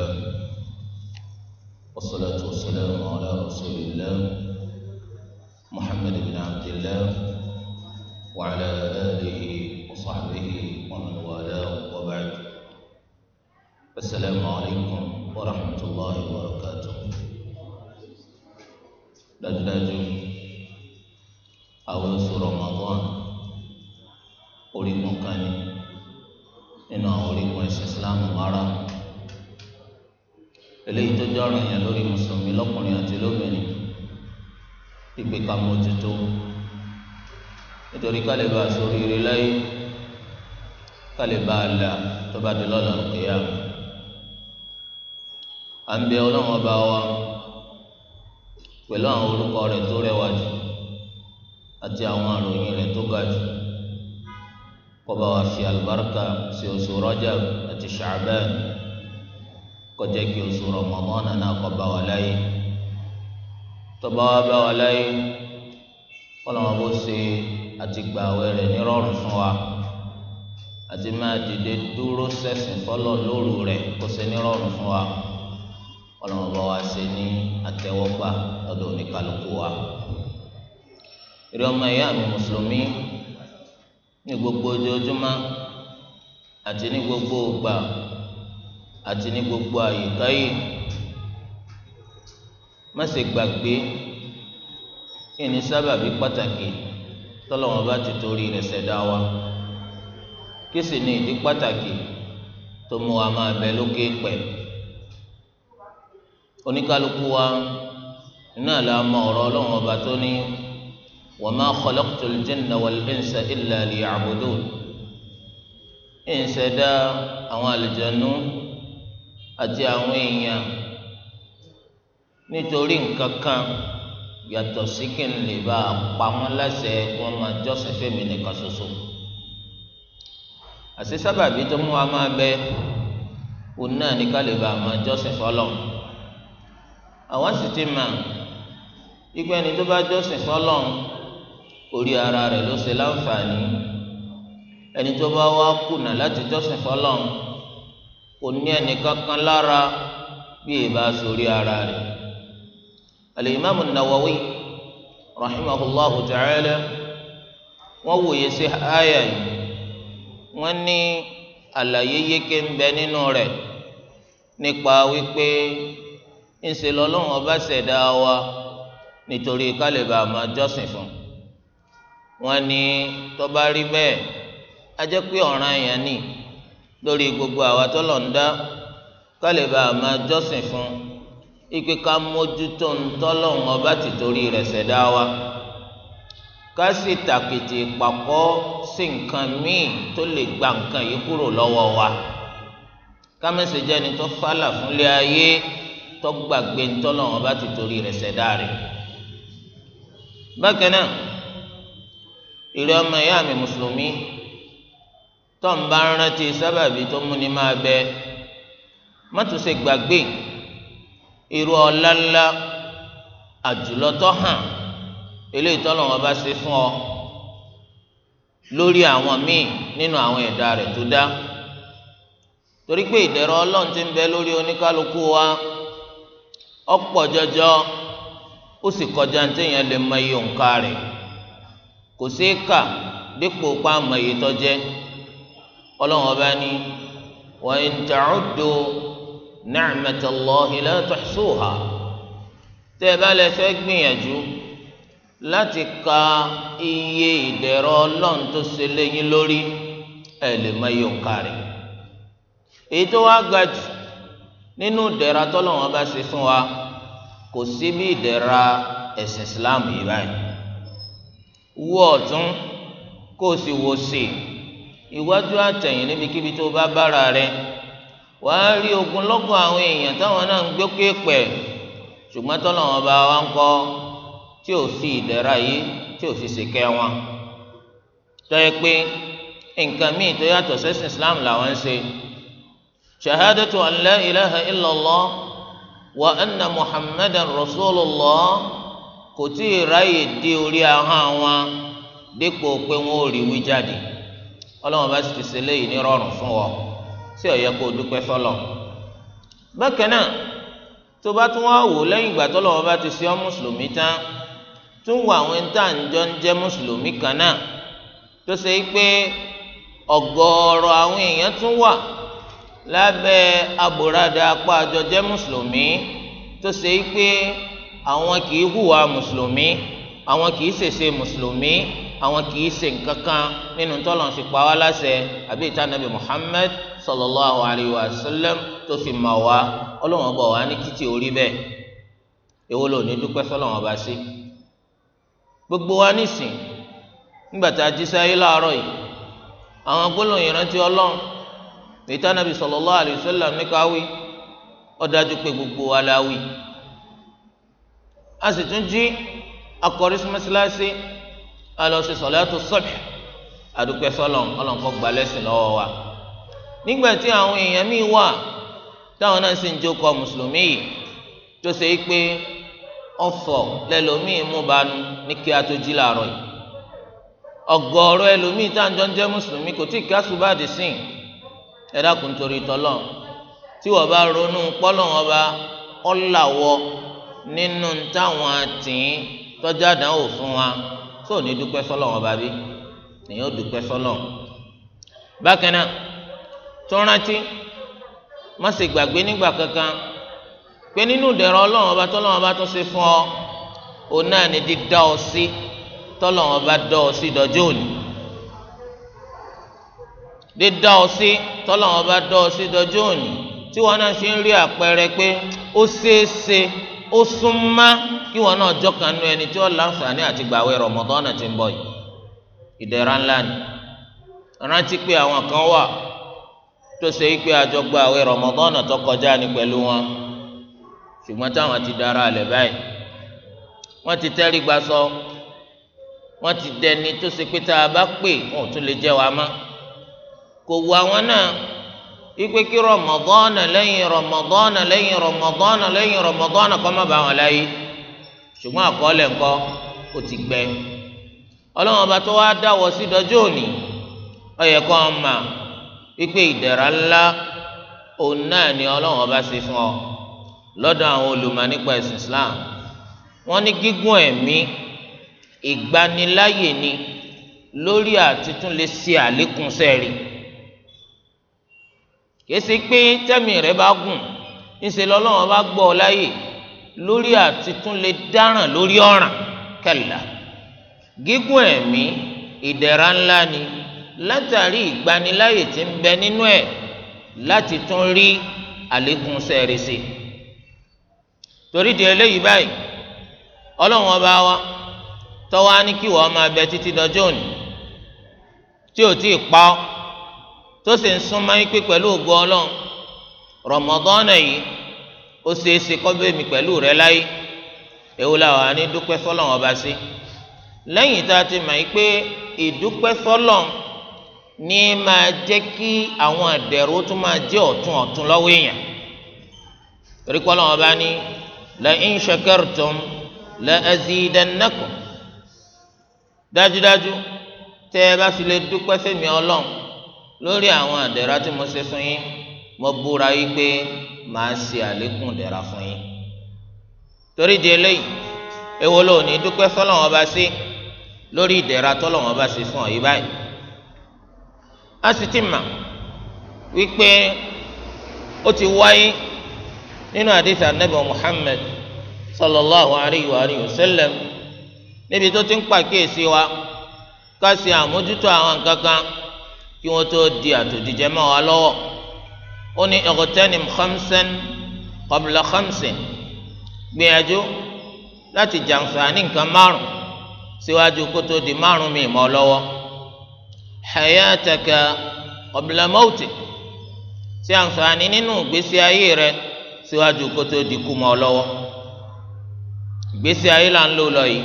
الله والصلاة والسلام على رسول الله محمد بن عبد الله وعلى آله وصحبه ومن والاه وبعد السلام عليكم ورحمة الله وبركاته dájúdájú àwọn رمضان أريد مكاني إن أريد nínú àwọn eléyìí tó jẹ́ ọ̀ràn yẹn lórí mùsùlùmí lọ́kùnrin àti lóbìnrin ìpè ká mójútó nítorí ká lè bá aṣọ oríire láyé ká lè bá a là tó bá di lọ́la òkèèyà à ń bẹ ọlọ́run ọba wa pẹ̀lú àwọn orúkọ rẹ̀ tó rẹwà jù àti àwọn àròyìn rẹ̀ tó ga jù kó bá wa fi àlùbáríkà sí oṣù Rajab àti Sha'ban kọjá kí oṣù Ramadan náà kó bá wa láyé tó bá wa bá wa láyé kọlọmọ bó ṣe àti gba àwẹ̀ rẹ̀ nírọ̀rùn fún wa àti máa dìde dúró sẹsìn fọlọ lóru rẹ̀ kó ṣe nírọ̀rùn fún wa kọlọmọ bá wa ṣe ní àtẹ́wọ́gbà lọ́dọ̀ oníkálukú wa ìrẹ ọmọ ìyá mi mùsùlùmí ní gbogbo ojoojúmọ́ àti ní gbogbo ògbà àti ní gbogbo àyíká yìí má ṣe gbàgbé kí ni sábàbí pàtàkì tọ́lọ́wọ́n bá ti torí rẹ̀ ṣẹ̀dá wa kí sì ni ìdí pàtàkì tó mú wa máa bẹ lókè pẹ̀ oníkálukú wa náà la mọ ọ̀rọ̀ ọlọ́wọ́n ọba tó ní wa ma khalaqtul jinna wal insa illa liya'budun ìṣẹ̀dá àwọn àlùjànnú àti àwọn èèyàn nítorí nǹkan kan yàtọ̀ sí kí n lè bá a pa wọ́n láṣẹ wọn máa jọ́sìn fèmí nìkan ṣoṣo àti sábàbí tó mú wa máa bẹ òun náà ní ká lè bá a máa jọ́sìn fọlọ́ àwọn sì ti mà ikú ẹni tó bá jọ́sìn fọlọ́ orí ara rẹ̀ ló ṣe láǹfààní ẹni tó bá wá kùnà láti jọ́sìn fọlọ́ kò ní ẹnìkankan lára bí ìbá sórí ara rẹ̀ alimami nawawi rahimahullahu ta'ala wọ́n wòye sí àyà yìí wọ́n ní àlàyé yéké ń bẹ nínú rẹ̀ nípa wípé ńṣe lọ́lọ́run ọba ṣẹ̀dá wa nítorí kálíbà máa jọ́sìn fún a pé ọ̀ràn yẹn nìyí lórí gbogbo àwa tó lọ ń dá kálí bá a máa jọ́sìn fún ipe ká mójútó ń tọ́lọ̀ ń ọba tìtorí rẹ̀ ṣẹ̀dá wa ká sì tàkìtì papọ̀ sí nǹkan míì tó lè gba nǹkan yìí kúrò lọ́wọ́ wa ká mẹ́sì jẹ́ ẹni tó fálà fúnlé ayé tó gbàgbé ń tọ́lọ̀ ń ọba tìtorí rẹ̀ ṣẹ̀dá rẹ̀ bákan náà ìrẹ́ ọmọ ìyá mi mùsùlùmí tó ń bá rántí sábàbí tó múni máa bẹ mọ́tòsí gbàgbé irú ọlá ńlá àjùlọ tó hàn eléyìí tọ́lọ̀ wọn bá ṣe fún ọ lórí àwọn míì nínú àwọn ẹ̀dá rẹ̀ tó dá torí pé ìdẹ̀rọ ọlọ́run ti ń bẹ lórí oníkálukú wa ọ̀pọ̀ jọjọ ó sì kọjá téèyàn lè mọ iye òǹkà rẹ̀ kò sí kà dípò pa àmọ̀ iye tó jẹ́ ọlọ́run ọba ni wa in ta'uddu ni'matallahi la tuhsuha tẹ́ ẹ bá lè fẹ́ gbìyànjú láti ka iye ìdẹ̀rọ ọlọ́run tó ṣe léyìn lórí ẹ lè má yọ kárẹ̀ èyí tó wá ga jù nínú ìdẹ̀ra tọ́lọ́wọ́n bá ṣe fún wa kò sí bí ìdẹ̀ra ẹ̀sìn Islam yìí báyìí wú ọ̀tún kó o sì wò sí i iwájú àtẹ̀yìn níbikíbi tó bá bára rẹ wàá rí ogunlọ́gọ̀ àwọn èèyàn táwọn náà ń gbé pépẹ̀ ṣùgbọ́n tọ́lọ́wọ́n bá wa ń kọ́ tí ò sí ìdẹ̀ra yìí tí ò sì sì kẹ́ wọn. tọ́yẹ pé nǹkan míì tó yàtọ̀ sẹ́sìn Islam làwọn ń ṣe shahadatu an la ilaha illallah wa anna muhammadan rasulullah kò tí ì ráyè dé orí ahọ́n àwọn dípò pé wọ́n ò rí wí jáde ọlọ́run bá sì ti ṣe léyìí ní rọrùn fún ọ sí ó yẹ kó o dúpẹ́ fọlọ́ bákan náà tó bá tún wá wò lẹ́yìn ìgbà tọ́lọ́run bá ti ṣe ọ́ mùsùlùmí tán tún wọ àwọn ẹ̀ńtà ńjọ ń jẹ́ mùsùlùmí kan náà tó ṣe é pé ọ̀gọ̀ọ̀rọ̀ àwọn èèyàn tún wà lábẹ́ àbòradà apá àjọ jẹ́ mùsùlùmí tó ṣe é pé àwọn kì í hùwà mùsùlùmí àwọn kì í ṣèṣe mùsùlùmí àwọn kì í ṣe nǹkan kan nínú tọ́lọ̀n sì pa wá láṣẹ àbí ìtànàbí Muhammad sallallahu alayhi wa sallam tó fi mà wá ọlọ́wọ́n bọ̀ wá ní títí orí bẹ́ẹ̀ èwo ló ní dúpẹ́ sọlọ́wọ́n bá sí. gbogbo wa nísìn nígbà tá a jí láàárọ̀ yìí àwọn gbólóhùn ìrántí ọlọ́run ìtànàbí sallallahu alayhi wa sallam ní káwí ó dájú pé gbogbo wa la wí. a sì tún jí akọrí mọ́sálásí a lọ ṣe sọ̀látù subh àdúpẹ́ sọ́lọ̀ ọlọ́nkọ́ gba lẹ́sìn lọ́wọ́ wa nígbà tí àwọn èèyàn míì wà táwọn náà sì ń jókòó mùsùlùmí yìí tó ṣe é pé ọ̀fọ̀ lẹ́lòmíì mú banu ní kí a tó jí làárọ̀ yìí ọ̀gọ̀ọ̀rọ̀ ẹlòmíì tá à ń jọ mùsùlùmí kò tí ì kásù bá dì sìn ẹ torí tọ́lọ̀ tí wọ́n bá ronú pọ́lọ̀ wọn bá ọ̀làwọ̀ nínú táwọn àtìyìn tọ́jà dánwò fún wa tó ní dúpẹ́ sọ́lọ̀ wọn bàbí nìyẹn ó dúpẹ́ sọ́lọ̀ bákan náà tó rántí má ṣe gbàgbé nígbà kankan pé nínú ìdẹ̀rọ̀ ọlọ́run ọba tọ́lọ́run ọba tó ṣe fún ọ òun náà ni dídá ọ sí tọ́lọ́run ọba dọ́ ọ sí dọ́jọ́ òní dídá ọ sí tọ́lọ́run ọba dọ́ ọ sí dọ́jọ́ òní tí wọn náà ṣe ń rí àpẹẹrẹ pé ó ṣeé ṣe ó súnmá kí wọn náà jọkàn nu ẹni tí ó láǹfààní àti gbàwé Ramadan tí ń bọ̀ yìí ìdẹ̀ra ńlá ni rántí pé àwọn kan wà tó ṣe é pé àjọ gbàwé tó ni pẹ̀lú wọn ṣùgbọ́n táwọn ti dara alẹ̀ báyìí wọ́n ti tẹ́rí gba sọ wọ́n ti dẹni tó ṣe pé tá a bá pè wọn ò tún lè jẹ́ wa mọ́ kò ikpe kí rọmọdọ́nà lẹ́yìn rọmọdọ́nà lẹ́yìn rọmọdọ́nà lẹ́yìn rọmọdọ́nà kọ́ má ba wọn láyé ṣùgbọ́n àkọọ́lẹ̀ ńkọ́ ó ti gbẹ. ọlọ́wọ́n ọba tó wá dáwọ́ sí dọjọ́ òní ó yẹ kó ọ́n mà ikpe ìdẹ̀ra ńlá òun náà ni ọlọ́wọ́n ọba ṣe fún ọ lọ́dọ̀ àwọn olùmọ̀ nípa ẹ̀sìn Islam wọ́n ní gígùn ẹ̀mí ìgbaniláyè ni lórí àtitúnlẹ̀ àlékún sẹ́ẹ̀rì kèsì pé tẹ́mi rẹ̀ bá gùn ńṣe lọ́lọ́wọ́n bá gbọ́ ọ láyè lórí àtitúnlẹ̀ dáràn lórí ọ̀ràn kẹlà gígùn ẹ̀mí ìdẹ̀ra ńlá ni látàrí ìgbaniláyè tí ń bẹ nínú ẹ̀ láti tún rí àlékún sẹ́ẹ̀rẹ́sì torí di eléyìí báyìí ọlọ́run ọba wa tọ́wọ́ á ní kí wọ́n máa bẹ títí dọjọ́ òní tí ò tí ì pa ọ́ tó sì ń súnmọ́ yín pé pẹ̀lú ògo ọlọ́run rọmọdọ́nà yìí ó ṣe é ṣe kọ́ bẹ́ẹ̀ mi pẹ̀lú rẹ láyé èwo làwọn àní dúpẹ́ sọ́lọ̀ wọn bá sí lẹ́yìn tá a ti mọ̀ pé ìdúpẹ́ sọ́lọ̀ ní máa jẹ́ kí àwọn àdẹ̀rù tún máa jẹ́ ọ̀tún ọ̀tún lọ́wọ́ èèyàn torí pé ọlọ́wọ́n bá ní la in shakartum la azidannakum dájúdájú tẹ́ ẹ bá fi lè dúpẹ́ sẹ́mi ọlọ́run lórí àwọn àdẹ̀rà tí mo ṣe fún yín mo búra yín pé màá ṣe àlékún dẹ̀ra fún yín torí di eléyìí èwo ló ní dúpẹ́ fọlọ́wọ́n bá sí lórí ìdẹ̀ra tọ́lọ́wọ́n bá ṣe fún ọ yìí báyìí a sì ti mà wípé ó ti wáyé nínú àdìsí anabi muhammed sallallahu alayhi wa alayhi wa sallam níbi tó ti ń pàkíyèsí wa ká ṣe àmójútó àwọn kankan kí wọ́n tó di àtòjíjẹ mọ́ wa lọ́wọ́ ó ní ightanim khamsan qabla khamsin gbìyànjú láti jàǹfààní nǹkan márùn síwájú kó tó di márùn mi mọ́ lọ́wọ́ hayataka qabla mautik ṣe àǹfààní nínú ìgbésí ayé rẹ síwájú kó tó di kú mọ́ lọ́wọ́ ìgbésí ayé là ń lò lọ yìí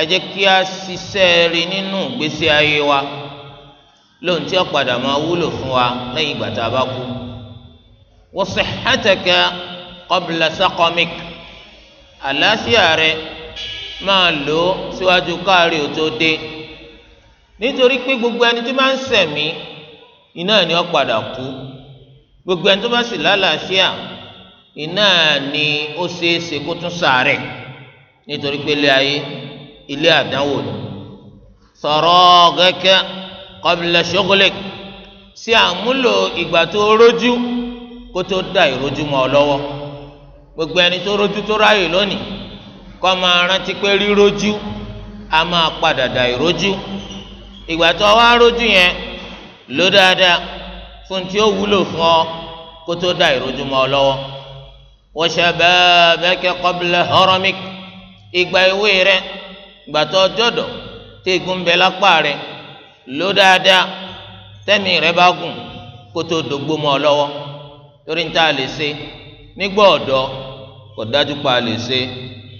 ẹ jẹ́ kí a ṣiṣẹ́ rí nínú ìgbésí ayé wa lóhun tí ó padà máa wúlò fún wa lẹ́yìn ìgbà tá a bá kú. wa sihhataka qabla saqamik àlàáfíà rẹ máa lò ó síwájú káàrí ò tó dé nítorí pé gbogbo ẹni tó máa ń sẹ̀mí iná ni ó padà kú gbogbo ẹni tó bá sì lálàáfíà iná ni ó ṣeéṣe kó tún sàárẹ̀ nítorí pé ilé ayé ilé àdánwò ni. saragaka qabla shughlik sí àmúlò ìgbà tó rójú kó tó da ìrójú mọ́ ọ lọ́wọ́ gbogbo ẹni tó rójú tó ráyè lónìí kó máa rántí pé rírójú a máa padà da ìrójú ìgbà tó wá rójú yẹn ló dáadáa fún tí ó wúlò fún ọ kó tó da ìrójú mọ́ ọ lọ́wọ́ wa shababaka qabla haramik ìgbà ìwé rẹ ìgbà tó jọ̀dọ̀ tí ègún lápá rẹ lò dáadáa tẹ́mi rẹ bá gùn kó tó dògbó mọ́ ọ lọ́wọ́ torí ń tá a lè ṣe nígbà ọ̀dọ́ kò dájú pa a lè ṣe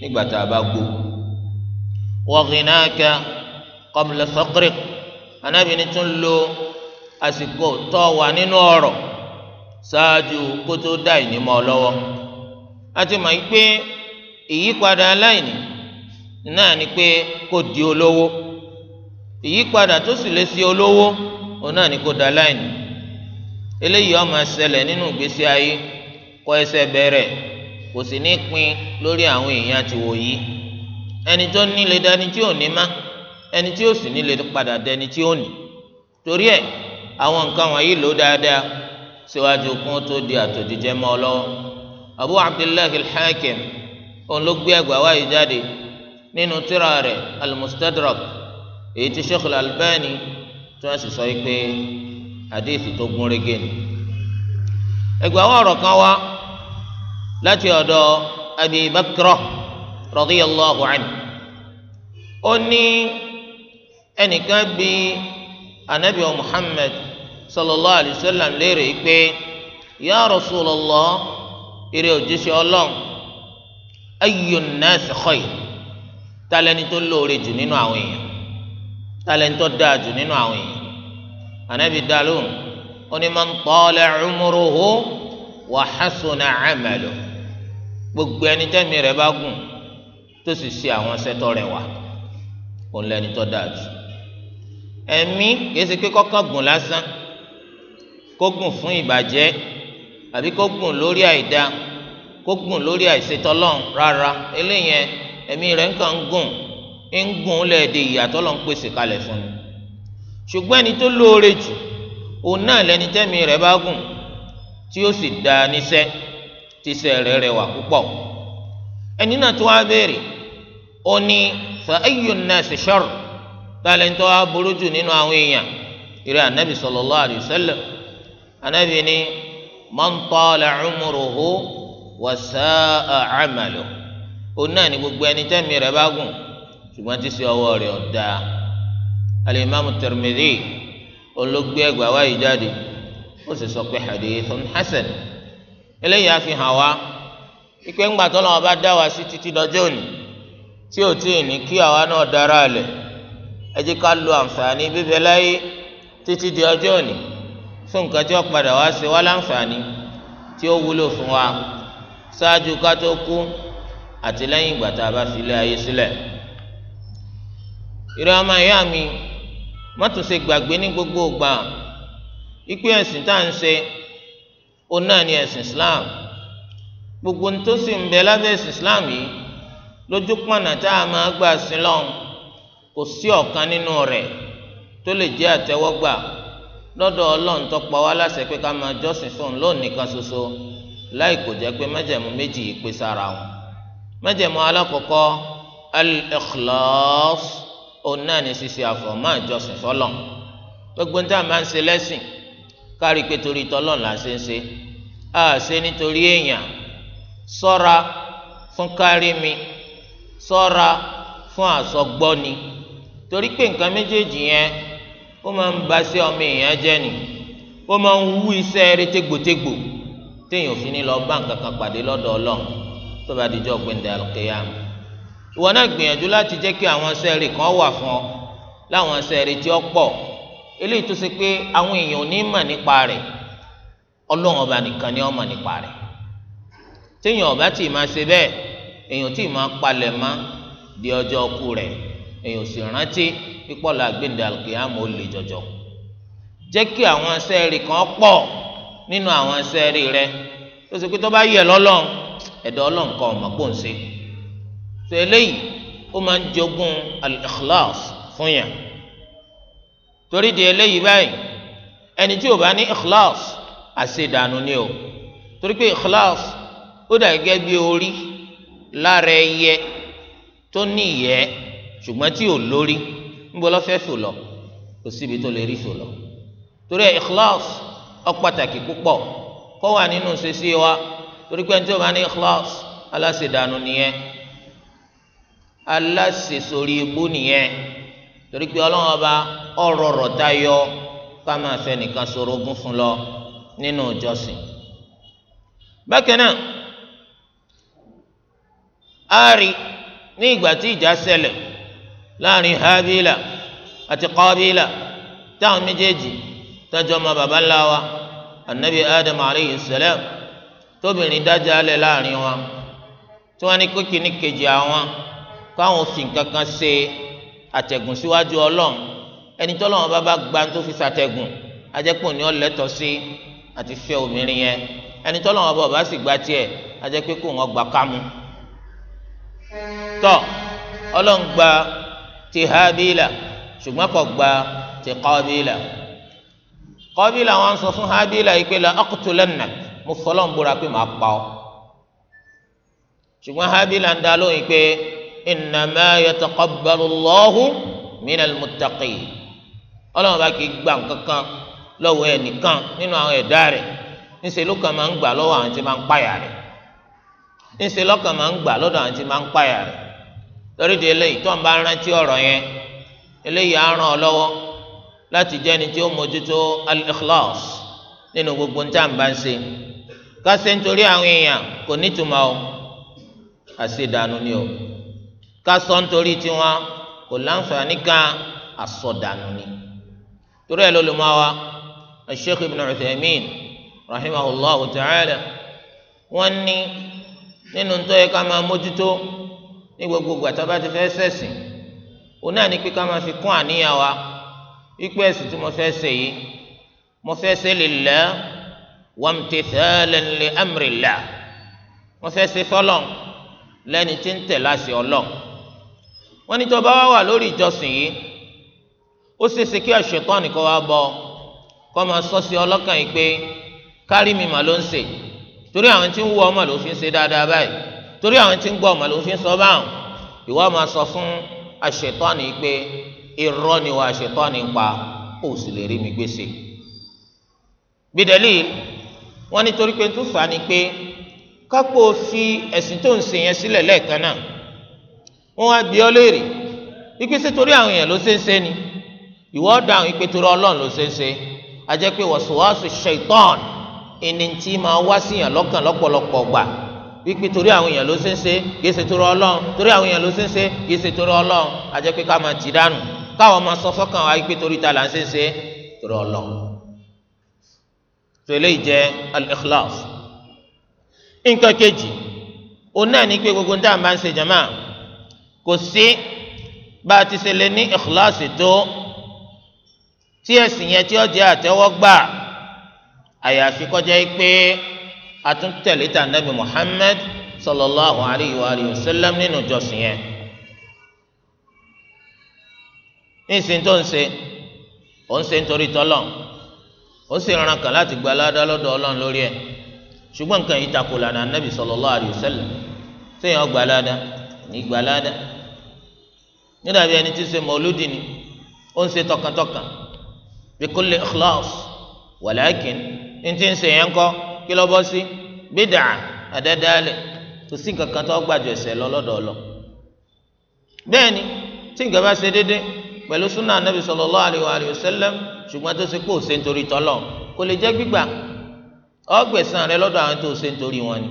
nígbà tá a bá gbó. wa ghinaka qabla faqrik anábìíní tún lo àsìkò tó wà nínú ọ̀rọ̀ ṣáájú kó tó dá ìní mọ́ ọ lọ́wọ́ a ti mọ̀ pé ìyípadà aláìní náà ni pé kó di olówó ìyípadà tó sì lè ṣe olówó òun náà ni kò da láìní eléyìí ó máa ṣẹlẹ̀ nínú ìgbésí ayé kọ ẹsẹ̀ bẹ̀rẹ̀ kò sì ní pin lórí àwọn èèyàn ti wò yìí ẹni tó ní dání tí ò ní má ẹni tí ó sì ní padà dẹni tí ó ní torí ẹ̀ àwọn nǹkan wọ̀nyí lò dáadáa síwájú kún tó di àtòjíjẹ mọ́ ọ lọ́wọ́ abu abdullahi al òun ló gbé ẹgbàá wáyé jáde nínú tírà rẹ̀ al èyí tí Sheikh Al-Albani tí wọ́n sì sọ pé àdéhìí tó gún régé ni. ẹgbẹ́ àwọn ọ̀rọ̀ kan wá láti ọ̀dọ̀ Abi Bakra radiyallahu anhu ó ní ẹnìkan bí anabi Muhammad sallallahu alayhi wa sallam léèrè pé ya Rasulullah eré òjíṣẹ́ ọlọ́run ayyun nas khayr tálẹ́ni tó lóore jù nínú àwọn èèyàn tálẹ́ńtọ́ dáa jù nínú àwọn èèyàn anabi dalóhùn ó ní man tala umruhu wa hasuna amalu gbogbo ẹni tẹ́mi rẹ̀ bá gùn tó sì ṣe àwọn sẹ́tọ́ rẹ̀ wá òun lẹ́ni tó dáa jù ẹ̀mí kìí ṣe pé kọ́kọ́ gùn lásán kó gùn fún ìbàjẹ́ àbí kó gùn lórí àìda kó gùn lórí àìṣetọ́lọ́n rárá eléyẹn ẹ̀mí rẹ̀ ń kàn gùn ń gun lẹ́ẹ̀dẹ̀ ìyàtọ̀ lọ́n pèsè kalẹ̀ fún mi ṣùgbọ́n ẹni tó lóore jù òun náà lẹni tẹ́mi rẹ̀ bá gùn tí ó sì dáa níṣẹ́ tíṣẹ́ rẹ̀ púpọ̀ ẹni náà tó wá béèrè ó ní fa ayyun nas sharr tálẹ́ńtọ́ aburú jù nínú àwọn èèyàn ìrẹ́ anabi sallallahu alayhi wa anabi ni òun náà ni gbogbo ẹni tẹ́mi rẹ̀ bá gùn. ṣùgbọ́n tí sí ọwọ́ rẹ̀ ọ̀dà alimami Tirmidhi olóògbé ẹgbàá wáyé jáde ó sì sọ pé hadithun hasan eléyìí á fi hàn wá ikú ńgbà tó lọ́wọ́ bá dá wa sí títí dọjọ́ òní tí ò tí ì ní kí àwa náà dára lẹ̀ ẹ ká lo àǹfààní bíbẹ láyé títí di ọjọ́ òní fún nǹkan tí ó padà wá sí wa láǹfààní tí ó wúlò fún wa ṣáájú ká tó kú àti ìgbà tá a bá fi ilé ayé sílẹ̀. Si ìrẹ ọmọ ìyá mi má tún ṣe gbàgbé ní gbogbo ìgbà ìpè ẹ̀sìn tá à ń ṣe ni ẹ̀sìn Islam gbogbo ní tó sì ń bẹ lábẹ́ ẹ̀sìn Islam yìí lójú pọ̀nà tá a máa gbà sí lọ́n kò sí ọ̀kan nínú rẹ̀ tó lè jẹ́ àtẹ́wọ́gbà lọ́dọ̀ Ọlọ́run tó pa wá láṣẹ pé ká máa jọ́sìn fún un lónìí kan ṣoṣo láì kò òun náà ní ṣíṣe àfọ̀mọ́ àjọsìn fọlọ́n gbogbo níta máa ń ṣe lẹ́sìn kárí pé torí tọ́lọ́n là ń ṣe ń ṣe á ṣe nítorí èèyàn sọ́ra fún kárí mi sọ́ra fún àsọgbọ́ni torí pé nǹkan méjèèjì yẹn ó máa ń ba sí ọmọ èèyàn jẹ́ ni ó máa ń wú iṣẹ́ eré tégbòtégbò téèyàn ò fi ní lọ bá nǹkan kan pàdé lọ́dọ̀ ọlọ́run tó bá dijọ́ gbẹ̀ndẹ̀ àlùkìyámà ìwọ náà gbìyànjú láti jẹ́ kí àwọn sẹ́ẹ̀rì kan wà fún ọ láwọn sẹ́ẹ̀rì tí ó pọ̀ eléyìí tó ṣe pé àwọn èèyàn ò ní mọ̀ nípa rẹ̀ ọlọ́run ọba nìkan ni ó mọ̀ nípa rẹ̀ téèyàn ọba tí ì máa ṣe bẹ́ẹ̀ èèyàn tí ì máa palẹ̀ mọ́ di ọjọ́ ọkú rẹ̀ èèyàn sì rántí pípọ̀ la gbẹ̀ndẹ̀ àlùkìyàmù ó lè jọjọ jẹ́ kí àwọn sẹ́ẹ̀rì kan pọ̀ nínú àwọn sẹ́ẹ̀rì rẹ̀ tó ṣe pé tó bá yẹ lọ́lọ́run ẹ̀dọ́ ọlọ́run kan ọ̀mọ̀ pò ń ṣe so eléyìí ó máa ń jogún al-ikhlas fún yàn torí di eléyìí báyìí ẹni tí ò bá ní ikhlas àṣedànù ni o torí pé ikhlas ó dà gẹ́gẹ́ bí orí lára ẹyẹ tó ní ìyẹ́ ṣùgbọ́n tí ò lórí níbo lọ́ fẹ́ fò lọ kò síbi tó lè rí fò lọ torí ẹ ikhlas ó pàtàkì púpọ̀ kó wà nínú ṣe wa torí pé ẹni tí ò bá ní ikhlas aláṣedànù nìyẹn aláṣẹ sórí ibú nìyẹn torí pé ọlọ́run ọba ọ̀rọ̀ ọ̀rọ̀ tayọ ká máa fẹ́ nìkan sorogún fún lọ nínú ìjọsìn. bákan náà a rí ní ìgbà tí ìjà ṣẹlẹ̀ láàrin habila àti qabila táwọn méjèèjì tọjọ ọmọ baba wa anabi adam aleyhi salam tóbìnrin dájà lẹ láàrin wa tí wọn ní kókìní kejì àwọn káwọn fi nǹkan kan ṣe àtẹ̀gùn síwájú ọlọ́run ẹni tọ́lọ́run bá bá gba tó fi ṣàtẹ̀gùn ajẹ́pọ̀ ni ó lẹ́tọ̀ọ́ sí àti fẹ́ obìnrin yẹn ẹni tọ́lọ́run bá bá sì gba tiẹ̀ ajẹ́pẹ́ kò wọ́n gbà kámú. tọ́ ọlọ́run gba ti Hábílà ṣùgbọ́n kò gba ti Kọ́bílà Kọ́bílà wọn sọ fún Hábílà yìí pé la aqtulanna mo fọlọ́n búra pé màá pa ọ́ ṣùgbọ́n Hábílà ń dá lóyìn pé innama yataqabbalu Allahu minal muttaqin ọlọ́run bá kì í gbà kankan lọ́wọ́ ẹnìkan nínú àwọn ẹ̀dá rẹ̀ ńṣe lọ́kàn máa ń gbà lọ́wọ́ àwọn tí máa ń páyà rẹ̀ ńṣe lọ́kàn máa ń gbà lọ́dọ̀ àwọn tí máa ń páyà rẹ̀ lórí eléyìí tó ń bá rántí ọ̀rọ̀ yẹn eléyìí á ràn ọ́ lọ́wọ́ láti jẹ́ ẹni tí ó mójútó al nínú gbogbo ní tàǹbà ń ṣe kásẹ̀ nítorí àwọn èèyàn kò nítumọ̀ o àṣìdànù ni o kásọ nítorí tiwọn kò láǹfààní kan àsọdànù ni torí ẹ lọlọmọ wa Sheikh Ibn Uthaymeen rahimahullah ta'ala wọn ní nínú tó yẹ ká máa mójútó ní gbogbo ìgbà tá bá ti fẹ́ ṣẹ̀sìn òun náà ní pé ká máa fi kún àníyàn wa wípé ẹ̀sìn tí mo fẹ́ ṣe yìí mo fẹ́ ṣe lillah wa imtithalan li amrillah mo fẹ́ ṣe fọlọ́n lẹ́ni tí ń tẹ̀ láṣẹ Ọlọ́run wọ́n ní tó bá wá wà lórí ìjọsìn yìí ó ṣeéṣe kí àṣetán nìkan wá bọ kó máa sọ sí ọlọ́kàn yìí pé kárí mi mà ló ń ṣe torí àwọn tí ń wọ ọmọ ló fi ń ṣe dáadáa báyìí torí àwọn tí ń gbọ́ ọmọ ló fi ń sọ báwọn ìwọ máa sọ fún àṣetán yìí pé irọ́ ni wọ àṣetán yìí pa ó sì lè rí mi gbèsè bídẹ́lì wọ́n ní torí pé ń fà á ni pé kápò fi ẹ̀sìn tó ń ṣe yẹn sílẹ̀ lẹ́ẹ̀kan náà wọn wá bí ọ léèrè ipe ṣé torí àwọn èèyàn ló ṣe ń ṣe ni ìwọ ọdọ àwọn ipe torí Ọlọ́run ló ṣe ń ṣe a jẹ́ pé wọsowọsọ ṣaitan ẹni tí máa wá sí yàn lọ́kàn lọ́pọ̀lọpọ̀ gbà wípé torí àwọn èèyàn ló ṣe ń ṣe kìí ṣe torí Ọlọ́run torí àwọn èèyàn ló ṣe ń ṣe kìí ṣe torí Ọlọ́run a jẹ́ pé ká máa tì dànù káwọn máa sọ sọ́kàn wa wípé torí ta là ń ṣe ń ṣe torí Ọlọ́run tó eléyìí jẹ́ nǹkan kejì òun náà ní pé gbogbo ń kò sí bá a ti ṣe lè ní ìkíláàsì tó tí ẹ̀sìn yẹn tí ó jẹ́ àtẹ́wọ́gbà àyàfi kó jẹ́ pé àtúntẹ̀lé tà nàbì Muhammad sallallahu alayhi wa alayhi wa sallam nínú ìjọsìn yẹn nísìnyí tó ń ṣe ó ń ṣe nítorí tọ́lọ̀ ó sì ràn kàn láti gba aládá ọlọ́run lórí ẹ̀ ṣùgbọ́n nǹkan yìí takò lànà nàbì sallallahu alayhi wa sẹ́yìn ọgbà aládá ní gba aládá. nígbà bí ẹni tí ń ṣe ni ó ń ṣe tọkàntọkàn bí kulli ikhlas wàlákìn ní ti ń ṣe yẹn kọ́ kí lọ́ bọ́ sí bídà àdádálẹ̀ kò sí nǹkan kan tó gbàjọ lọ lọ́dọọlọ. tí nǹkan bá ṣe déédéé pẹ̀lú súnà anábì ṣùgbọ́n tó ṣe pé nítorí tọ́lọ̀ kò lè jẹ́ gbígbà ọgbẹ̀sán rẹ lọ́dọ̀ àwọn tó ṣe nítorí wọn ni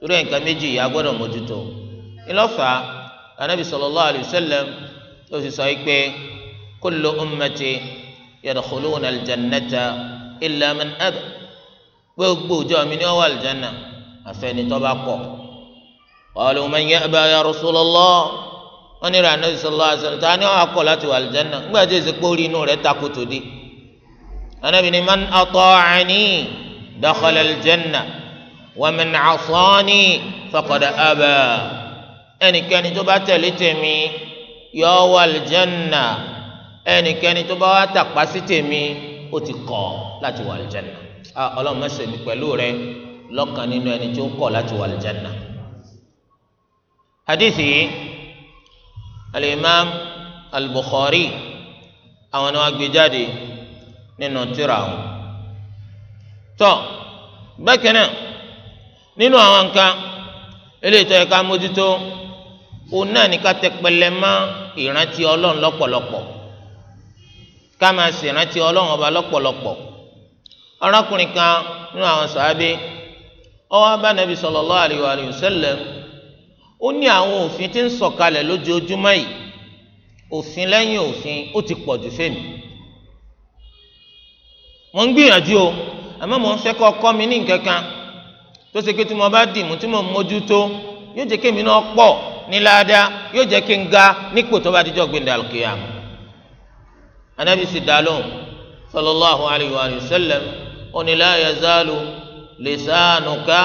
torí nǹkan méjì yìí anabi sallallahu alayhi wa sallam ó sì sọ pé kullu ummati yadkhuluna aljannata illa man aba gbogbo ìjọ mi ni ó wà aljanna àfẹnitọ́ bá kọ̀ qalu man ya'ba ya rasulallah wọ́n ní ràn anabi sallallahu alayhi wa sallam ta ni ó akọ̀ láti wà aljanna nígbà tí èsì kórìí inú rẹ̀ takoto dé anabi ni man ata'ani dakhala aljanna wa man asani faqad aba ẹnikẹ́ni tó bá tẹ̀lé tèmi yọ wọ àlìjẹ́nà ẹnikẹ́ni tó bá wá tàpá sí tèmi ó ti kọ̀ láti wọ àlìjẹ́nà ah, ọlọ́run má ṣe mi pẹ̀lú rẹ lọ́kàn nínú ẹni tó kọ̀ láti wọ àlìjẹ́nà. hadithi alimam al àwọn ni wọn gbé jáde nínú tírà wọn. tọ́ bákan nínú àwọn nǹkan eléyìí tó yẹ mójútó òun náà ní ká tẹpẹlẹ mọ́ ìrántí Ọlọ́run lọ́pọ̀lọpọ̀ ká máa sì rántí Ọlọ́run ọba lọ́pọ̀lọpọ̀ arákùnrin kan nínú àwọn sàábé ó wá bá Nabi sallallahu alaihi wa sallam ó ní àwọn òfin tí ń sọ̀kalẹ̀ lójoojúmọ́ yìí òfin lẹ́yìn òfin ó ti pọ̀ jù fèmí mo ń gbìyànjú o àmọ́ mo ń fẹ́ kọ́ kọ́ mi ní nǹkan kan tó ṣe pé tí mo bá dì mú tí mo mójútó yóò jẹ́ kémi náà pọ̀ ní ládàá yóò jẹ́ kí n ga nípò tó bá dijọ́ gbẹ̀ndà alqiyam anabi sì dá lóhùn sallallahu alayhi wa sallam oni la yazalu lisanuka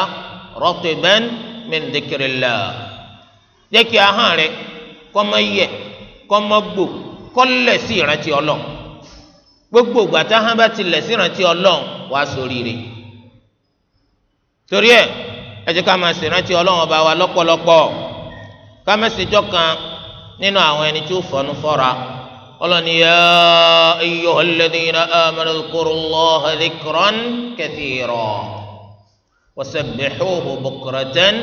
ratiban min dhikrillah jẹ́ kí ahọ́n rẹ kó má yẹ̀ kó má gbò kó lẹ̀ sí ìrántí Ọlọ́run gbogbo ìgbà táwọn bá ti lẹ̀ sí ìrántí Ọlọ́run wàá ṣoríire torí ẹ ẹ ká máa ṣèrántí Ọlọ́run ọba wa lọ́pọ̀lọpọ̀ kámẹ́sìjọ́ kan nínú àwọn ẹni tí ó fọnú fọ́ra ọlọ́ni yá iyọ̀ ọlẹ́dínlá amẹ́rẹ́ kúrúlọ́ ẹ̀dínkìrán kẹtìrọ̀ wọ́sẹ̀bẹ̀xúhù bùkúrẹ́tẹ́n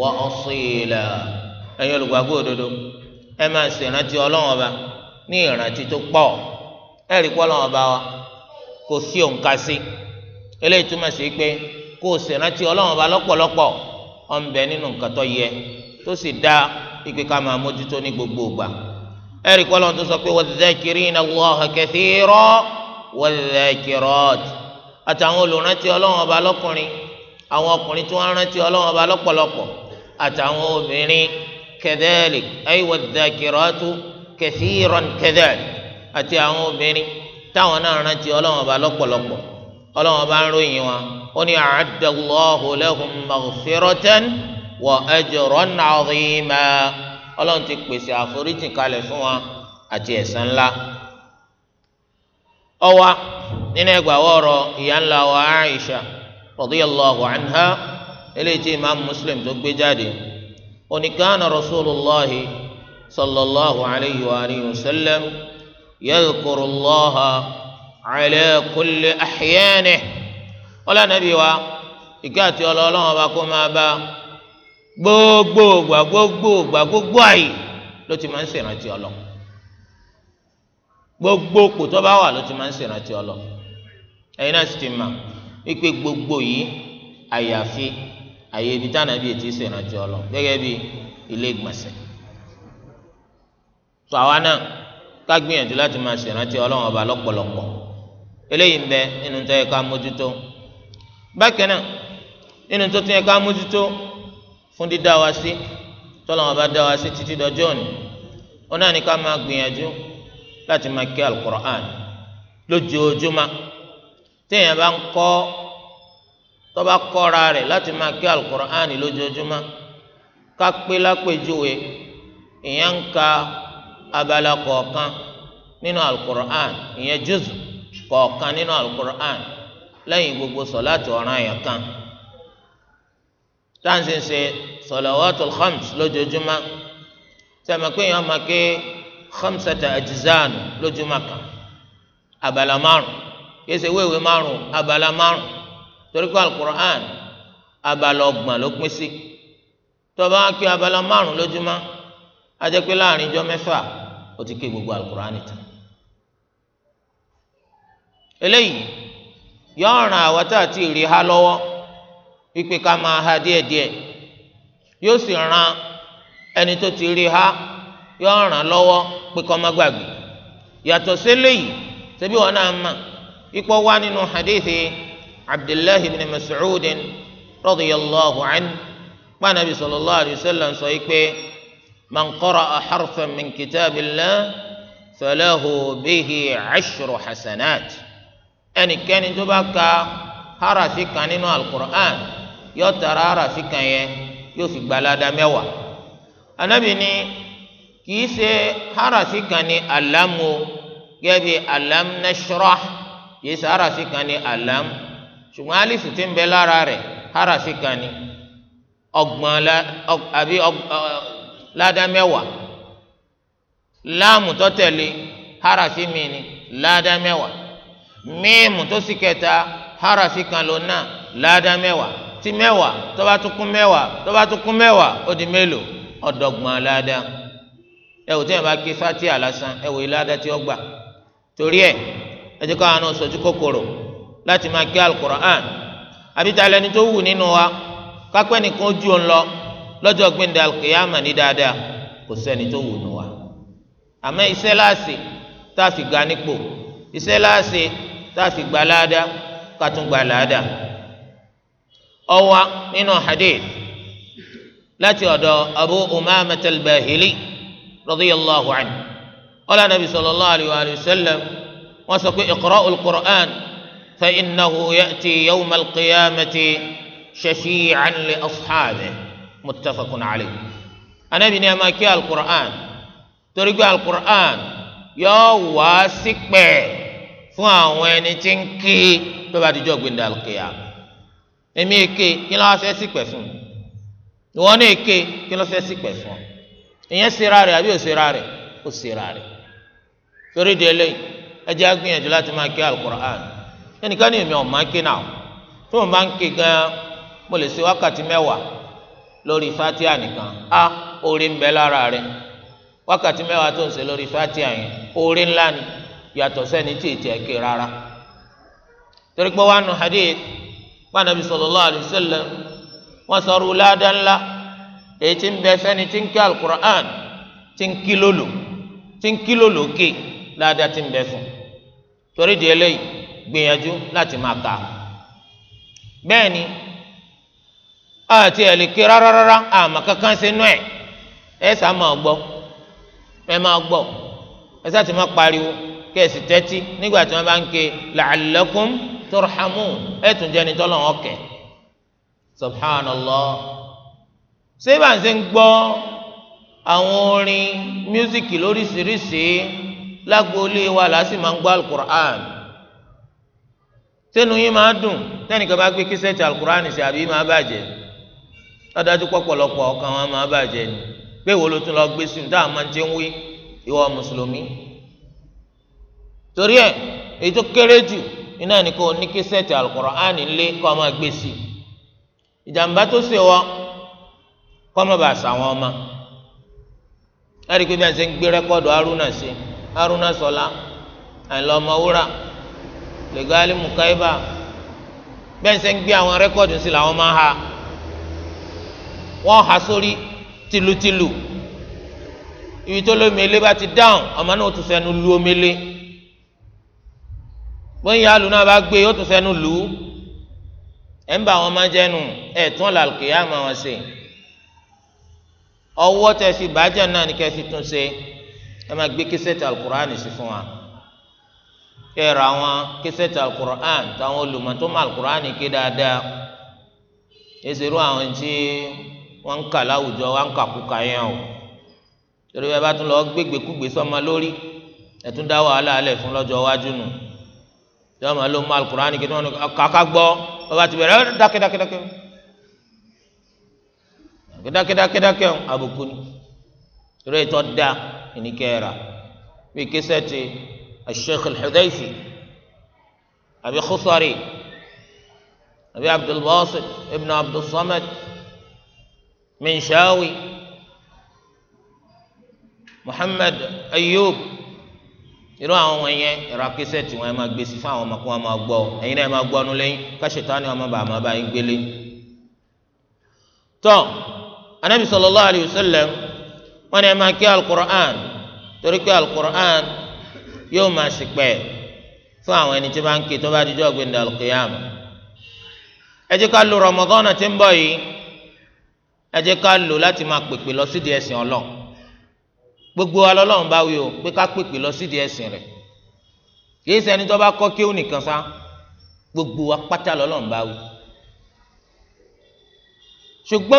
wà ọ̀ṣìlá ẹ̀yin olùgbàgbọ́ òdodo ẹ máa ṣèrántí ọlọ́wọ́n ọba ní ìrántí tó pọ̀ ẹ̀rí pọ́ ọlọ́wọ́n ọba wa kò sí òǹkà sí eléyìí túmọ̀ sí pé kó o ṣèrántí ọlọ́wọ́n ọba lọ́pọ̀lọpọ̀ ọ̀ ń bẹ nínú nǹkan tó yẹ tó sì dáa ikpe ká máa mójútó ní gbogbo ìgbà ẹ̀rí kọ́lọ́n tó sọ pé wadh-dhakirina Allaha kathira wadh-dhakirat àtàwọn olùrántí ọlọ́wọ́n ọba lọ́kùnrin àwọn ọkùnrin tí wọ́n rántí ọlọ́wọ́n ọba lọ́pọ̀lọpọ̀ àtàwọn obìnrin kadhalik ay wadh-dhakiratu kathiran kadhalik àti àwọn obìnrin táwọn náà rántí ọlọ́wọ́n ọba lọ́pọ̀lọpọ̀ ọlọ́wọ́n wa ajran azima ọlọ́run ti pèsè àforíjì kalẹ̀ fún wa àti ẹ̀san ńlá ọwa nínú ẹgbàáwọ ọ̀rọ̀ ìyá ńlá wa Aisha radiyallahu anha eléyìí tí imaamu Muslim tó gbé jáde oníkanna rasulullahi sallallahu alayhi wa alihi wa sallam yadhkurullaha ala kulli ahyanihi ọlọ́nàbí wa ìgbà tí ọlọ́ọ̀lọ́wọ́n bá kó máa bá a. gbogbo ògbà gbogbo ògbà gbogbo àyè ló ọlọ gbogbo òpò tó bá wà ló ọlọ náà sì ti wípé gbogbo yìí àyàfi àyè ibi ọlọ bí ilé tó àwa náà ká gbìyànjú láti máa ṣèrántí ọba eléyìí ń bẹ nínú tó yẹ ká mójútó náà nínú fún dídá wa sí tọ́lọ́wọ́n bá dá wa sí títí dọjọ́ ni wọn náà ní ká máa gbìyànjú láti máa kí alukur'an lójoojúmọ́ téèyàn bá ń kọ́ tó kọ́ra rẹ̀ láti máa kí alukur'an lójoojúmọ́ ká pé lápèjúwe ìyẹn ń ka abala kọ̀ọ̀kan nínú alukur'an ìyẹn kọ̀ọ̀kan nínú alukur'an lẹ́yìn táǹsì ń ṣe salawatul khams lójoojúmọ́ sẹ́mi pé èèyàn máa ké khamsata ajizan lójúmọ́ kan abala márùn kése wéwèé márùn abala márùn torí pé alukur'an abala ọgbọ̀n ló pín sí tó bá ké abala márùn lójúmọ́ ajẹ́ láàrin ijọ́ mẹ́fà ó ti ké gbogbo alukur'an tán eléyìí yọ ọ̀ràn àwọn tá a ti rí ha lọ́wọ́ wípé ká máa ha díẹ̀díẹ̀ yóò sì ran ẹni tó ti rí ha yóò ràn lọ́wọ́ pé kó má gbàgbé yàtọ̀ séléyìí ṣebí wọn náà mà ipò wá nínú hadithi abdullahi ibn mas'udin radiyallahu anhu kpanabi sallallahu alayhi wa sallam sọ wípé man qara'a harfan min kitabillah falahu bihi ashru hasanat ẹnikẹ́ni tó bá ka harafi kan nínú alukur'an yóò tara arafi kan yẹn yóò fi gbalada mẹ́wàá anabi ni kìí ṣe arafi kan ni alamu gẹbi alam nashrah kìí ṣe arafi kan ni alam ṣùgbọ́n alifu ti ń bẹ lára rẹ̀ arafi kan ni ọgbọ̀n la àbí lada mẹ́wàá láàmù tó tẹ̀lé arafi mi ni lada mẹ́wàá mímu tó sì kẹta arafi kan ló náà lada mẹ́wàá. tí mewa tó bá tún kún tó kún ó di mélòó aláda ẹ wò tí yẹn bá ké fatia lásán ẹ wò iláda tí ó gbà torí ẹ ẹ ti káwọn náà kòkòrò láti máa ké alukur'an àbíta lẹni tó wù nínú wa kápẹ́ nìkan ojú òun lọ lọ́jọ́ ga nípò iṣẹ́ tá a fi gbà láàdá ọwa nínú hadith láti ọ̀dọ̀ abu umama talbahili radiyallahu anhu ọlá nabi sallallahu alayhi wa sallam wọ́n sọ pé iqra'ul qur'an fa innahu ya'ti yawmal qiyamati shashi'an li asxaabe muttafaqun alayhi anabi ni a máa kí alqur'an torí pé alqur'an yóò wá sí pẹ́ fún àwọn ẹni tí ń kí tó bá ti jọ́ gbẹ̀ndà alqiyama. èmi èké kí ló wá fẹ́ sí pẹ̀ ìwọ náà èké kí ló fẹ́ sí pẹ̀ ìyẹn sera rẹ̀ àbí òsera rẹ̀ ó rẹ̀ torí di eléyìí ẹ jẹ́ láti máa ké alukur'an ẹnìkan ní èmi ọ̀ ké náà tó o máa ń ké fatia nìkan a orin ń lára rẹ̀ wákàtí mẹ́wàá tó ń ṣe lórí fatia yẹn oore ńlá ni yàtọ̀ sẹ́ni tí ì pànàbí sallallahu alaihi wasallam wọn sọ̀rọ̀ ládàá ńlá èyí tí ń bẹ fẹ́ni tí ń kí alukur'an tí ń kí lòlò tí ń kí lòlò ké ládàá tí ń bẹ fún torí di eléyìí gbìyànjú láti máa kà bẹ́ẹ̀ ni àti ẹ̀lìkí rárára àmọ́ kankan sínú ẹ̀ ẹ̀ sá máa gbọ́ ẹ̀ máa gbọ́ ẹ̀ sá ti máa pariwo kí tẹ́tí nígbà tí wọ́n bá ń ké la'allakum turhamun ẹ tún jẹ́ ni tọ́lọ̀ wọn kẹ́ subhanallah ṣé bá ń ṣe ń gbọ́ àwọn orin mísíkì lóríṣiríṣi lágboolé wa là á sì máa ń gbọ́ alukur'an tẹnu yín máa dùn tẹnìkan bá gbé kíṣẹ́ẹ̀tì alukur'an sí àbí máa bàjẹ́ lọ́dájú pọ̀pọ̀lọpọ̀ ọkàn wọn máa bàjẹ́ ni pé wo ló tún lọ gbé sí táwọn máa ń ti ń wí ìwọ mùsùlùmí torí ẹ èyí tó kéré jù iná ní kó o ní késẹ́ẹ̀tì alukur'ani ńlé kó o máa gbé sí i ìjàmbá tó ṣe wọ kó o má bàa sàwọn ọmọ láti pé bí a ṣe ń gbé rẹ́kọ́dù haruna sí haruna sọlá àìlọ́mọwúrà lẹ́gàálì mùkáíbà bí a ṣe ń gbé àwọn rẹ́kọ́dù sí làwọn máa ha wọ́n ha sórí tìlùtìlù ibi tó lómi ilé bá ti dáhùn ọmọ náà ó tún fẹnu lu omi ilé bóyá alu náà bá gbé yóò tún fẹnu lù ú ẹ ń bá wọn máa jẹnu ẹ tún làlùkì yá máa wọn ṣe ọwọ́ tẹ̀sí bàjẹ́ náà ni kẹ́sì tún ṣe ẹ máa gbé kíṣẹ́tì alukur'an sí fún wa kẹ́ ẹ ra wọn kíṣẹ́tì alukur'an táwọn olùmọ̀ tó mọ alukur'an ké dáadáa ezèrú àwọn tí wọ́n ń kà láwùjọ wọ́n ń kà kúkà yẹn o torí ẹ bá tún lọ gbégbé kúgbé sọ́mọ lórí ẹ tún dá wàhálà alẹ̀ fún lọ́jọ́ iwájú nù. yọ máa ló mú alukurani kí wọn kàkà gbọ́ ọba ti bẹ̀rẹ̀ ẹ dákẹ́ dákẹ́ dákẹ́ dákẹ́ dákẹ́ dákẹ́ àbùkù ni eré to da ìníkẹ́ra bí kíṣẹ́ ti Sheikh al-Hudayfi àbí Khusari àbí Abdulbasit ibn Abdulsamad Minshawi Muhammad Ayub. irú àwọn wọn yẹn ra kẹsẹ̀tì wọn ẹ máa gbé sí fáwọn ọmọ kó wọn máa gbọ́ ẹ̀yin náà ẹ máa gbọ́ ọ́nú lẹ́yìn káṣetán ni wọn máa bá máa bá yín gbélé. tọ́ anabi sallallahu alayhi wa sallam wọn ni ẹ máa kí alukur'an torí pé alukur'an yóò máa sì pẹ́ fún àwọn ẹni tí bá ń ké tó bá di jọ́ alukiyam. ẹ jẹ́ ká lu Ramadan tí ń bọ̀ yìí ẹ jẹ́ ká lu láti máa pèpè lọ sídìí ẹ̀sìn Ọlọ́run gbogbo wa lọ́lọ́run bá wí o pé ká pèpè lọ sídìí ẹ̀sìn rẹ̀ kìí ṣẹni tó bá kọ́ kéwù nìkan sá gbogbo wa pátá lọ́lọ́run bá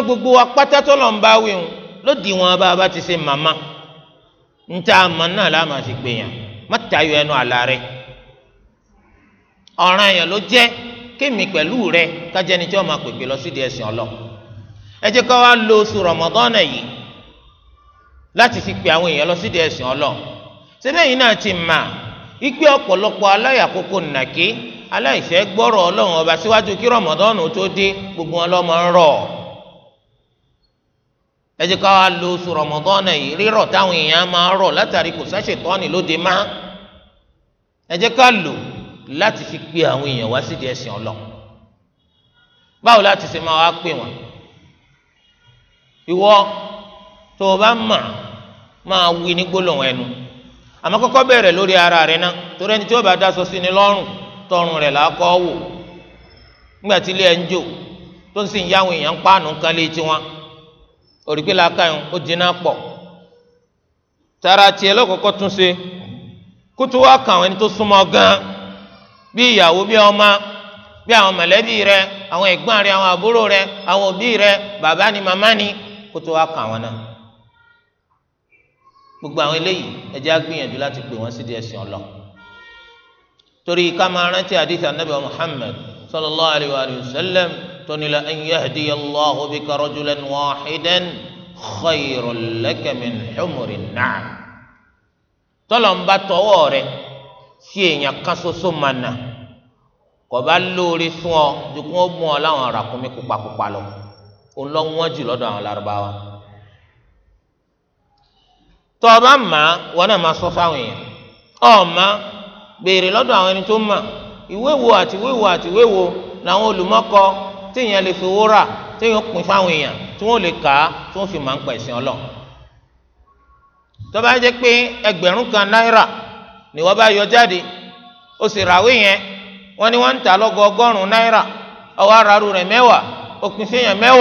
gbogbo wa pátá bá wí o lódì wọn bá ti ṣe màmá níta náà ẹnu àlá yẹn ló kémi tí máa pèpè lọ sídìí ẹ ká wá lo láti fi pe àwọn èèyàn lọ sídìí ẹ̀sìn ọlọ́run sẹ́lẹ̀yìn náà ti mà ìpè ọ̀pọ̀lọpọ̀ aláyàkókò nàkí aláìfẹ́ gbọ́rọ̀ ọlọ́run ọba síwájú kí rọ̀mọ́dọ́nù tó dé gbogbo wọn lọ́mọ ń rọ̀ ẹ jẹ́ ká wá lo oṣù rọ̀mọ́dọ́nù yìí rírọ̀ táwọn èèyàn máa rọ̀ látàrí kò sáṣẹ tọ́ni lóde má ẹ jẹ́ ká lò láti fi pe àwọn èèyàn wá sídìí ẹ̀sìn ọlọ́run báwo láti ṣe máa wá pè wọ́n ìwọ tó o bá mà máa wí ní gbólóhùn ẹnu àmọ́ kọkọ bẹ̀rẹ̀ lórí ara rẹ ná torí ẹni tí ó bá dáṣọ sí ni lọ́rùn tọrùn rẹ̀ làákọ wò nígbà tí ilé ẹ ń jò tó ń sì ń yáwọn èèyàn páànù kan lé tiwọn òrìpé ó dínà pọ̀ tara tiẹ̀ lọkọkọ tún ṣe kótó wá kàn ẹni tó súnmọ́ gan bí ìyàwó bí ọmọ bí àwọn mọ̀lẹ́bí rẹ àwọn ẹ̀gbọ́n rẹ àwọn àbúrò rẹ àwọn gbogbo àwọn eléyìí ẹ jẹ́ á gbìyànjú láti pè wọ́n sí di ẹ̀sìn ọlọ́ torí ká máa rántí àdìsí anábì Muhammad sallallahu alayhi wa sallam tónilà an yahdiya Allahu bika rajulan wahidan khayrun laka min humurin na'am ń bá tọwọ́ rẹ̀ sí èèyàn kan ṣoṣo mànà kò bá lóore fún ọ dùkún ó mú ọ láwọn arákùnmí kópa lọ òun lọ wọ́n jù lọ́dọ̀ àwọn Lárúbáwá. tọ́ ọ bá mà á wọn náà máa sọ fáwọn èèyàn ọ̀ọ́mà béèrè lọ́dọ̀ àwọn ẹni tó mà ìwé wo àti ìwé wo àti ìwé wo làwọn olùmọ́kọ téèyàn lè fi wúrà téèyàn pín fáwọn èèyàn tí wọ́n lè kà á tí wọ́n fi máa ń pa ẹ̀sìn ọlọ́ tó bá jẹ́ pé ẹgbẹ̀rún kan náírà ni wọ́n bá yọ jáde ó sì ràwé yẹn wọ́n ní wọ́n ń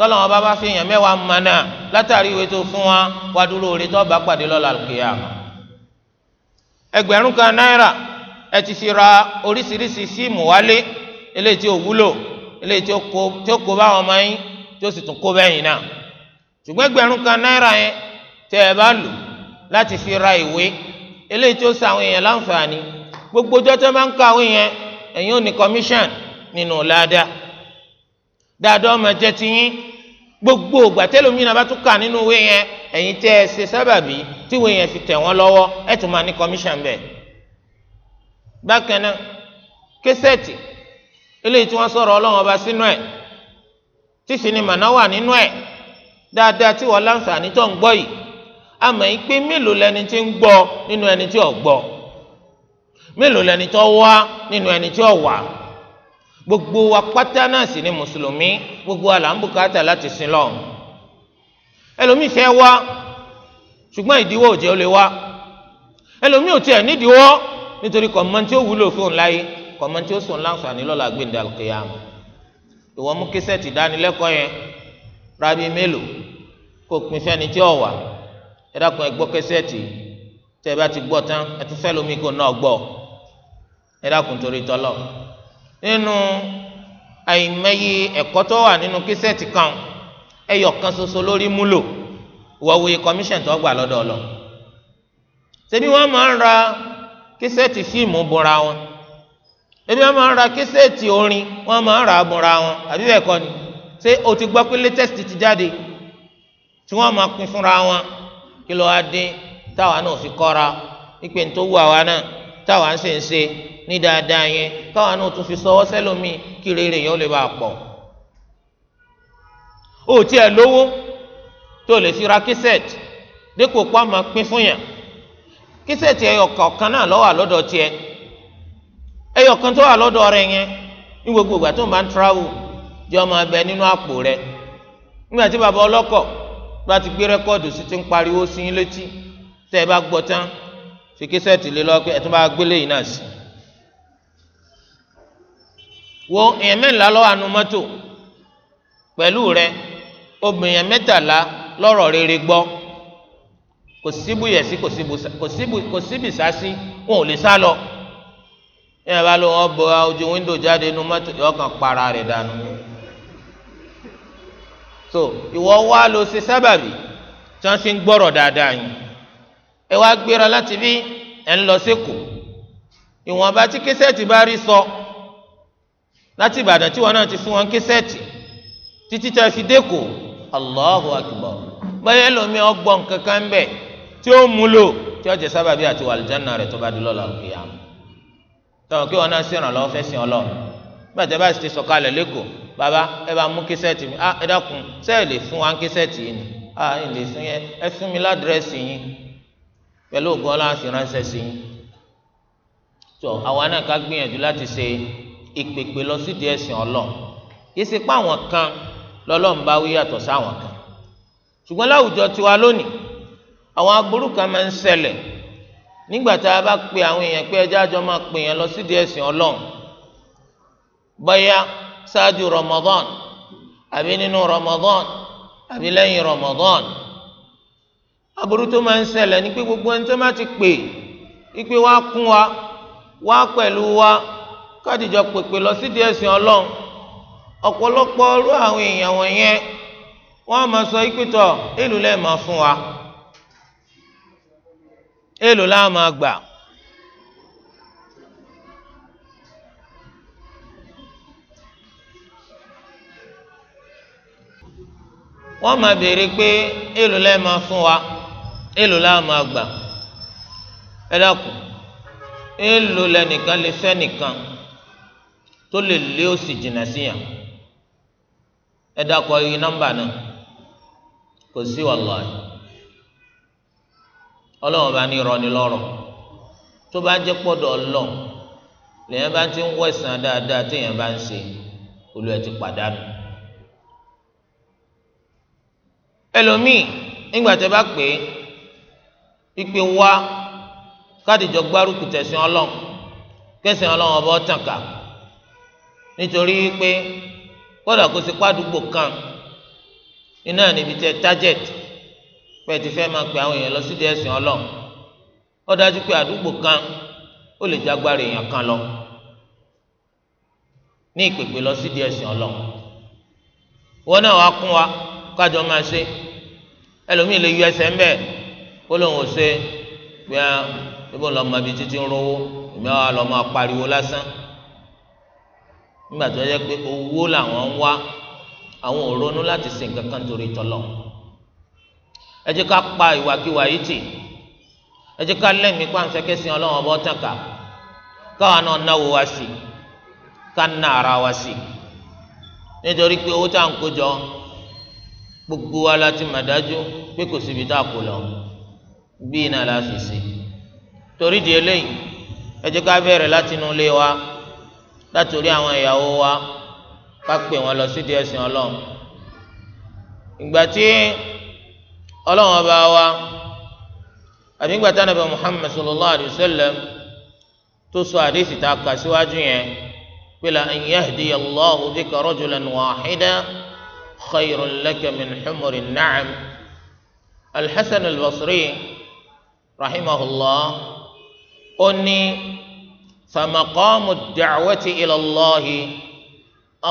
tọ́lọ̀ wọn bá bá fi èèyàn mẹ́wàá mọ̀nà látàrí ìwé tó fún wa wá dúró orí tó bá pàdé lọ́la kìyàmá. ẹgbẹ̀rún kan náírà ẹ ti fi ra oríṣiríṣi síìmù wálé eléyìí tí ò wúlò eléyìí tí ó kó báwọn ọmọ yín tí ó sì tún kó bẹ́yìn náà ṣùgbọ́n ẹgbẹ̀rún kan náírà yẹn tẹ́ ẹ bá lò láti fi ra ìwé eléyìí tí ó sa àwọn èèyàn láǹfààní gbogbo ọjọ́ tẹ́ ń ka àwọn èèyàn ẹ̀yin ò ní commission nínú ládàá dáadọ́ máa jẹ́ tiyín gbogbo ìgbà tẹ́lómìnira bá tún kà nínú ìwé yẹn ẹ̀yin tẹ́ ẹ ṣe sábàbí tí ìwé yẹn fi tẹ̀ wọ́n lọ́wọ́ ẹ̀ tún máa ní commission bẹ́ẹ̀. bákan náà késẹ́ẹ̀tì eléyìí tí wọ́n sọ̀rọ̀ ọlọ́run ọba sínú ẹ̀ tí sinimá náà wà nínú ẹ̀ dáadáa tí wọ́n láǹfààní tó ń gbọ́ yìí àmọ́ yìí pé mélòó lẹni tí ń gbọ́ nínú ẹni tí ò gbọ́ mélòó lẹni tó wá nínú ẹni tí ò wà gbogbo wa pátá náà sì ni mùsùlùmí gbogbo wa là ń bùkátà láti sin lọ ẹlòmíì fẹ́ wá ṣùgbọ́n ìdíwọ́ òjẹ ó lè wá ẹlòmíì ò tiẹ̀ nídìíwọ́ nítorí kọ̀mọ́n tí ó wúlò fóun láyé kọ̀mọ́n tí ó sùn láǹfààní lọ́la gbẹ̀ndẹ̀ àlùkìyàmù ìwọ mú kíṣẹ́ẹ̀tì ìdánilẹ́kọ̀ọ́ yẹn rabi mélòó kó pin fẹ́ni tí ò wà ẹ dákun ẹ gbọ́ kíṣẹ́ẹ̀tì tẹ́ ẹ bá ti gbọ́ tán ẹ tún fẹ́ lómi kó náà gbọ́ ẹ dákun torí tọ́lọ́ọ̀ nínú àìmọye ẹ̀kọ́ tó wà nínú kíṣẹ́ẹ̀tì kan ẹyọ kan ṣoṣo lórí múlò wọ̀wòye commission tó gbà lọ́dọ̀ ọlọ. ṣebí wọ́n máa ń ra kíṣẹ́ẹ̀tì fíìmù bora wọn ṣebí wọ́n máa ń ra kíṣẹ́ẹ̀tì orin wọ́n máa ń ra bora wọn àbí bẹ́ẹ̀ kọ́ ni ṣé o ti gbọ́ pé latest ti jáde tí wọ́n máa pín fúnra wọn kí ló wá dín táwa náà fi kọ́ra ìpè ní tó wù àwa náà táwa ń ṣe ń ṣe ní dáadáa yẹn káwa náà tún fi sọwọ́ sẹ́lómi kí rere yẹn ó lè bá a pọ̀ ó tiẹ̀ lówó tó lè fi ra kíṣẹ́ẹ̀tì dípò pọ́ máa pín fún yàn kíṣẹ́ẹ̀tì ẹyọkọ̀ọ̀kan náà lọ́wọ́ àlọ́dọ̀ tiẹ̀ ẹyọkan tó wà lọ́dọ̀ rẹ yẹn ní gbogbo ìgbà tó máa ń travel jẹ́ ọmọ abẹ nínú àpò rẹ nígbà tí bàbá ọlọ́kọ̀ bá ti gbé rẹ́kọ́ọ̀dù sí ti ń pariwo sí yín létí tẹ́ ẹ bá gbọ́ tán fi kíṣẹ́ẹ̀tì lé lọ pé ẹ̀tún bá gbélé yìí náà sí. wo èèyàn mẹ́rìnlá lọ́wọ́ àánú mọ́tò pẹ̀lú rẹ obìnrin mẹ́tàlá lọ́rọ̀ rere gbọ́ kò síbu yẹ̀sí kò síbi sásí wọn ò lè sá lọ yẹn bá lọ wọn bọ ojú windo jáde inú mọ́tò yọ kàn para rẹ̀ dànù so ìwọ wa lo ṣe sábàbí tí wọn fi ń gbọ́rọ̀ dáadáa yìí ẹ wá gbéra láti bí ẹ ń lọ sẹ́kù ìwọ̀nba tí kẹsẹ́ẹ̀tì bá rí sọ láti ìbàdàn tí wọn náà ti fún wọn kẹsẹ́ẹ̀tì títí tá a fi dẹ́kù Allahu akbar báyọ̀ ẹlòmíì ọgbọ̀n kankan bẹ̀ tí ó mú lò tí ó jẹ sábàbí àti wàlìjánà rẹ̀ tó bá di lọ́la òkè yàrá tọ́wọ́n kí wọn náà sì ràn fẹ́ sìn ọlọ́run bàtẹ́ bá ti sọ̀kalẹ̀ lẹ́kọ̀ọ́ bàbá ẹ bá mú kẹsẹ́ẹ̀tì mi ah ẹ dákun sẹ́ẹ̀ lè fún wa kẹsẹ́ẹ̀tì yìí ni ah ẹ lè fún mi ládírẹ́sì yìí pẹ̀lú ògùn ọlọ́run sì ránṣẹ́ sí i tó àwa náà ká gbìyànjú láti ṣe ìpèpè lọ sídìí ẹ̀sìn ọlọ́run kì í ṣe pé àwọn kan lọ́lọ́run bá wí yàtọ̀ sáwọn kan ṣùgbọ́n láwùjọ tiwa lónìí àwọn aburú kan máa ń ṣẹlẹ̀ nígbà tá a bá pe àwọn èèyàn pé ẹjẹ́ àjọ máa pè yẹn lọ sídìí ẹ̀sìn ọlọ́run bóyá ṣáájú Ramadan àbí nínú Ramadan àbí lẹ́yìn Ramadan aburú tó máa ń ṣẹlẹ̀ ní pé gbogbo ẹni tó máa ti pè ipe wá kún wa wá pẹ̀lú wa kádìjọ pèpè lọ sídìí ẹ̀sìn ọlọ́run ọ̀pọ̀lọpọ̀ ọrú àwọn èèyàn wọ̀nyẹn wọ́n máa sọ ìpìtọ̀ èlò lẹ́ẹ̀ máa fún wa èlò láà máa gbà. wọ́n máa béèrè pé èlò lẹ́ẹ̀ máa fún wa. èlò la máa gbà ẹ dákun èlò lẹnìkan lè fẹ nìkan tó lè lé òsì jìnnà síyàn ẹ dákun ọyọ nọ́mbà náà kò sí wàlláhì ọlọ́run bá ní ìrọ̀ni lọ́rọ̀ tó bá jẹ́ pọ̀dọ̀ ọlọ́ lèyìn bá ti ń wẹ̀sán dáadáa téèyàn bá ń ṣe olú ẹ ti pàdánù ìpè wá kádìjọ gbárùkù tẹ̀sìn ọlọ́run kẹsìn ọlọ́run ọba ọ̀tàn ká nítorí pé kódà kó sì pàdúgbò kan iná níbi tẹ target pé ti fẹ́ máa pe àwọn èèyàn lọ sídìí ẹ̀sìn ọlọ́run ó dájú pé àdúgbò kan ó lè jágbára èèyàn kan lọ ní ìpèpè lọ sídìí ẹ̀sìn ọlọ́run wọn náà wá kún wa kájọ máa ṣe ẹlòmíì lè yọ ẹsẹ̀ ń bẹ́ẹ̀. ó ṣe pé níbo ń lọ mọ ibi títí ń rówó èmi àwọn àlọ́ lásán nígbà tó yẹ pé owó làwọn ń wá àwọn ò ronú láti torí ẹ ká pa ìwàkiwà yìí tì ẹ ká lẹ́mìí ká káwọn náà náwó sí ká ná ara sí nítorí pé owó tá à ń kó jọ gbogbo wa láti mà dájú pé kò síbi tá a kò lọ. bí iná la sì ṣe torí di eléyìí ẹ jẹ́ ká bẹ̀rẹ̀ láti inú ilé wa láti orí àwọn ìyàwó wa ká pè wọ́n lọ sí díẹ̀ sìn ọlọ́run ìgbà tí ọlọ́run ọba wa àbí ìgbà tí ànábì Muhammad sallallahu alayhi wa sallam tó sọ àdéhìí tá kà síwájú yẹn bila an yahdiya Allahu bika rajulan wahida khayrun laka min humuri na'am Al-Hasan Al-Basri rahimahullah ó ní famaqamu da'wati ilallahi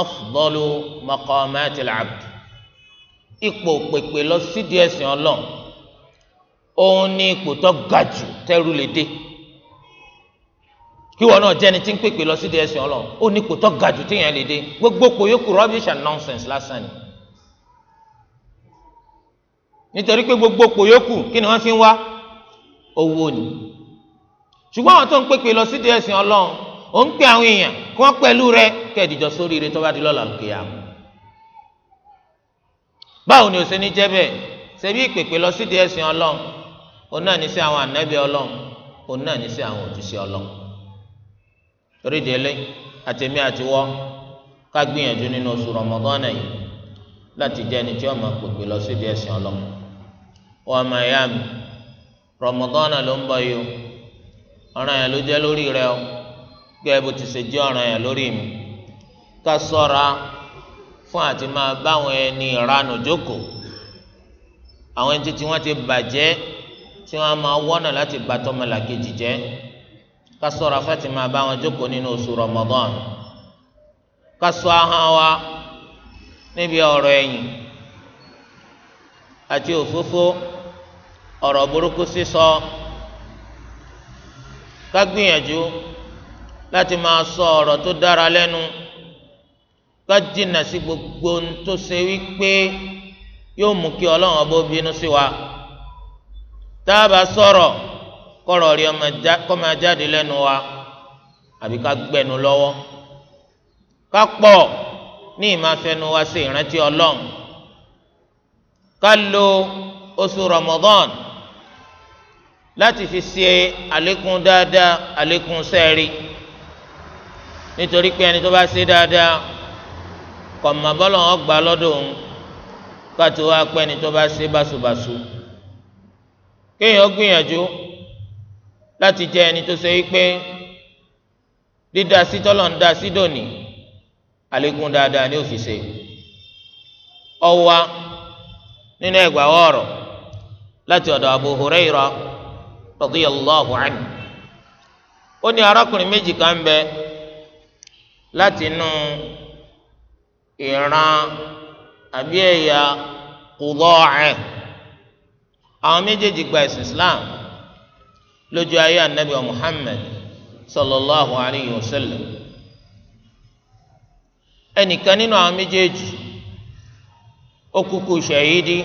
afdalu maqamati al-abd ipò pèpè lọ sídìí ẹ̀sìn Ọlọ́run òun ní ipò tó ga jù tẹ́rù lè dé kí wọn náà jẹni tí ń pèpè lọ sídìí ẹ̀sìn Ọlọ́run ó ní ipò tó ga jù téèyàn lè dé gbogbo kò yókù rubbish and nonsense lásán ni nítorí pé gbogbo kò yókù kí ni wọ́n fi ń wá owó ni ṣùgbọ́n àwọn tó ń pèpè lọ sídìí ẹ̀sìn ọlọ́run ò ń pè àwọn èèyàn kí wọ́n pẹ̀lú rẹ kẹ́ẹ̀dìjọ sórí ire tó bá di lọ́la òkè àmọ́ báwo ni òsè ní jẹ́ bẹ́ẹ̀ ṣebí ìpèpè lọ sídìí ẹ̀sìn ọlọ́run òun náà ní sí àwọn ànábì ọlọ́run òun náà ní sí àwọn òjíṣẹ́ ọlọ́run torí délé àtẹ̀mí àtiwọ́ ká gbìyànjú nínú oṣù Ramadan yìí láti jẹ́ ẹni tí ó pèpè lọ sídìí ẹ̀sìn ọlọ́run ọmọ ìyá mi rọmọdánà ló ń bọ̀ yìí o ọ̀ràn yẹn ló jẹ́ lórí rẹ o gẹ́gẹ́ bó ti ṣe jẹ́ ọ̀ràn yẹn lórí mi ká sọ́ra fún àti máa báwọn ẹni ìranù jókòó àwọn ẹni tí wọ́n ti bàjẹ́ tí wọ́n máa wọ́nà láti bà tọmọlàkejì jẹ́ ká sọ́ra fún àti máa báwọn jókòó nínú oṣù rọmọdán ká ṣọ́ ahọ́n wa níbi ọ̀rọ̀ ẹ̀yìn àti òfófó ọ̀rọ̀ burúkú sísọ ká gbìyànjú láti máa sọ ọ̀rọ̀ tó dára lẹ́nu ká jìnnà sí gbogbo ohun tó ṣe wípé yóò mú kí ọlọ́run ọba bínú sí wa tá a bá sọ̀rọ̀ kọ̀rọ̀ rí kó máa jáde lẹ́nu wa àbí ká gbẹnu lọ́wọ́ ká pọ̀ ní ìmáfẹ́nu wa sí ìrántí ọlọ́run ká lo oṣù Ramadan láti fi ṣe àlékún dáadáa àlékún sẹ́ẹ̀rí nítorí pé ẹni tó bá ṣe dáadáa kò mà bọ́lọ̀ wọn gbà lọ́dọ̀ òun káàtó wá pé ẹni tó bá ṣe báṣubàṣu kéèyàn gbìyànjú láti jẹ ẹni tó ṣe wípé dídá sí tọ́lọ̀ ń dá sí dòní àlékún dáadáa ni ó fi ṣe ọwa nínú ẹgbàá ọ̀rọ̀ láti ọ̀dọ̀ Abu Hurairah radiyallahu anhu ó ní arákùnrin méjì kan bẹ láti inú ìran àbí ẹ̀yà Qudaa àwọn méjèèjì gba ẹ̀sìn Islam lójú ayé anabi Muhammad sallallahu alayhi wa sallam ẹnìkan nínú àwọn méjèèjì ó kúkú ṣàhídì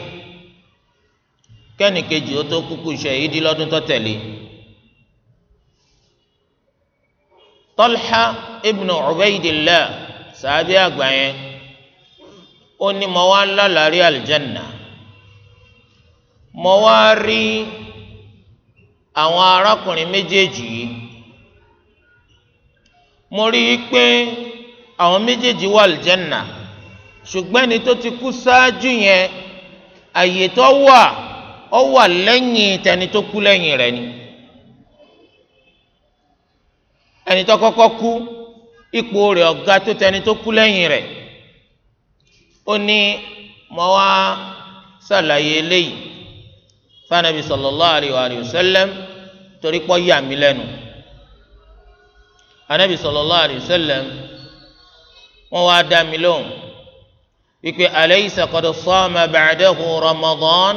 kẹ́nìkejì ó tó kúkú ṣàhídì lọ́dún tó tẹ̀lé Talha ibn Ubaydillah sàbí àgbà yẹn ó ní mo wá lálàrí àlìjánná mo wá rí àwọn arákùnrin méjèèjì yìí mo rí i pé àwọn méjèèjì wà àlìjánná ṣùgbọ́n ẹni tó ti kú ṣáájú yẹn àyè tó wà ọ wà lẹ́yìn tẹni tó kú lẹ́yìn rẹ̀ ni ẹni tó kọ́kọ́ kú ipò rẹ̀ ọ̀gá tó tẹni tó kú lẹ́yìn rẹ̀ ó ní mo wá ṣàlàyé eléyìí fanabi sallallahu alayhi wa sallam torí pọ́ yà mí lẹ́nu anabi sallallahu alayhi wa sallam wọ́n wá dá mi lóhùn wípé alaysa qad sama ba'dahu ramadan.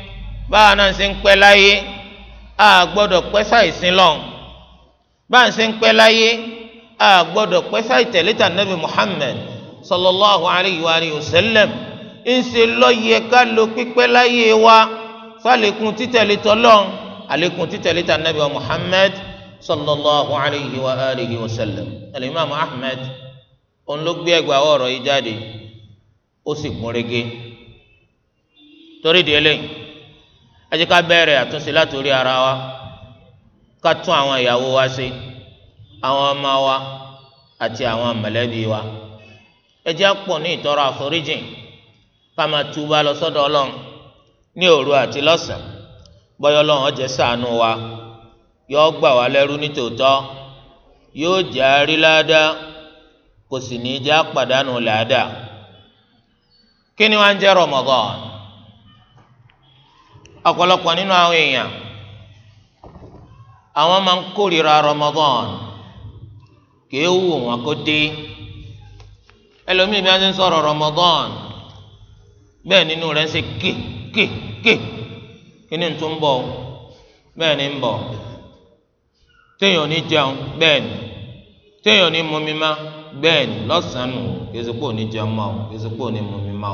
báwa náà ṣe ń pẹ́ láyé a gbọ́dọ̀ pẹ́ sáìsìn lọ́n báwa ṣe ń pẹ́ láyé a gbọ́dọ̀ pẹ́ sáìtẹ̀lẹ́tà nàbì Muhammad sallallahu alayhi wa alihi wa sallam ńṣe lọ́yẹ ká lo pípẹ́ láyé wa fálẹ́kùn títẹ̀lé tọ́lọ́n àlékún títẹ̀lé nàbì Muhammad sallallahu alayhi wa sallam alimami Ahmed òun ló gbé yìí jáde ó sì gún régé torí délé yìí ẹ jẹ́ ká bẹ̀rẹ̀ àtúnṣe látòrí ara wa ká tún àwọn ìyàwó wa ṣe àwọn ọmọ wa àti àwọn mọ̀lẹ́bí wa ẹ jẹ́ pọ̀ ní ìtọrọ àforíjìn ká máa túbà lọ sọ́dọ̀ Ọlọ́run ní òru àti lọ́sàn bóyá Ọlọ́run ó jẹ́ wa yóò gbà wá lẹ́rú ní tòótọ́ yóò jẹ́ àárí ládàá kò sì ní í jẹ́ àpàdánù ládàá kí ni wọ́n á jẹ́ Ramadan. ọ̀pọ̀lọpọ̀ nínú àwọn èèyàn àwọn máa ń kórìíra Ramadan kìí wù wọn kó dé ẹlòmíì bí wọn ti ń sọ̀rọ̀ Ramadan nínú ń ṣe ké ké ké kíní tó ni ń téèyàn ni téèyàn ní mumi má ni ní jẹun má o ní mumi má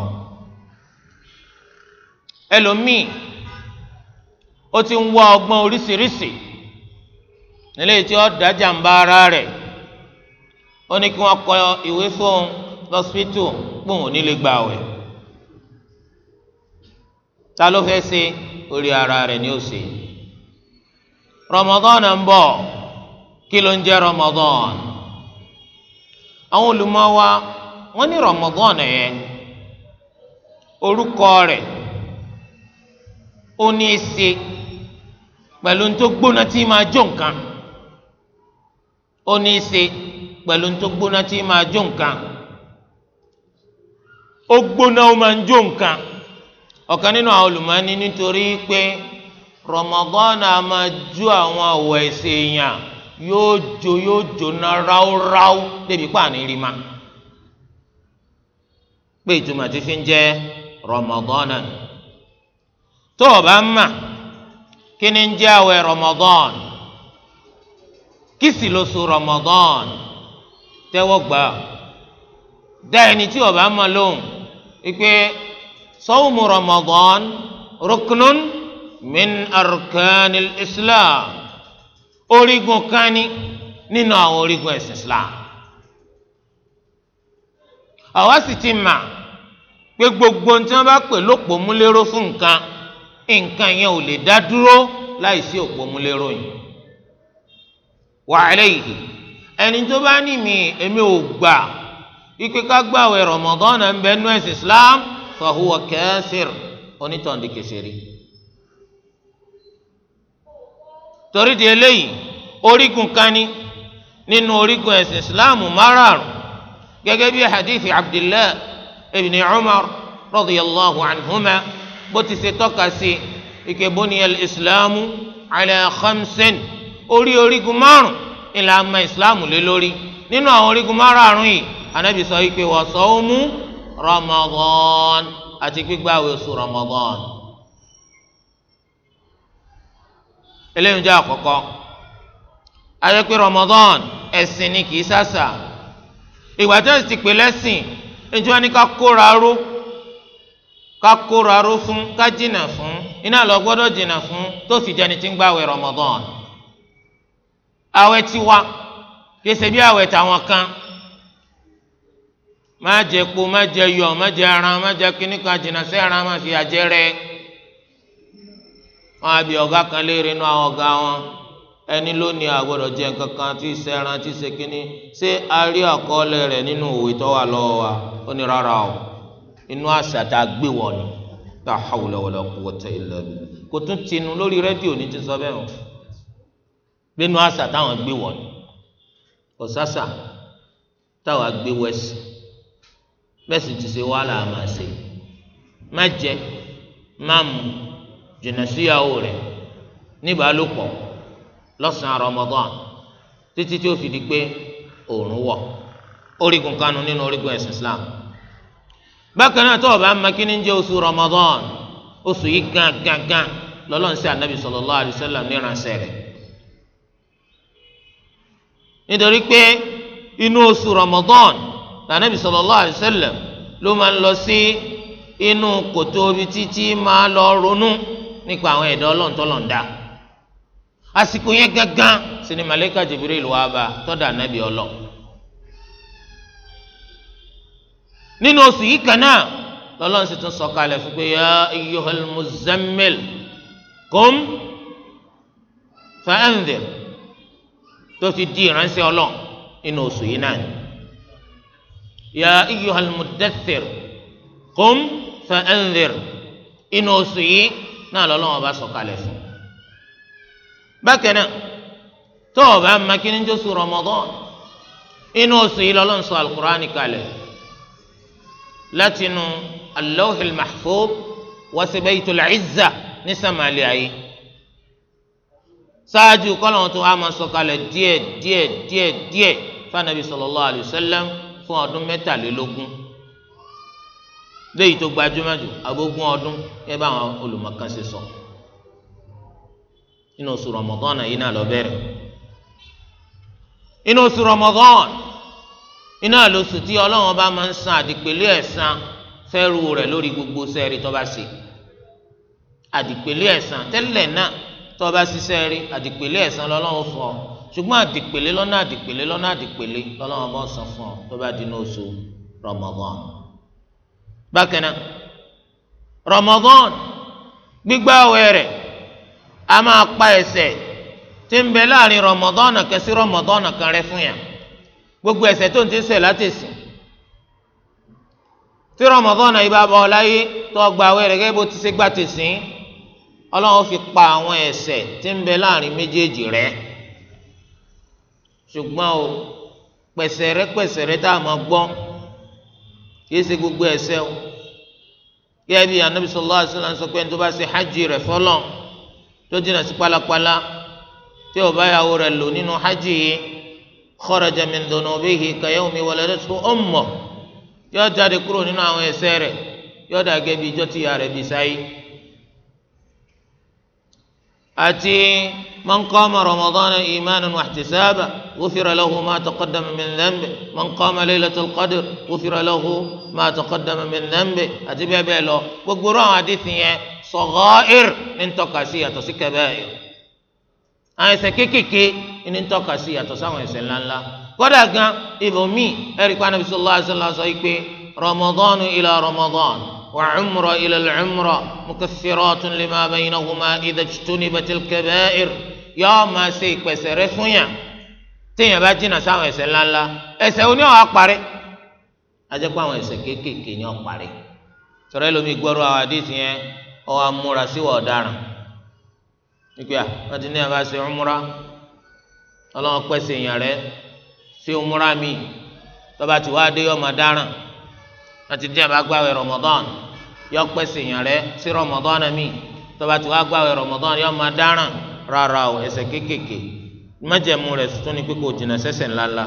ó ti ń wá ọgbọ́n oríṣiríṣi nílé tí ó dájà ń bá ara rẹ̀ ó ní kí wọ́n kọ ìwé fóun lọ́sítù pòun ò ní lè gbà wẹ̀ ta ló fẹ́ ṣe orí ara rẹ̀ ni ó ṣe Ramadan ń bọ̀ kí ló ń jẹ́ Ramadan àwọn olùmọ̀ wa wọ́n ní Ramadan yẹn orúkọ rẹ̀ ó ní í ṣe. pẹ̀lú tó gbóná tí máa jó nǹkan ó ní í ṣe pẹ̀lú tó gbóná tí máa jó nǹkan ó gbóná ó máa ń jó nǹkan ọ̀kan nínú àwọn olùmọ̀ọ́ni nítorí pé Ramadan máa jó àwọn àwọ̀ ẹ̀sìn èèyàn yóò jó yóò jóná ráúráú débi pààní rí ma pé fi ń jẹ́ Ramadan tó o bá kí ni ń jẹ́ àwẹ̀ Ramadan kí sì lóṣù Ramadan tẹ́wọ́ gbà dá ẹni tí ó bá mọ̀ lóhùn wípé sawmu Ramadan ruknun min arkanil Islam orígun kan ni nínú àwọn orígun ẹ̀sìn Islam àwa sì ti mà pé gbogbo ohun tí bá pè lópò múlẹ́rọ́ fún nǹkan nǹkan yẹn ò lè dá dúró láì sí òpómúlérò yìí wa alayhi ẹni tó bá ní mi èmi ò gbà ikú ká gbàwé Ramadan ń bẹ nú ẹ̀sìn Islam fa huwa kafir onítọ̀ǹdì kèsèrí torí di eléyìí orígun kan ni nínú orígun ẹ̀sìn Islam márààrún gẹ́gẹ́ bí hadithi Abdullah ibn Umar radiyallahu anhuma bó ti ṣe tọ́ka sí ike buniyal islamu ala khamsin orí orígun márùn ìlànà ìsìláàmù lé lórí nínú àwọn orígun márùn yìí anabi sọ wípé wa sawmu ramadan àti gbígbàwé oṣù ramadan. eléyìí jẹ́ àkọ́kọ́ ayé ramadan ẹ̀sìn ni kì í sàṣà ìgbà tó ti pè lẹ́sìn ìjọba ní ká kóra ró. kakoro aro fún kajina fún iná lọ gbọdọ jìnnà fún tó fi jẹni tí ń gbàwé Ramadan àwẹ̀ tiwa kese bí àwẹ̀ tàwọn kan má jẹ kpo má jẹ yọ má jẹ aran má jẹ kíní kan jìnnà sí aran má fi àjẹ rẹ wọn àbí ọ̀gá kan léèrè nú àwọn ọ̀gá wọn ẹni lónìí àgbọ́dọ̀ jẹ nǹkan kan tí ṣe ẹran ti ṣe kíní ṣé a rí àkọọ́lẹ̀ rẹ̀ nínú òwe tó wà lọ́wọ́ wa ó ní rárá o. inú àṣà tá a gbé wọ̀ ni la hawla wala quwwata illa billah kò tún tinú lórí rédíò ní ti sọ bẹ́ẹ̀ o gbénu àṣà táwọn gbé wọ̀ ni ọ̀sásà táwọn gbé wẹ́sì bẹ́sì ti ṣe wàhálà àmà ṣe má jẹ má mu jìnnà síyàwó rẹ̀ níbàálòpọ̀ lọ́sàn-án Ramadan títí tí ó fi di pé òòrùn wọ̀ orígun kanu nínú orígun ẹ̀sìn Islam. bákan náà tó o bá ma kíni jẹ́ oṣù Ramadan oṣù yìí gángan lọ́lọ́run sí anabi sallallahu alaihi wasallam níránṣẹ́ rẹ̀ nítorí pé inú oṣù Ramadan lànàbì sallallahu alaihi ló máa ń lọ sí inú kòtò títí máa lọ ronú nípa àwọn ẹ̀dá Ọlọ́run àsìkò yẹn gángan sinimá lẹ́ka Jibril wá anabi Ọlọ́run. nínú oṣù yìí kan náà lọ́lọ́run sì tún sọ̀kalẹ̀ fún pé ya ayyuhal muzammil qum fa'andhir tó fi di ìránṣẹ́ ọlọ́run nínú oṣù yìí náà ya ayyuhal muddaththir qum fa'andhir nínú oṣù yìí náà lọ́lọ́run ọba sọ̀kalẹ̀ fún bákan náà tó o bá makíníjọ́sù Ramadan nínú oṣù yìí lọ́lọ́run sọ alukur'ani kalẹ̀ fún látinú alawhil mahfub wasibaitul izza ní sàmàlì ayé ṣáájú kọ́lọ́n tó a máa sọ̀kalẹ̀ díẹ̀ díẹ̀ díẹ̀ díẹ̀ fanabi sallallahu alayhi wa sallam fún ọdún mẹ́tàlélógún léyìí tó gbajúmọ̀ jù agbógun ọdún yẹ bá àwọn olùmọ̀kan sọ inú oṣù Ramadan yìí náà lọ bẹ̀rẹ̀ inú oṣù iná lóṣù tí ọlọ́run bá máa ń san àdìpẹ̀lẹ́ ẹ̀san fẹ́rù rẹ̀ lórí gbogbo sẹ́ẹ̀rì tó bá ṣe àdìpẹ̀lẹ́ ẹ̀san tẹ́lẹ̀ náà tó bá ṣiṣẹ́ rí àdìpẹ̀lẹ́ ẹ̀san lọ́lọ́run fún ọ ṣùgbọ́n àdìpẹ̀lẹ́ lọ́nà àdìpẹ̀lẹ́ lọ́nà àdìpẹ̀lẹ́ lọ́lọ́run bá san fún ọ tó bá di ní oṣù Ramadan bákan náà Ramadan gbígbààwẹ̀ rẹ̀ a máa pa ẹ̀ṣẹ̀ tí ń bẹ láàrin Ramadan kan sí Ramadan kan rẹ́ fún yàn gbogbo ẹ̀ṣẹ̀ tó ń ti ṣẹ̀ látẹ̀sìn tí rọmọdọ́nà yìí bá bọ̀ láyé tó gba àwẹ̀ rẹ̀ gẹ́gẹ́ bó ti ṣe gbà tẹ̀sìn ọlọ́run fi pa àwọn tí ń bẹ láàrin méjèèjì ṣùgbọ́n o pẹ̀sẹ̀rẹ́ pẹ̀sẹ̀rẹ́ tá a máa gbọ́ ṣe gbogbo ẹ̀ṣẹ̀ o gẹ́gẹ́ bí anabi sallallahu alaihi sọ pé tó bá ṣe hajj rẹ̀ fọlọ́n tó dínà sí pálapàla tí ò bá yàwó lò nínú hajj yìí kharaja min dhunubihi ka yawmi waladathu ummuh yóò jáde kúrò nínú àwọn ẹ̀ṣẹ̀ rẹ̀ yóò dà gẹ́gẹ́ bí ijọ́ tí ìyá rẹ̀ bí sáyé. àti man qama ramadana imanan wa ihtisaba ghufira lahu ma taqaddama min dhanbi man qama laylatul qadr ghufira lahu ma taqaddama min dhanbi àti bẹ́ẹ̀ bẹ́ẹ̀ lọ gbogbo àwọn àdìsí yẹn sagha'ir ní ntọ́ka sí yàtọ̀ sí kaba'ir àwọn ẹ̀ṣẹ̀ kéékèèké ní tọ́ka sí yàtọ̀ sáwọn ẹ̀ṣẹ̀ ńláńlá kódà gan ibòmíì ẹ̀rí pa Ànábì sallallahu alaihi wasallam sọ pé Ramadan ila Ramadan wa umra ila al-umra mukaffiratun lima baynahuma idha ijtunibatil kaba'ir yóò máa ṣe ìpẹ̀sẹ̀ rẹ fún yàn téèyàn bá jìnnà sáwọn ẹ̀ṣẹ̀ ńláńlá ẹ̀ṣẹ̀ oní ọ̀hà parí ajẹ́ pé àwọn ẹ̀ṣẹ̀ kéékèèké ni ọ̀ parí sọ̀rọ̀ ẹlòmíì gbọ́rọ̀ àwọn àdéhìí yẹn ọ̀ amúra síwọ̀ ọ̀daràn nígbà ah, wọn ti ní àbá ṣe ọmúra ọlọ́wọ́n rẹ ṣe ọmúra mi tọ́ba tí wàá dé ọmọ dáràn wọn ti ní àbá gbàwé yọ pèsè èèyàn rẹ ṣe mi tọ́ba tí wàá gbàwé yọ ọmọ dáràn rárá o ẹ̀ṣẹ̀ kéékèèké májẹ̀mú rẹ̀ tuntun ni pé jìnnà sẹ́ṣẹ̀ ńláńlá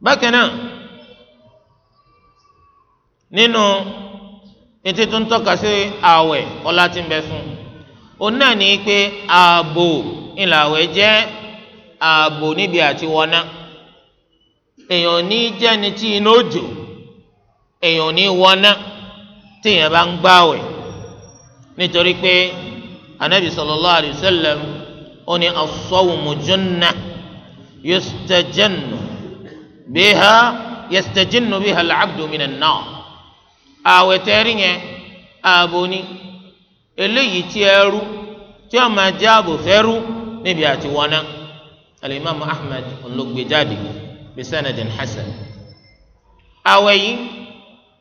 bákan náà nínú tó òun náà ní pé ààbò ìlàwẹ̀ jẹ́ ààbò níbi àti wọná èèyàn ní jẹ́ni tí iná òjò èèyàn ní wọná téèyàn bá ń gbààwẹ̀ nítorí pé anabi sallallahu alayhi wa sallam ó ní as-sawmu junnah yustajannu biha yastajinnu biha al ààbò ni. eléyìí tí ẹrú tí ó máa jẹ́ ààbò fẹ́rú níbi àti wọná alimami ahmed olùgbèjáde bisanadin hasan àwẹ̀ yìí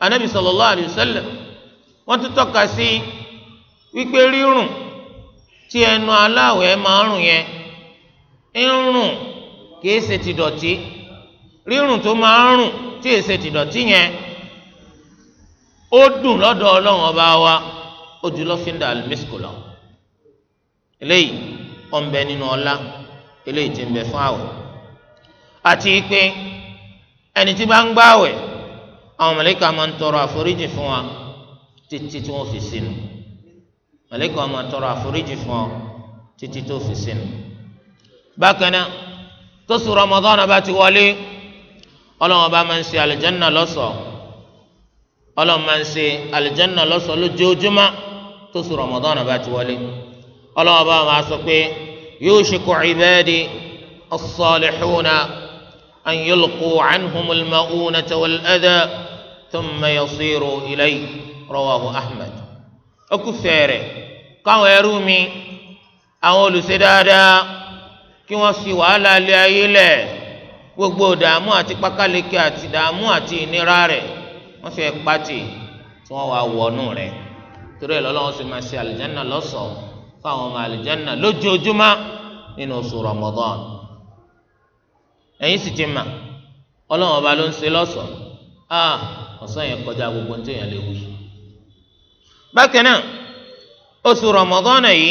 anabi sallallahu alayhi wa tún tọ́ka sí wípé rírùn tí ẹnu máa rùn yẹn ń rùn kìí ṣe ti dọ̀tí rírùn tó máa rùn tí ti dọ̀tí yẹn ó dùn lọ́dọ̀ ọlọ́run ọba ó ju lọ́fíńdà alimisikò lọ eléyìí ó ń bẹ nínú ọlá eléyìí tí ń bẹ fún àwẹ̀ àti pé ẹni tí bá ń gbá àwẹ̀ àwọn mọ̀lẹ́kà máa ń tọrọ àforíjì fún wa títí tí wọ́n fi sínú mọ̀lẹ́kà máa tọrọ àforíjì fún ọ títí tó fi sínú bákan tó sùn Ramadan bá ti wọlé ọlọ́run ọba máa ń ṣe àlùjánnà lọ́ṣọ̀ọ́ ọlọ́run máa ń ṣe àlùjánnà lọ́ṣọ̀ọ́ lójoojúmọ́ tó sùn Ramadan bá ti wọlé ọlọ́wọ́ bá máa sọ pé yushiku ibadi as-salihuna an yulqu anhumul ma'unata wal adha thumma yasiru ilayhi rawahu Ahmad ó kù fẹ́ẹ̀rẹ̀ káwọn ẹrú mi àwọn olùṣe dáadáa kí wọ́n fi wàhálà lé ayé lẹ̀ gbogbo dààmú àti pákáleke àti dààmú àti ìnira rẹ̀ wọ́n fẹ́ pàtì tí wọ́n wá wọnú rẹ̀ torí ẹ̀ lọ́lọ́wọ́ sì máa ṣe àlìjánà lọ́sọ̀ọ́ fáwọn ọmọ àlìjánà lójoojúmọ́ nínú oṣù Ramadan ẹ̀yin sì ti mà ọlọ́wọ́n ọba ló ń ṣe lọ́sọ̀ọ́ a ọ̀sán yẹn kọjá gbogbo ní tèèyàn lè wù. bákan náà oṣù Ramadan yìí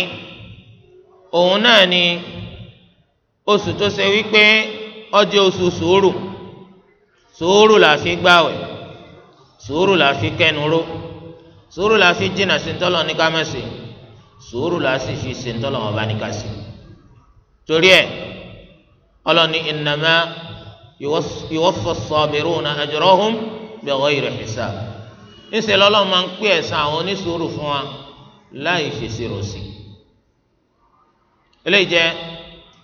òun náà ni oṣù tó ṣe wípé ọjọ́ oṣù sùúrù sùúrù la fi gbààwẹ̀ sùúrù la fi kẹnu ró sùúrù la fi jìnnà sí ntọ́lọ̀ ní ká má ṣe sùúrù la sì fi ṣe ntọ́lọ̀ wọn bá ní ká ṣe torí ẹ ọlọ́ni innama yuwaffa as-sabiruna ajrahum bighayri hisab ńṣe lọ́lọ́ máa ń pè ẹ̀san àwọn onísùúrù fún wa láì fèsì rọ̀sì eléyìí jẹ́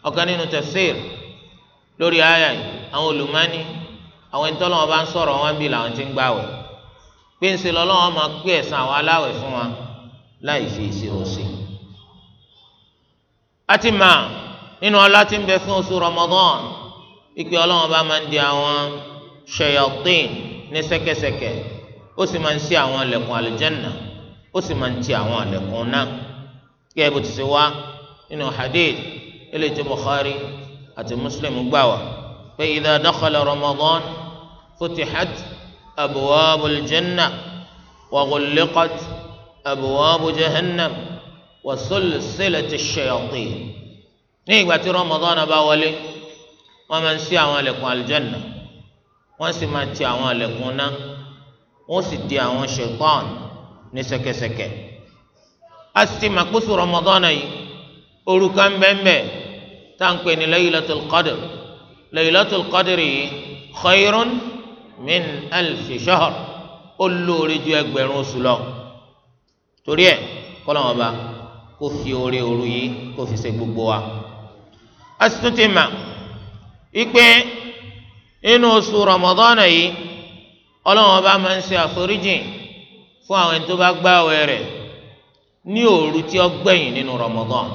ọ̀kan nínú tafsir lórí àyà yìí àwọn olùmọ́ni àwọn ìtọ́lọ́wọ́n bá ń sọ̀rọ̀ wọn bí làwọn ti ń gbàwẹ̀ pé ń ṣe lọ́lọ́wọ́ máa gbé ẹ̀san àwọn aláwẹ̀ fún wa láì fi ìṣirò sí i. a ti mà nínú ọlá tí ń bẹ fún oṣù Ramadan ìpè ọlọ́wọ́n bá máa ń di àwọn ṣayatin ní ṣẹ̀kẹ̀ṣẹ̀kẹ̀ ó sì máa ń ṣí àwọn àlẹ̀kùn àlùjànnà ó sì máa ń ti àwọn àlẹ̀kùn náà kí ẹ bó ti ṣe wá nínú hadith eléyìí tí Bukhari àti Muslim gbà wá pé idha dakhala Ramadan futihat. أبواب الجنة وغلقت أبواب جهنم وسلسلة الشياطين نيجي رمضان باولي ومن سي عوالكم الجنة وسي ما تي عوالكم وسي تي عوال شيطان نسكسكي أستي ما كسو رمضان أي أولو كان بمبي تنقيني ليلة القدر ليلة القدر خير min alfi shahr ó lóore ju ẹgbẹ̀rún oṣù lọ torí ẹ kọlọmọ bá kó fi oore òru yìí kó fi ṣe gbogbo wa asitun ti mà ipe inú oṣù Ramadan yìí ọlọ́wọ́n bá máa ń ṣe àforíjìn fún àwọn ẹni tó bá gbààwẹ̀ rẹ̀ ní òru tí ó gbẹ̀yìn nínú Ramadan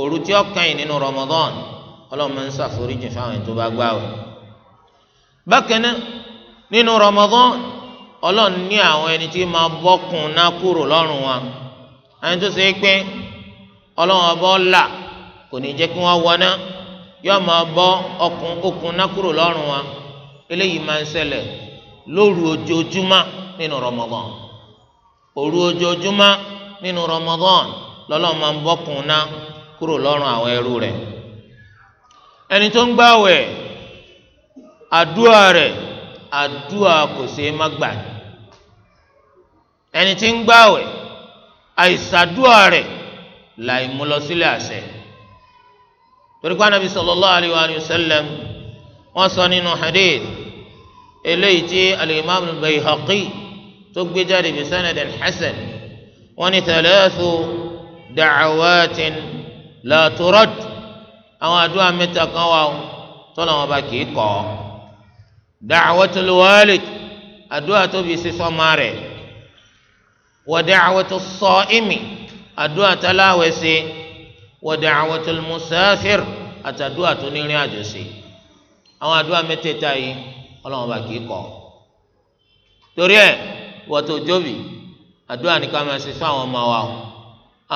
òru tí ó kẹ́yìn nínú Ramadan ọlọ́wọ́n ń ṣàforíjìn fún àwọn ẹni tó bá gbààwẹ̀. bákan náà nínú Ramadan ọlọ́run ní àwọn ẹni tí máa bọ́kùn náà kúrò lọ́rùn wa ẹni tó ṣe é pé ọlọ́run ọba ọ̀la kò ní jẹ́ kí wọ́n wọná yóò máa bọ́ ọkùn okùn náà kúrò lọ́rùn wa eléyìí máa ń ṣẹlẹ̀ lóru ojoojúmọ́ nínú òru ojoojúmọ́ nínú lọ́lọ́run máa bọ́kùn náà kúrò lọ́rùn àwọn ẹrú rẹ̀ ẹni tó àdúà rẹ̀ àdúà kò ṣeé má gbà ní ẹni tí ń gbàwẹ̀ àìsàdúà rẹ̀ láì mú lọ sílé àṣẹ torí pé anabi sallallahu alayhi wa sallam wọ́n sọ nínú hadith eléyìí tí alimami bayhaqi tó gbé jáde bí sanadin hasan wọ́n ní thalathu da'awatin la àwọn àdúrà mẹ́ta kan wà tọ́lá wọn bá kì í kọ́ ọ da'watul walid àdúrà tó fi ṣe sọ́mà rẹ̀ wa da'watus sa'imi àdúrà tó láwẹ̀ ṣe wa da'watul musafir àtàdúrà tó nírìn àjò ṣe àwọn àdúrà mẹ́tẹ̀ẹ̀ta yìí ọlọ́wọ́n bá kì í kọ́ torí ẹ̀ wọ́tò jóbi àdúrà ní ká máa ṣe fún àwọn ọmọ wa o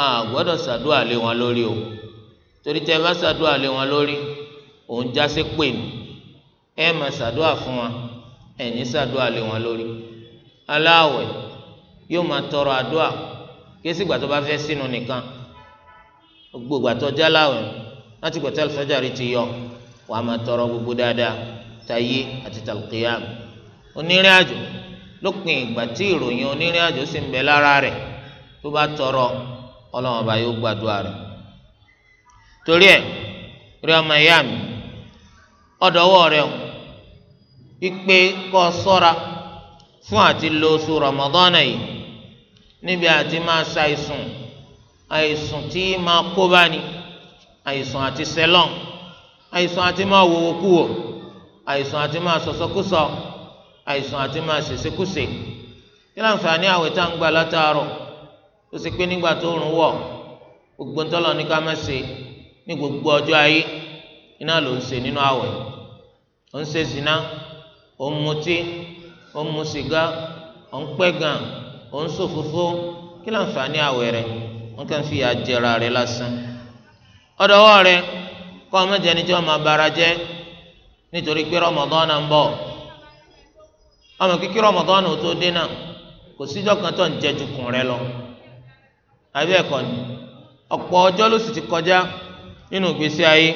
a gbọ́dọ̀ ṣàdúrà lé wọn lórí o torí tẹ́ ẹ bá ṣàdúrà lé wọn lórí òun já sí pè ní. ẹ máa ṣàdúà fún wa ẹ̀yin ṣàdúà lé wọn lórí aláwẹ̀ yóò máa tọrọ àdúà kéésì ìgbà bá fẹ́ sínú nìkan gbogbo ìgbà tó jáláwẹ̀ láti gbọ̀tẹ́ alifájàre ti yọ wàá máa tọrọ gbogbo dáadáa tayé àti talqiyam onírìn àjò lópin ìgbà tí ìròyìn onírìn àjò sì ń bẹ lára rẹ̀ tó bá tọrọ ọlọ́wọ́n bá yóò gbàdúrà rẹ̀ torí ẹ̀ rí ọmọ ìyá mi ìpè kọ́ sọ́ra fún àti lo oṣù rọmọdọ́nà yìí níbi àti máa ṣàìsùn àìsùn tí máa kó bá ní àìsùn àti sẹlọ̀n àìsùn àti máa wòwò kúwò àìsùn àti máa sọ̀sọ́kúsọ àìsùn àti máa ṣèṣekúṣe kí láǹfààní àwẹ̀ tá à ń gbà látàárọ̀ ó sì pé nígbà tó rùn wọ̀ gbogbo ńtọ́lọ̀ ní ká má ṣe ní gbogbo ọjọ́ ayé iná ló ń ṣe nínú àwẹ̀ ó ń ṣe zina. ó ń mutí ó ń mu sìgá ó ń pẹ́gàn ó ń ṣòfófó kí ló ń fà ní àwẹ̀ rẹ̀ wọ́n kàn fi àjẹrà rẹ̀ lásán ọ̀dọ̀wọ́ kọ́ tí wọ́n máa bara jẹ́ nítorí pé ń bọ̀ ọmọ kíkí jẹ ju kùn rẹ lọ àbí ẹ̀kọ́ ni ọ̀pọ̀ ọjọ́ ló sì ti kọjá nínú ìgbésí ayé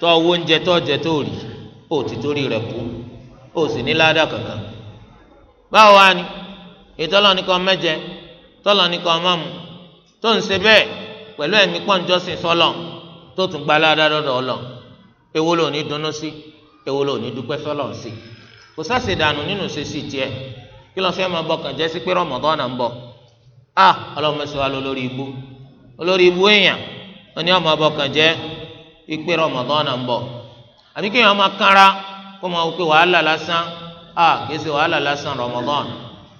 tó owó oúnjẹ tó tó rí ó ti kú. o sì ní ládà kankan báwo wá ni ètò ọlọ́ọ̀ni kan mẹ́jẹ tọ́lọ́ọ̀ni kan mọ́mu tó ń ṣe bẹ́ẹ̀ pẹ̀lú ẹ̀mí pọ́njọ́sìn sọ́lọ̀ tó tún gba ládà lọ́dọ̀ ọlọ́ èwo ló ní dunnú sí èwo ló ní dúpẹ́ sọ́lọ̀ sí kò sáṣe dànù nínú ṣe sí tiẹ̀ kí lọ́ọ́ fẹ́ máa bọ kàn jẹ́ sí pé ń bọ̀ a ọlọ́mọ sọ wa lórí ibú kó máa wò pé wàhálà lásán a kìí ṣe wàhálà lásán Ramadan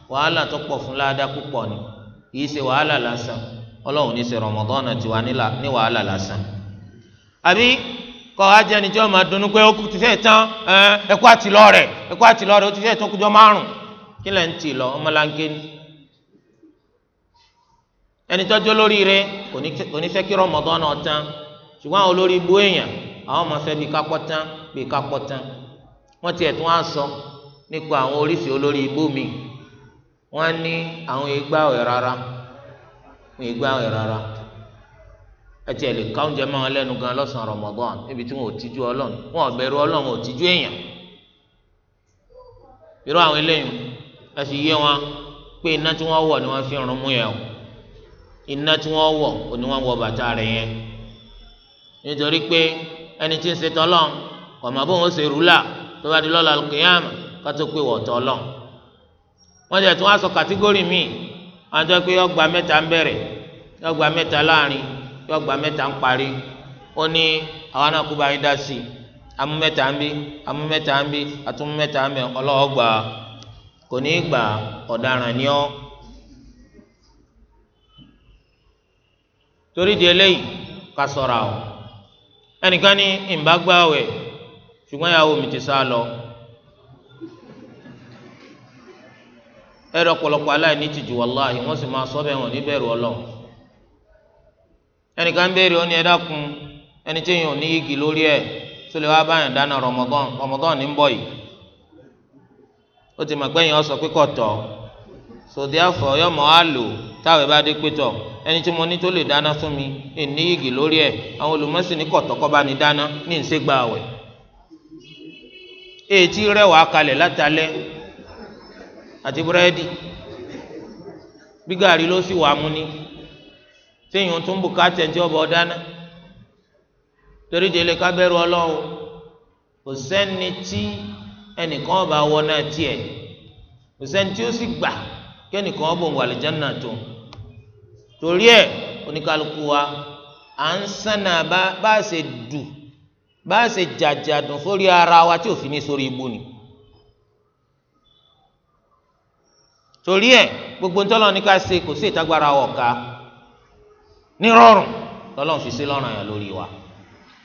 wàhálà tó pọ̀ fún ládàá púpọ̀ ni kìí ṣe wàhálà lásán ọlọ́run ní ṣe Ramadan tiwa ní wàhálà lásán àbí kọ́ ajẹ́ni tí máa dunnú pé ó ti fẹ́ tán ẹ̀kọ́ àtìlọ́ rẹ̀ ẹ̀kọ́ rẹ̀ ó lọ ni rẹ kò ní fẹ́ kí náà tán ṣùgbọ́n àwọn olórí ibú èèyàn àwọn ọmọ fẹ́ bí kápọ́ tán bí kápọ́ wọ́n ti ẹ̀tún á sọ nípa àwọn oríṣi olórí mi wọ́n ní àwọn igba ọ̀ẹ̀ rárá wọ́n igba ọ̀ẹ̀ rárá ẹtì ẹ̀ lè ká oúnjẹ mọ́ wọn lẹ́nu gan lọ́sàn-án Ramadan níbi tí wọn ò ọlọ́run wọn ò bẹ̀rù ọlọ́run ò èèyàn irú àwọn eléyìí ẹ sì yé wọn pé iná tí wọ́n wọ̀ ni wọ́n fi rún mú yẹn o iná tí wọ́n wọ̀ ò tó bá di lọ́la alukiyama kátó pé wọ́tọ́ ọlọ́n wọ́n jẹ́ tí wọ́n sọ kàtígórì míì wọ́n á pé yọ́gbà mẹ́ta ń bẹ̀rẹ̀ yọ́gbà mẹ́ta láàrin yọ́gbà ń parí ó ní àwọn bá yín dá sí i amú ń bí amú ń bí atúmú ni torí ṣùgbọ́n ìyàwó mi ti sá lọ ala ọ̀pọ̀lọpọ̀ aláìní tìjú wàláhì wọ́n sì máa sọ bẹ́ẹ̀ wọ́n níbẹ̀rù ọlọ́run ọnụ béèrè ó ní ẹ ẹni tí èèyàn ní igi lórí ẹ̀ tó lè wá báyàn dáná rọmọgán rọmọgán ní ń bọ̀ yìí ó ti mọ̀ pé èèyàn sọ pé kọ̀tọ̀ sòdí àfọ̀ yọmọ á lò táwọn bá dé pé ẹni tí mo ní tó lè dáná fún mi ní igi lórí ẹ̀ àwọn ètí rẹwà kalẹ̀ látàlẹ́ àti búrẹ́dì bí gàrí ló sì wà mú ni téèyàn tún bù ká tẹ̀ntì ọ̀bọ̀ dáná torí délé ká bẹ̀rù ọlọ́run kò sẹ́ni tí ẹnìkan ọba wọ náà tiẹ̀ kò sẹ́ni tí ó sì gbà kẹ́nìkan ọbọ̀ wà lìjánà tó torí ẹ̀ oníkálukú wa à ń sànà bá a ṣe dù bá a ṣe jàjàdùn sórí ara wa tí òfin ní sórí ibu ni torí ẹ gbogbo ntọ́lọ́ ní ká ṣe kò sí ìtagbára ọ̀ka ní rọrùn lọ́lọ́run fi sí lọ́rùn àyàn lórí wa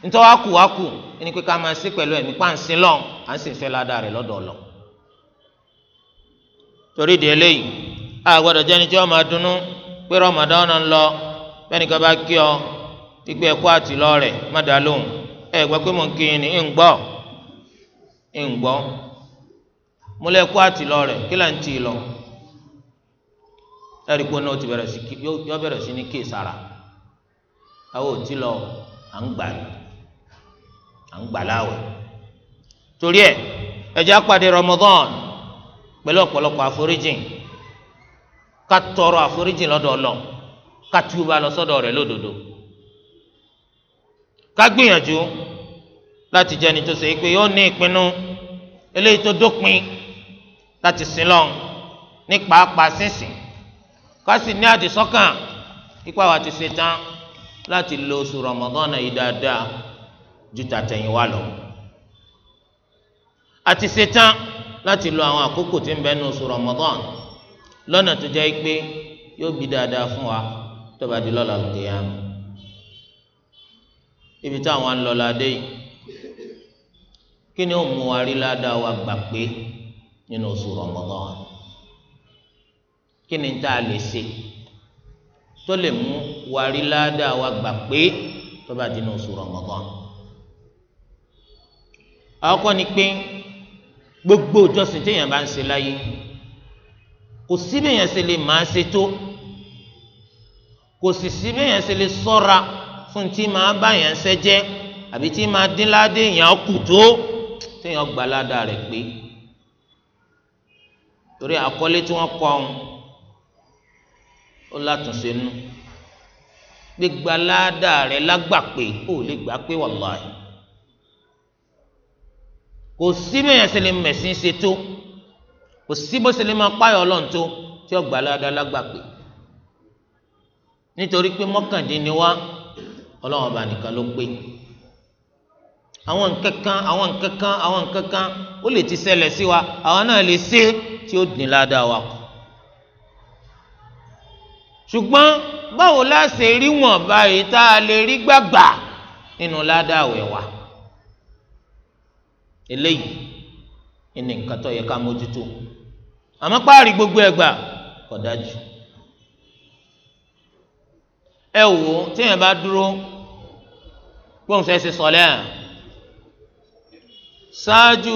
ntọ́wá kù wá kù ẹni pé ká máa sí pẹ̀lú ẹ̀mí páǹsí lọ́n à ń sì fẹ́ ládàá rẹ̀ lọ́dọ̀ ọ̀lọ́ torí di eléyìí a gbọ́dọ̀ jẹ́ni tí wọ́n máa dunnú pé Ramadan ń lọ bẹ́ẹ̀ ni ká bá kí ọ ìgbẹ́ ẹ̀kọ́ àtìlọ́ rẹ̀ má dá lóhùn ẹ gbọ́ pé mo kí ni ń gbọ́ ń mo kó rẹ kí là ń tì lọ ẹ rí i pé náà ti bẹ̀rẹ̀ sí yọ bẹ̀rẹ̀ sí ní kéè sára àwọn ò tí lọ à ń gbà à ń gbà láwẹ̀ torí ẹ ẹ jẹ́ Ramadan pẹ̀lú ọ̀pọ̀lọpọ̀ àforíjìn ká tọrọ àforíjìn ká gbìyànjú láti jẹ́ ẹni tó ṣe é pé yóò ní ìpinnu eléyìí tó dópin láti sin lọ́n ní pàápàá sínsìn ká sì ní àdìsọ́kàn ipa wa ti ṣetán láti lo oṣù Ramadan yìí dáadáa ju tàtẹ̀yìnwá lọ àti ṣetán láti lo àwọn àkókò tí ń bẹ ní oṣù Ramadan lọ́nà tó jẹ́ pé yóò bí dáadáa fún wa tó bá di lọ́la lóde yàrá ibi táwọn ń lọ ládé yìí kí ni ó mú wa rí ládàá wa gbà pé nínú oṣù Ramadan kí ni tá a lè ṣe tó lè mú wa rí ládàá wa gbà pé tó bá dínú oṣù Ramadan àkọ́kọ́ ni pé gbogbo ìjọsìn téèyàn bá ń ṣe láyé kò sí béèyàn ṣe lè máa ṣe tó kò sì sí béèyàn ṣe lè sọ́ra. So fún tí máa bá yẹn ṣẹ́ jẹ́ àbí tí máa dín ládé yẹn kù tó téèyàn gbà ládàá rẹ̀ pé torí àkọlé tí wọ́n kọ́ ọ́n ó látúnṣe nù gbígbà ládàá rẹ̀ lágbà pé ó lè gbà pé wàláhì kò sí bẹ́ẹ̀ ṣe lè mẹ̀sìn ṣe tó kò sí bó ṣe lè máa páyọ̀ ọlọ́run tó tí ó gbà ládàá lágbà pé nítorí pé mọ́kàndínníwá ọlọ́run ọba nìkan ló pé àwọn nǹkankan àwọn nǹkankan àwọn nǹkankan ó lè ti ṣẹlẹ̀ sí wa àwọn náà lè ṣe tí ó dín ládàá wa kù ṣùgbọ́n báwo la ṣe rí wọn báyìí tá a lè rí gbàgbà nínú ládàá wẹ̀ wá eléyìí ní nǹkan tó yẹ ká mójútó àmọ́ páàrí gbogbo ẹ̀ gbà kò dájú ẹ wò ó téèyàn bá dúró gbóhùn sẹ́sì sọ̀lẹ́ à ṣáájú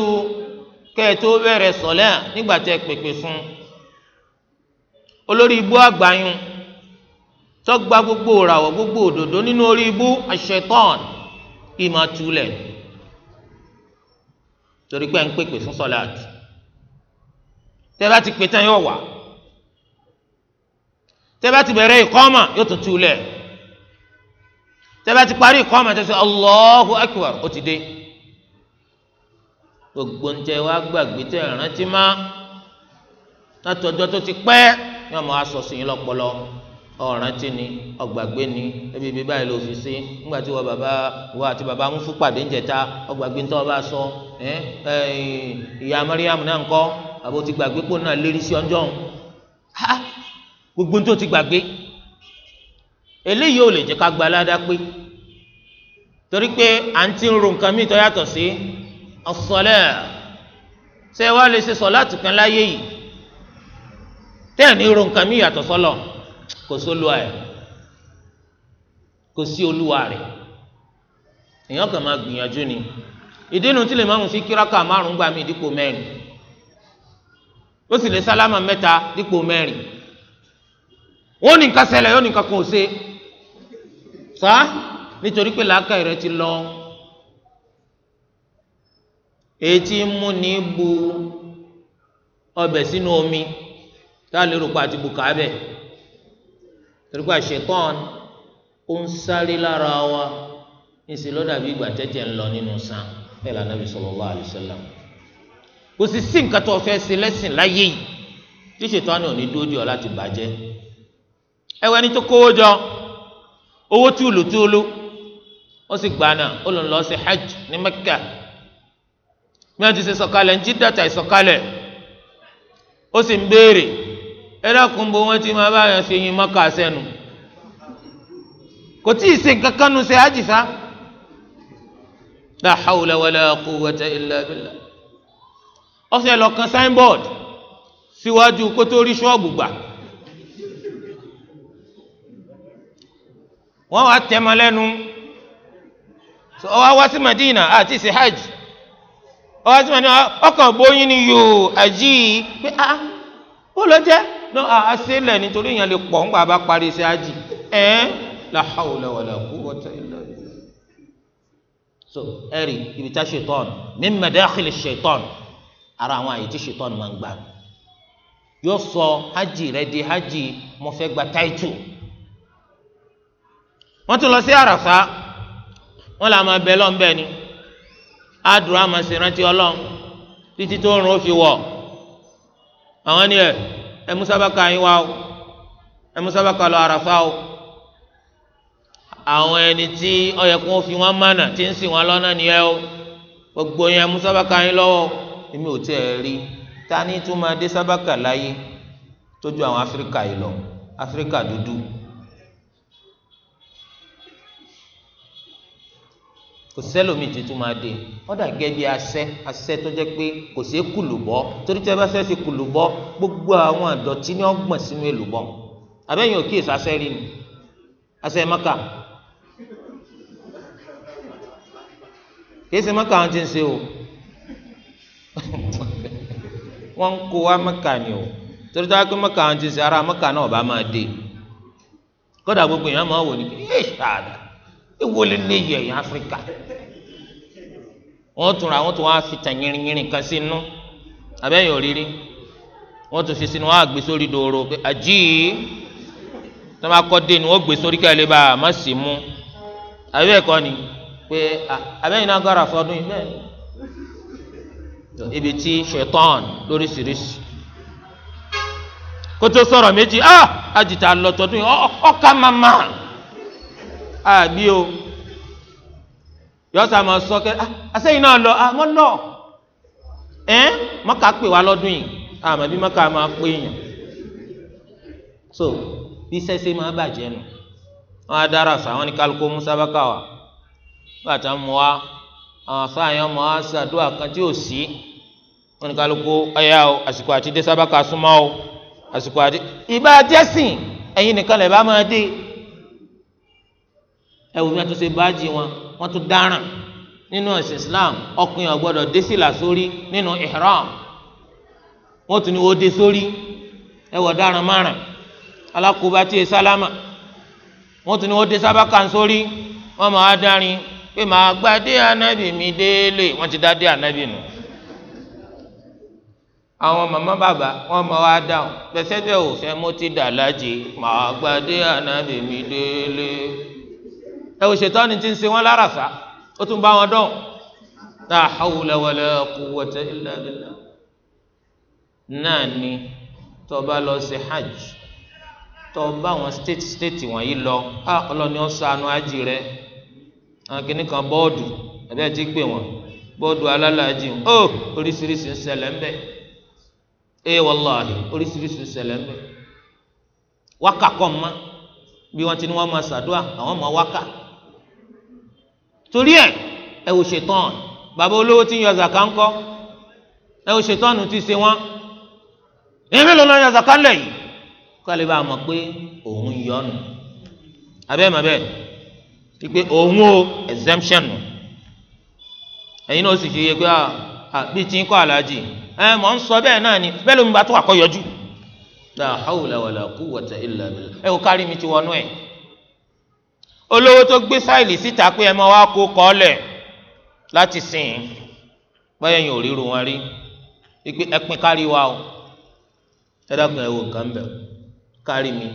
kẹ́ ẹ tó bẹ̀rẹ̀ sọ̀lẹ́ à nígbà tẹ́ pèpè fún olórí ibú àgbáyún tọ́gba gbogbo ràwọ̀ gbogbo òdòdó nínú orí ibú àṣetán ìmọ̀ tulẹ̀ torí pé ẹ̀ ń pèpè fún sọ̀lẹ́ àti tẹ́ bá ti pè tán yóò wà. tẹ́bá ti bẹ̀rẹ̀ ìkọ́mà yóò tún túlẹ̀ tẹ́bá ti parí ìkọ́mà ti dé gbogbo ń tẹ wá gbàgbé tẹ rántí má ti pẹ́ yóò máa sọ sí yín lọ́pọlọ ọ̀rántí ni ọ̀gbàgbé ni ebi ibi báyìí ló fi sí nígbà tí wọ́n bàbá wọ́n àti bàbá ń Mariam náà ń kọ́ pò náà lérí sí ọjọ́ gbogbo tó ti gbàgbé eléyìí ò lè jẹ́ ká gba aládá pé torí pé à ń ti ń ro nǹkan míì tó yàtọ̀ sí ọ̀sọ̀lẹ̀ ṣé wàá lè ṣe sọ̀láàtì kan láyé yìí tẹ́ẹ̀ ní ro nǹkan míì yàtọ̀ sọ́lọ̀ kò sólúwa ẹ̀ kò sí olúwa rẹ̀ èèyàn kàn máa gbìyànjú ni ìdínú tí lè máàmù fi kíráka márùn-ún gbà mí dípò mẹ́rin ó sì lè sálámà mẹ́ta dípò mẹ́rin. wọ́n ní nǹkan ṣẹlẹ̀ yóò ní nǹkan kan ò ṣe nítorí pé ti lọ etí mú ní bu ọbẹ̀ sínú omi tá a pa àti bùkàbẹ̀ torí pé àṣetán ó ń sáré lára wa dàbí ìgbà tẹ́tẹ́ ń nínú san bẹ́ẹ̀ l'Ànábì sallallahu alaihi wasallam kò sì sí nǹkan tó fẹ́ ṣe lẹ́sìn láyé yìí ò ẹwọ ẹni tó kówó jọ owó túlùtúlù ó sì gbà náà ó lọ lọ sí hajj ní Mẹ́kà bí wọ́n ti ṣe sọ̀kalẹ̀ ń jí dàtà ìsọ̀kalẹ̀ ó sì ń béèrè ẹ dákun bó wọ́n ti máa bá yàn ṣe yín Mẹ́kà sẹ́nu kò tí ì ṣe kankan nu ṣe hajj sá la hawla wala quwwata illa billah ọ̀sẹ̀ lọ signboard síwájú kótó rí ṣọ́ọ̀bù gbà. wọ́n wá tẹmọ lẹ́nu ọwọ́ wá sí Madina àti ṣe hajj ọwọ́ sí Madina ọkàn gbóyin ni yòó àjí pé ah, ah ó lọ jẹ́ náà a ṣe lẹ̀ nítorí èèyàn lè pọ̀ ńgbà bá parí ṣe hajj ẹ̀ la hawla wala quwwata illa billah so ẹ̀rì ibi tá ṣetán ní madakhil ṣetán ara àwọn àyè tí ṣetán máa ń gbà yóò sọ hajj rẹ di hajj mo fẹ́ gba táìtù. So, wọ́n tún lọ sí àràfà wọ́n là máa bẹ lọ́nbẹ ni àdúrà máa ṣe rántí ọlọ́run títí tó rùn ó fi wọ̀ àwọn ni ẹ ẹ musabaka yín wá o ẹ musabaka lọ àràfà o àwọn ẹni tí ó yẹ kó fi wọn mánà tí ń sìn wọn lọ́nà nìyẹn o gbogbo yẹn musabaka yín lọ́wọ́ èmi ò tẹ́ ẹ rí ta ni tún máa dé sábàkà láyé tójú àwọn áfíríkà yìí lọ áfíríkà dúdú. kò sẹ́lòmíì tuntun máa dé ọ̀dà gẹ́gẹ́ bí asẹ́ asẹ́ tó jẹ́ pé kò sí kùlùbọ́ torí bá fẹ́ kùlùbọ́ gbogbo àwọn àdọ̀tí ni wọ́n gbọ̀n sínú èlùbọ́ abẹ́yìn òkè ìsásẹ́ rí ni asẹ́ maka kìí ṣe mọ́kà wọn ti ń o wọ́n ń kó wa ni o torí a maka ti ń ṣe ara náà ọba máa dé gbogbo máa wò ní kí èwo lè léyìí ẹ̀yìn áfíríkà wọ́n tún ra wọ́n tún wá fi tàn yìnrìnyìnrìn kan sínú abẹ́yìn òrírí wọ́n tún fi sínú wọ́n á gbé sórí dòrò pé àjí tó máa kọ́ dé ni wọ́n gbé sórí kẹ́lẹ́ bá a má sì mú àbí ẹ̀kọ́ ni pé abẹ́yìn náà gbára fọdún yìí bẹ́ẹ̀ ibi tí ṣetán lóríṣiríṣi kótó sọ̀rọ̀ méjì ah àjìtà lọ́tọ̀dún yìí ọ̀ọ́ká máa máa. àbí o yọ́sà máa sọ kẹ́ àsẹ́yìn ah, náà lọ àmọ́ ah, lọ ẹ́ mọ́kà pè wá lọ́dún yìí àmọ́ bí mọ́kà máa pè yàn so bí sẹ́sẹ́ máa bàjẹ́ nù wọ́n á dára sá wọ́n ní kálukú musabaka wa bàtà mọ́ wa àwọn afáàyàn mọ́ wa ṣàdúrà kan tí ò sí wọ́n ní o àsìkò àti dé sábàkà súnmọ́ o àsìkò àti ìbá jẹ́sìn ẹ̀yin nìkan lè bá máa dé. ẹwù mi àtúnṣe báàjì wọn wọn tún dáràn nínú ẹ̀sìn islam ọkùnrin ò gbọ́dọ̀ dé sílà sórí nínú ihram wọn tún ní wo dé sórí ẹwọ dáràn márùn alákòóbá tiẹ sálámà wọn tún ní wo dé sábàkàn sórí wọn máa dárin pé màá gba dé anábì mi délé wọn ti dá dé anábì nù àwọn màmá bàbá wọn máa wá dáhùn pẹsẹ bẹ ò fẹ mo ti dà lájẹ màá gba dé anábì mi délé. ẹ wò ṣètọ́ni ti ń se wọn láràsà ó tún bá wọn dán la hawla wala quwwata náà ni tọba lọ hajj t'ọba àwọn state state lọ á ọlọ́ni ó hajj rẹ àwọn kìnnìkan bọ́ọ̀dù ẹ̀bẹ́ ti pè wọ́n bọ́ọ̀dù alálàájì ó oríṣiríṣi ń ṣẹlẹ̀ ń bẹ̀ ee wàláhi oríṣiríṣi ń ṣẹlẹ̀ ń bẹ̀ wákà kọ́ ma bí wọ́n ti ní wọ́n ṣàdúrà torí ẹ ẹ wò ṣetán bàbá olówó tí ń yọ zaka ńkọ́ ẹ wò ṣetán ti ṣe wọn èmi ló lọ yọ zaka ńlẹ yìí kálí bá a mọ̀ pé òun yọ nù abẹ́ mọ̀ bẹ́ẹ̀ pípé òun o exemption nù ẹ̀yin náà sì fi yé pé ah, ah, bí tí ń kọ́ aláàjì ẹ mọ̀ ń sọ bẹ́ẹ̀ náà ni bẹ́ẹ̀ ló ń bá tó àkọ́yọjú la hawla wala quwwata illa billah ẹ wò kárí mi ti wọnú ẹ̀ olówó tó gbé fáìlì síta pé ẹ máa wá kó kọ́ọ̀lẹ̀ láti sìn ín báyọ̀ yìí ò ríru wọn rí ipe ẹpin kárí wa o tẹ́lẹ̀kùn ẹ̀ nǹkan bẹ̀ kárí mi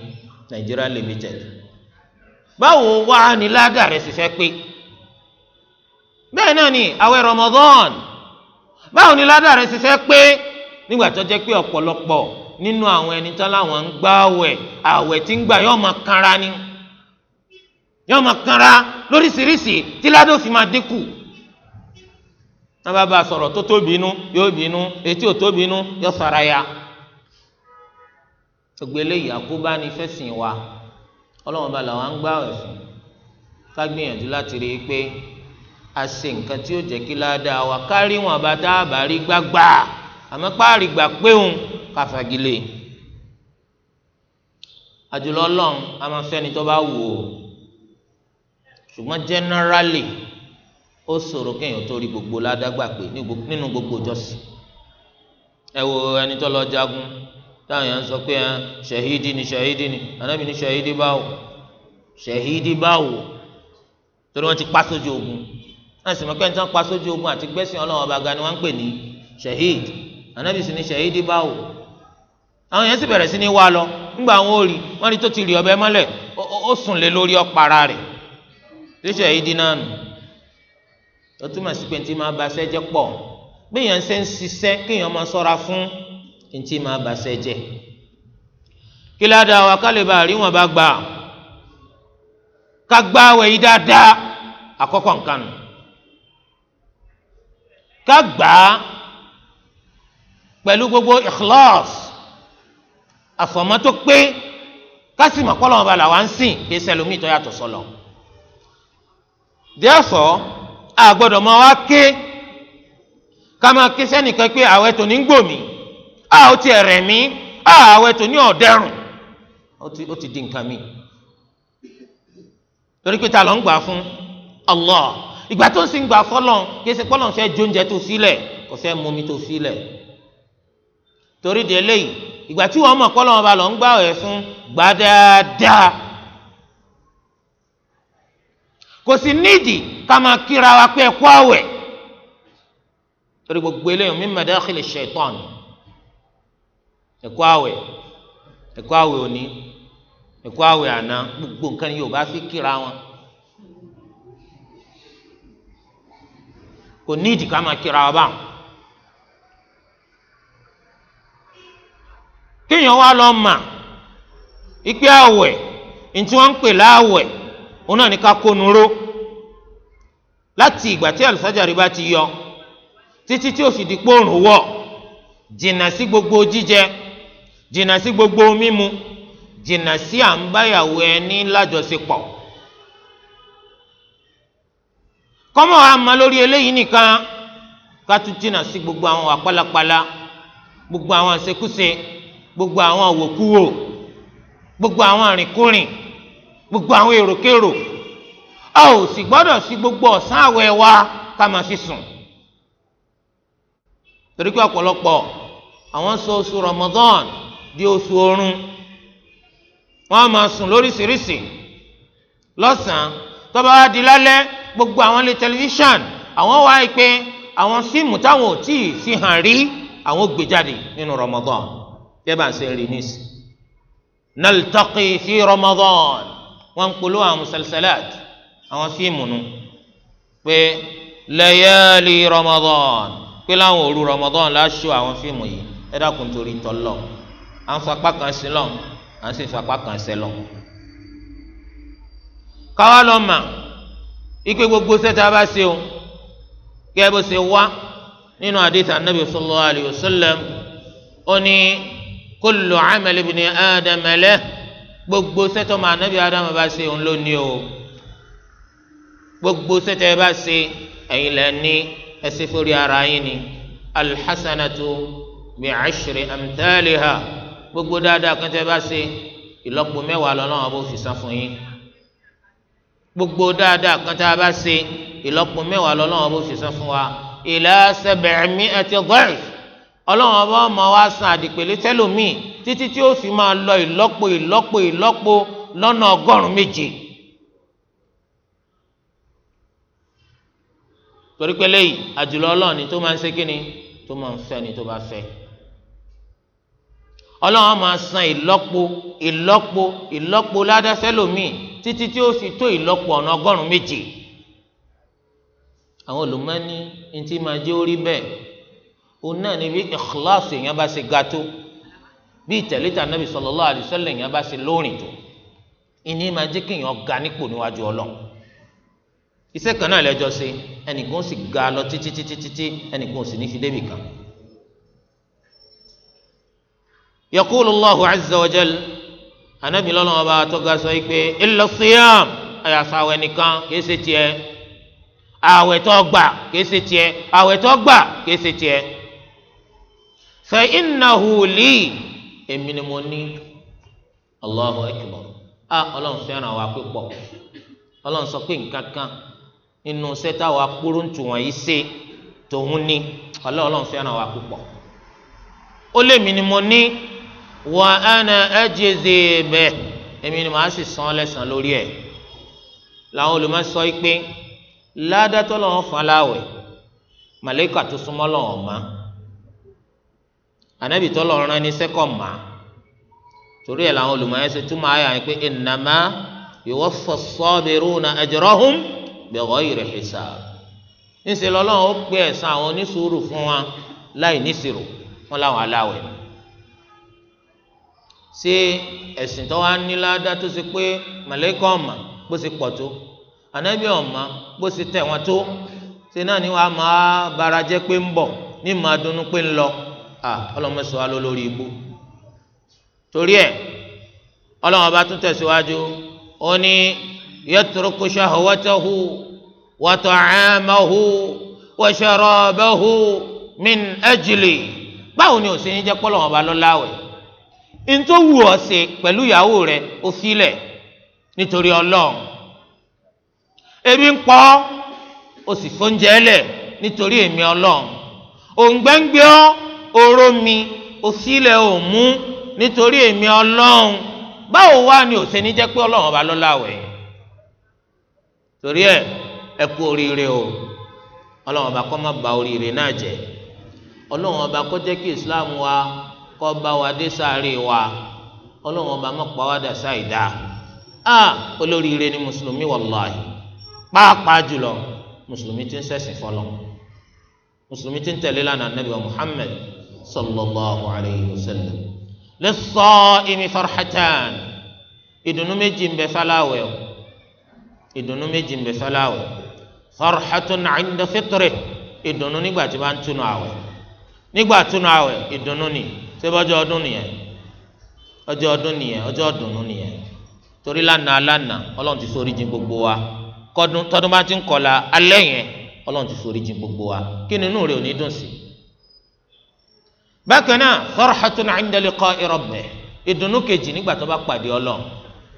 Nigeria limited báwo wá ní ládàá rẹ̀ sì fẹ́ pé bẹ́ẹ̀ náà ni àwẹ̀ Ramadan báwo ni ládàá rẹ̀ sì fẹ́ pé nígbà tó jẹ́ pé ọ̀pọ̀lọpọ̀ nínú àwọn ẹni tán láwọn ń gbààwẹ̀ àwẹ̀ tí ń gbà yóò máa kanra ni yóò máa kanra lóríṣiríṣi tí ládò fi máa dínkù nàbàbà sọ̀rọ̀ tó tóbi inú yóò bínú etí ò tóbi inú yóò sara ya gbogbo eléyìí àkóbá ni fẹ́sìn wa ọlọ́run bá làwọn ń gbá ẹ̀sìn ká gbìyànjú láti rí i pé a ṣe nǹkan tí ó jẹ́ kí ládàá wa kárí wọn bá tá a bá rí gbágbá àmọ́ páàrí gbà péhùn ká fagilé àjùlọ ọlọ́run a máa fẹ́ni tó bá wù ó. ṣùgbọ́n generally ó ṣòro kéèyàn tó rí gbogbo ládàgbà pé nínú gbogbo ìjọsìn ẹ wo ẹni tó lọ jagun táwọn èèyàn sọ pé ni ṣahidi ni anábì ni ṣahidi bawo ṣahidi báwo torí wọn ti pa ogun náà sì mọ pé ẹni pa sójú ogun àti gbẹ̀sìn ọlọ́wọ́n ọba ni wọ́n ń pè ní ni ṣahidi báwo àwọn èèyàn sì bẹ̀rẹ̀ sí ní wá lọ wọn ò rí wọn rí tó ti rí ọbẹ̀ mọ́lẹ̀ ó sùn lé lórí tíṣà yìí dín náà nù ó túmọ̀ sí pé ntí máa ba ṣẹ́ jẹ́ pọ̀ gbéyàn ṣe ń ṣiṣẹ́ kéèyàn máa ṣọ́ra fún ntí máa ba ṣẹ́ jẹ́ kí ládà wa ká lè bá rí wọn gbà ká gbá yìí dáadáa àkọ́kọ́ nǹkan nù ká gbogbo ikhlas àfọ̀mọ́ tó pé ká sì mọ̀ kọ́ làwọn ń sìn kí sẹ́lómi tó yàtọ̀ sọ́lọ́ọ̀ therefore a gbọ́dọ̀ máa wá ké ká máa ké sẹ́nìkan pé àwẹ̀ tòní ń gbòmí a ó tiẹ̀ rẹ̀ mí a àwẹ̀ tòní ọ̀dẹ́rùn ó ti di nǹkan mi torí pé ta ló ń gbà fún Allah ìgbà tó ń sin gbà fọlọ́n kí ẹsẹ̀ pọ́lọ́n fẹ́ jóúnjẹ tó sílẹ̀ kò fẹ́ mumi tó sílẹ̀ torí de eléyìí ìgbà tí wọ́n mọ̀ pọ́lọ́n ọba lọ ń gbà ẹ̀ fún gbà kò sí nídìí ká máa kíra wa pé ẹkọ àwẹ̀ torí gbogbo eléyìí min madakhili shaitan ẹkọ àwẹ̀ ẹkọ àwẹ̀ òní ẹkọ àwẹ̀ àná gbogbo nǹkan yóò bá fi kíra wọn kò nídìí ká máa kíra wa báwọn. kéèyàn wá lọ mà ìpè àwẹ̀ ntí wọ́n ń pè láwẹ̀ òun náà ní ká kónú ró láti ìgbà tí àlùfájàrí bá ti yọ títí tí ó fi di pòrùn wọ̀ jìnnà sí gbogbo jíjẹ jìnnà sí gbogbo mímu jìnnà sí à ń báyàwó ẹni lájọṣepọ̀ kọ́mọ̀ wa ma lórí eléyìí nìkan ká tún jìnnà sí gbogbo àwọn wà pálapàla gbogbo àwọn àṣekúṣe gbogbo àwọn àwòkúwò gbogbo àwọn àrìnkúrìn gbogbo àwọn èròkérò a ò sì gbọ́dọ̀ sí gbogbo ọ̀sán àwẹ̀ wa ká máa fi sùn torí pé ọ̀pọ̀lọpọ̀ àwọn sọ oṣù Ramadan di oṣù oorun wọ́n á máa sùn lóríṣiríṣi lọ́sàn-án tó bá wá di lálẹ́ gbogbo àwọn lè tẹlifíṣàn àwọn wá pé àwọn síìmù táwọn ò tíì fi hàn rí àwọn gbé jáde nínú Ramadan yẹ́n bá ń ṣe rí nísì naltaqi fi Ramadan wọ́n ń polówó àwọn musalsalat àwọn fíìmù nu pé layali ramadan pé láwọn òru ramadan láṣọ àwọn fíìmù yìí ẹ dákun torí tọ́lọ̀ à ń fapá kan sí lọ à ń sì fapá kan sẹ́ lọ. káwá lọ mà ikú gbogbo sẹ́ta bá ṣe o kẹ́ bó ṣe wá nínú àdìsá nàbì sallallahu alayhi ó ní kullu amali ibn adam gbogbo sẹtọ máa nábì ádámù bá ṣe òun ló ní o gbogbo sẹtọ ẹ bá ṣe ẹ̀yin lẹ ní ẹsẹ fúri ara yín ni alḥasanatu bi'ashri amthaliha gbogbo dáadáa kan tẹ bá ṣe ìlọ́po mẹ́wàá lọ́nà àwọn bó fi san fún yín gbogbo dáadáa kan tá a bá ṣe ìlọ́po mẹ́wàá lọ́nà bó fi san fún wa ila sab'mi'ati dha'f ọlọ́run ọba ọmọ wa san àdìpẹ̀lẹ́ tẹ́lòmíì títí tí ó fi máa lọ ìlọ́po ìlọ́po ìlọ́po lọ́nà ọgọ́rùn-ún méje. torí pé lẹ́yìn àjùlọ ọlọ́run ni tó máa ń ṣe kí ni tó máa ń fẹ́ ni tó bá fẹ́. ọlọ́run máa san ìlọ́po ìlọ́po ìlọ́po ládá títí tí ó fi tó ìlọ́po ọ̀nà ọgọ́rùn-ún méje. àwọn olùmọ́ni ní ti máa jẹ́ orí bẹ́ẹ̀ òun náà ni bí ìkíláàsì èèyàn bá ṣe ga tó bí ìtẹ̀lẹ́tà nàbì sallallahu alaihi wasallam èèyàn bá ṣe lóòrìn tó ìní máa jẹ́ kí èèyàn ga nípò níwájú ọlọ́run iṣẹ́ kan náà lẹ́jọ́ ṣe ẹnìkan sì ga lọ títí títí títí ẹnìkan sì ní fi débì kan. yakulu allahu azza wa jal anabi lọ́nà ọba tọ́ga sọ yìí pé illa siyam àyàfà àwẹ̀ nìkan kìí ṣe tiẹ̀ àwẹ̀ fa innahu li èmi ni mo ní a ọlọ́run fẹ́ràn wa pípọ̀ ọlọ́run sọ pé nǹkan kan nínú sẹ́tà wa kúrú tù yìí ṣe tòun ní ọlọ́run fẹ́ràn wa púpọ̀ ó lé mi ni mo ní wa ana ajzi bih èmi ni màá sì san lẹ́sàn lórí ẹ̀ làwọn olùmọ̀ sọ pé ládàá tó lọ́wọ́ fún aláwẹ̀ màlẹ́kà tó anabi tọ́lọ̀ ọ̀ràn ní ma torí ẹ̀ làwọn olùmọ̀ọ́ ẹ̀sìn túmọ̀ ayà yẹn pé innama yuwaffa as-sabiruna ajrahum bighayri hisab níṣẹ́ lọ́lọ́run ó pé ẹ̀san àwọn onísùúrù fún wa láì wọn làwọn aláwẹ̀ ṣé ẹ̀sìn tó wá ní tó ṣe pé mọ̀lẹ́kọ̀ ṣe tó anabi ṣe tó ṣe náà ni wàá máa bara pé ń ní Ah, ọlọmọsọ wa lórí ibú torí ẹ ọlọmọ bá tún tẹsíwájú ó ní yatruku shahwatahu wa ta'amahu wa sharabahu min ajli báwo ni òsè ní jẹ pọlọmọ bá lọ láwẹ̀ ntòwù ọ̀sẹ̀ pẹ̀lú ìyàwó rẹ̀ òfilẹ̀ nítorí Ọlọ́run ebi ń pọ̀ ó fóúnjẹ lẹ̀ nítorí èmi Ọlọ́run òǹgbẹ́ngbẹ́ ọ́ oró mi òsílẹ̀ ò mú nítorí èmi ọlọ́run báwo wá ni ò ṣe ní jẹ́ pé ọlọ́run ọba ló láwẹ̀ torí ẹ ẹ kú oríire o ọlọ́run ọba kó má ba oríire náà jẹ́ ọlọ́run ọba kó jẹ́ kí islam wa kó bá wa dé sáré wa ọlọ́run ọba má pa wá dà sáìdá a olóríire ni mùsùlùmí wàláhì pàápàá jùlọ mùsùlùmí ti ń ṣẹ̀sìn fọlọ́ mùsùlùmí ti ń tẹ̀lé lánàá nàbí muhammed. صلى الله عليه وسلم للصائم saimi farhatan ìdùnnú méjì ń bẹ fáláwẹ̀ o ìdùnnú méjì ń bẹ fáláwẹ̀ farhatun 'inda fitrih ìdùnnú nígbà tí wọ́n túnú àwẹ̀ nígbà túnú àwẹ̀ ìdùnnú ni sẹ́bọ́jọ́ ọdún nìyẹn ọjọ́ ọdún nìyẹn ọjọ́ ọdùnnú nìyẹn torí lánàá lánàá ọlọ́run ti sórí jìn gbogbo wa kọ́dún tọ́dún bá ti ń kọ́ la alẹ́ yẹn ọlọ́run ti sórí jìn gbogbo wa kí nínú rẹ̀ ò ní dùn sí i bákan náà farhatun inda liqa'i rabbih ìdùnnú kejì nígbà tó bá pàdé Ọlọ́run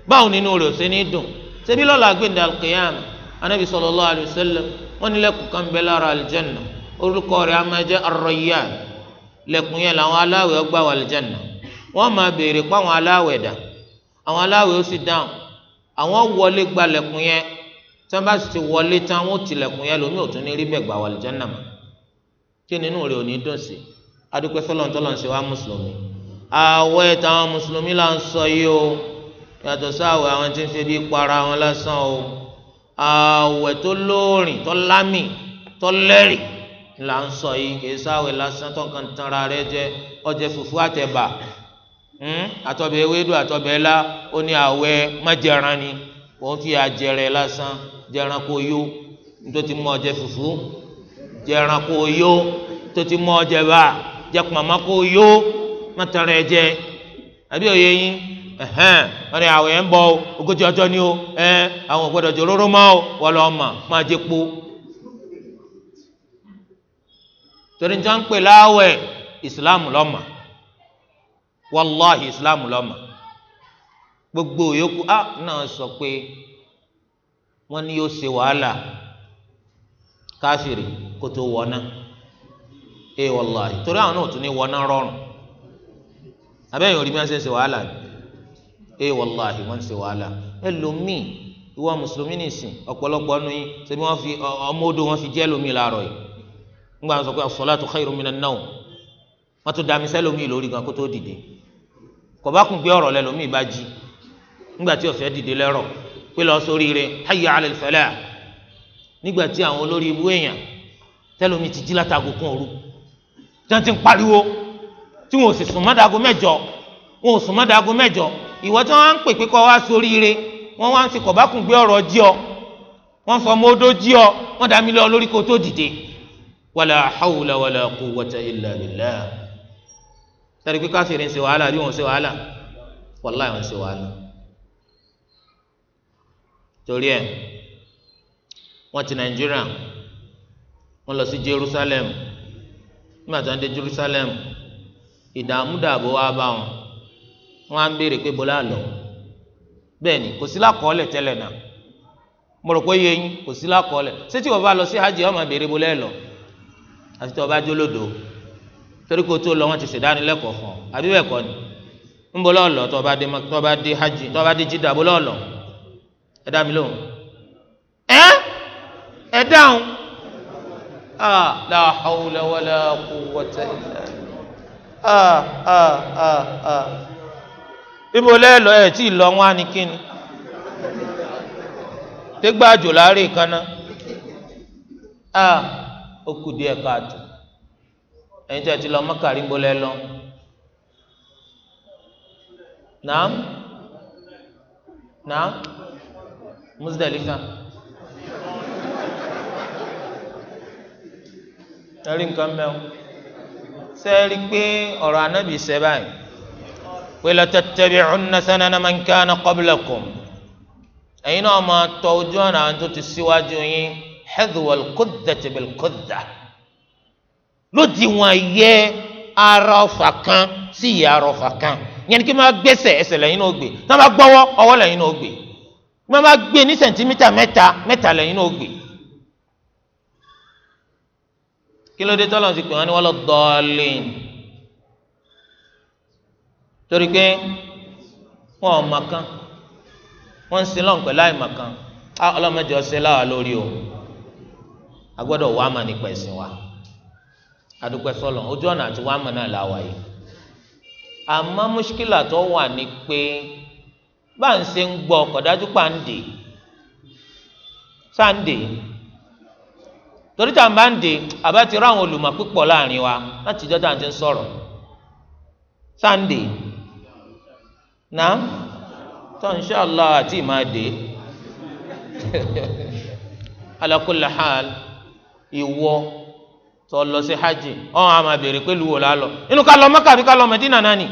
báwo nínú rẹ̀ ṣe ní dùn ṣebí lọ́la gbẹ̀ndà alqiyam anabi sallallahu alayhi wa sallam wọn ní lẹ́kùn kan bẹ lára aljanna orúkọ rẹ̀ a máa lẹ́kùn yẹn làwọn aláwẹ̀ ọgbà wà aljanna wọn máa béèrè pé àwọn aláwẹ̀ dà àwọn aláwẹ̀ ó sì dáhùn àwọn wọlé gba lẹ́kùn yẹn tí wọn bá sì ti wọlé tán wọn ò tilẹ̀kùn yẹn lómi ò ní rí bẹ́ẹ̀ gbà wà aljanna mọ́ kí nínú rẹ̀ ò ní dùn sí i adúpẹ́ fọlọ́ntọ́lọ́ ń ṣe wá mùsùlùmí àwẹ̀ táwọn mùsùlùmí là ń sọ yìí o yàtọ̀ sáwẹ̀ àwọn tí ń ṣe bí para wọn lásán o àwẹ̀ tó lóòrìn tó lámì tó lẹ́rì la ń sọ yìí kì í sáwẹ̀ lásán tó kàn tanra rẹ jẹ ọjẹ fùfú àtẹ̀bà hmm? àtọ̀bẹ̀ ewédú àtọ̀bẹ̀ ẹlá ó ní àwẹ̀ májẹran ni òun fi àjẹrẹ lásán jẹran kó yó nítorí mọ ọjẹ fùfú jẹran kó yó tó ti ọjẹ báà jẹkùn màmá kó yó má tẹrẹ jẹ àbí òye yín ẹhẹn wọn ni àwẹ̀ ń bọ̀ ogójì ọjọ́ ni o ẹ àwọn ògbọ́dọ̀ jòróró mọ́ o wọ́n lọ mà má jẹ po torí njẹ́ ń pè láwẹ̀ ìsìláàmù lọ́mà wàláhì ìsìláàmù lọ́mà gbogbo yòókù á náà sọ pé wọ́n ní yóò ṣe wàhálà káfìrí kó tó ee eh, wàláhì torí àwọn náà tún ní wọná rọrùn abẹ́yẹn orí máa ń ṣe ṣe wàhálà ee eh, wàláhì wọ́n ń ṣe wàhálà ẹlòmíì ìwọ mùsùlùmí nìsín ọ̀pọ̀lọpọ̀ ọ̀nù yín ṣebí wọ́n fi ọmọ odò wọn fi jẹ́ lómi làárọ̀ yìí ńgbà wọn sọ pé as-salatu khayrun minan nawm wọ́n tún dami sẹ́lómi lórí gan kó tó dìde kọ̀bákùn gbé ọ̀rọ̀ lẹ́lòmíì bá jí ńgbà tí ó dìde lẹ́rọ̀ pé lọ sóríire hayya 'ala al-falah nígbà tí àwọn olórí ibú èèyàn tẹ́lómi ti jí látàgò òru tí wọ́n ti ń pariwo tí wọ́n ò sì sùn mọ́dàgó mẹ́jọ wọ́n ò sùn mọ́dàgó mẹ́jọ ìwọ tí wọ́n á ń pè pé wá sórí ire wọ́n wá ń ti kọ̀bákùn gbé jí ọ wọ́n sọ ọmọ odó jí ọ wọ́n dá mi lọ lórí kó tó dìde wàlà hawla wàlà quwwata illa billah sáré pé káfíìrì ń ṣe wàhálà rí wọn ṣe wàhálà wàlá wọn ṣe wàhálà torí ẹ wọ́n ti Nàìjíríà wọ́n lọ sí Jerusalem. nígbà tí Jerusalem ìdààmú dààbò wá bá wọn wọ́n á ń béèrè pé lọ ni kò sí lákọọ́lẹ̀ tẹ́lẹ̀ náà mo rò pé yẹn kò sí bá lọ sí hajj ọmọ béèrè bọ́lá ẹ̀ lọ àti tí wọ́n bá torí tó lọ ni ń tó hajj tó bá dé jídà ẹ dá mi lóhùn آه لا حول ولا قوة إلا ah ah ah ah ibo lẹ́lọ́ ẹ̀ tí ì lọ wọn ni kíni tẹgbàjò láàrin kaná ah ó kù díẹ̀ káàtó ẹ̀yin tí a ti lọ mọ́kàrí ń bo naam naam Muzdalifa. ẹrí nǹkan mẹ́wọ́ sẹ́ẹ̀rí pé ọ̀rọ̀ anábì ṣẹ báyìí pé latattabi'unna sanana man kana qablakum ẹ̀yin náà máa tọ ojú ọ̀nà àwọn tó ti síwájú yín hadwal quddati bil qudda lódì wọn yẹ ara ọfà kan sí ìyá ara ọfà kan yẹn ni kí máa gbẹ́sẹ̀ ẹsẹ̀ lẹ́yìn náà gbé tí wọ́n bá gbọ́wọ́ ọwọ́ lẹ́yìn náà gbé tí wọ́n bá gbé ní sẹ̀ńtímítà mẹ́ta mẹ́ta lẹ́yìn náà gbé kí ló dé tọ́lọ̀ ti pè wọ́n ní wọ́n lọ dọ́ọ̀lìn torí pé ala ò mọ̀kan wọ́n ń sin lọ́n pẹ̀lú àìmọ̀kan á ọlọ́mọdé o a gbọ́dọ̀ wá mà wa adúpẹ́ sọ́lọ̀ ojú ọ̀nà àti wá mà náà láwa yìí àmọ́ mùṣkílà tó wà ní pé bá ń ń gbọ́ torí tá à ń bá ń àbá ti olùmọ̀ láàrin wa láti ìjọ́ tá à ti ń sọ̀rọ̀ sànńdè àti ala hal ìwọ tó lọ sí hajj ọ̀hún àmà béèrè pé wò la lọ inú ká lọ Mẹ́kà àbí ká lọ náà ni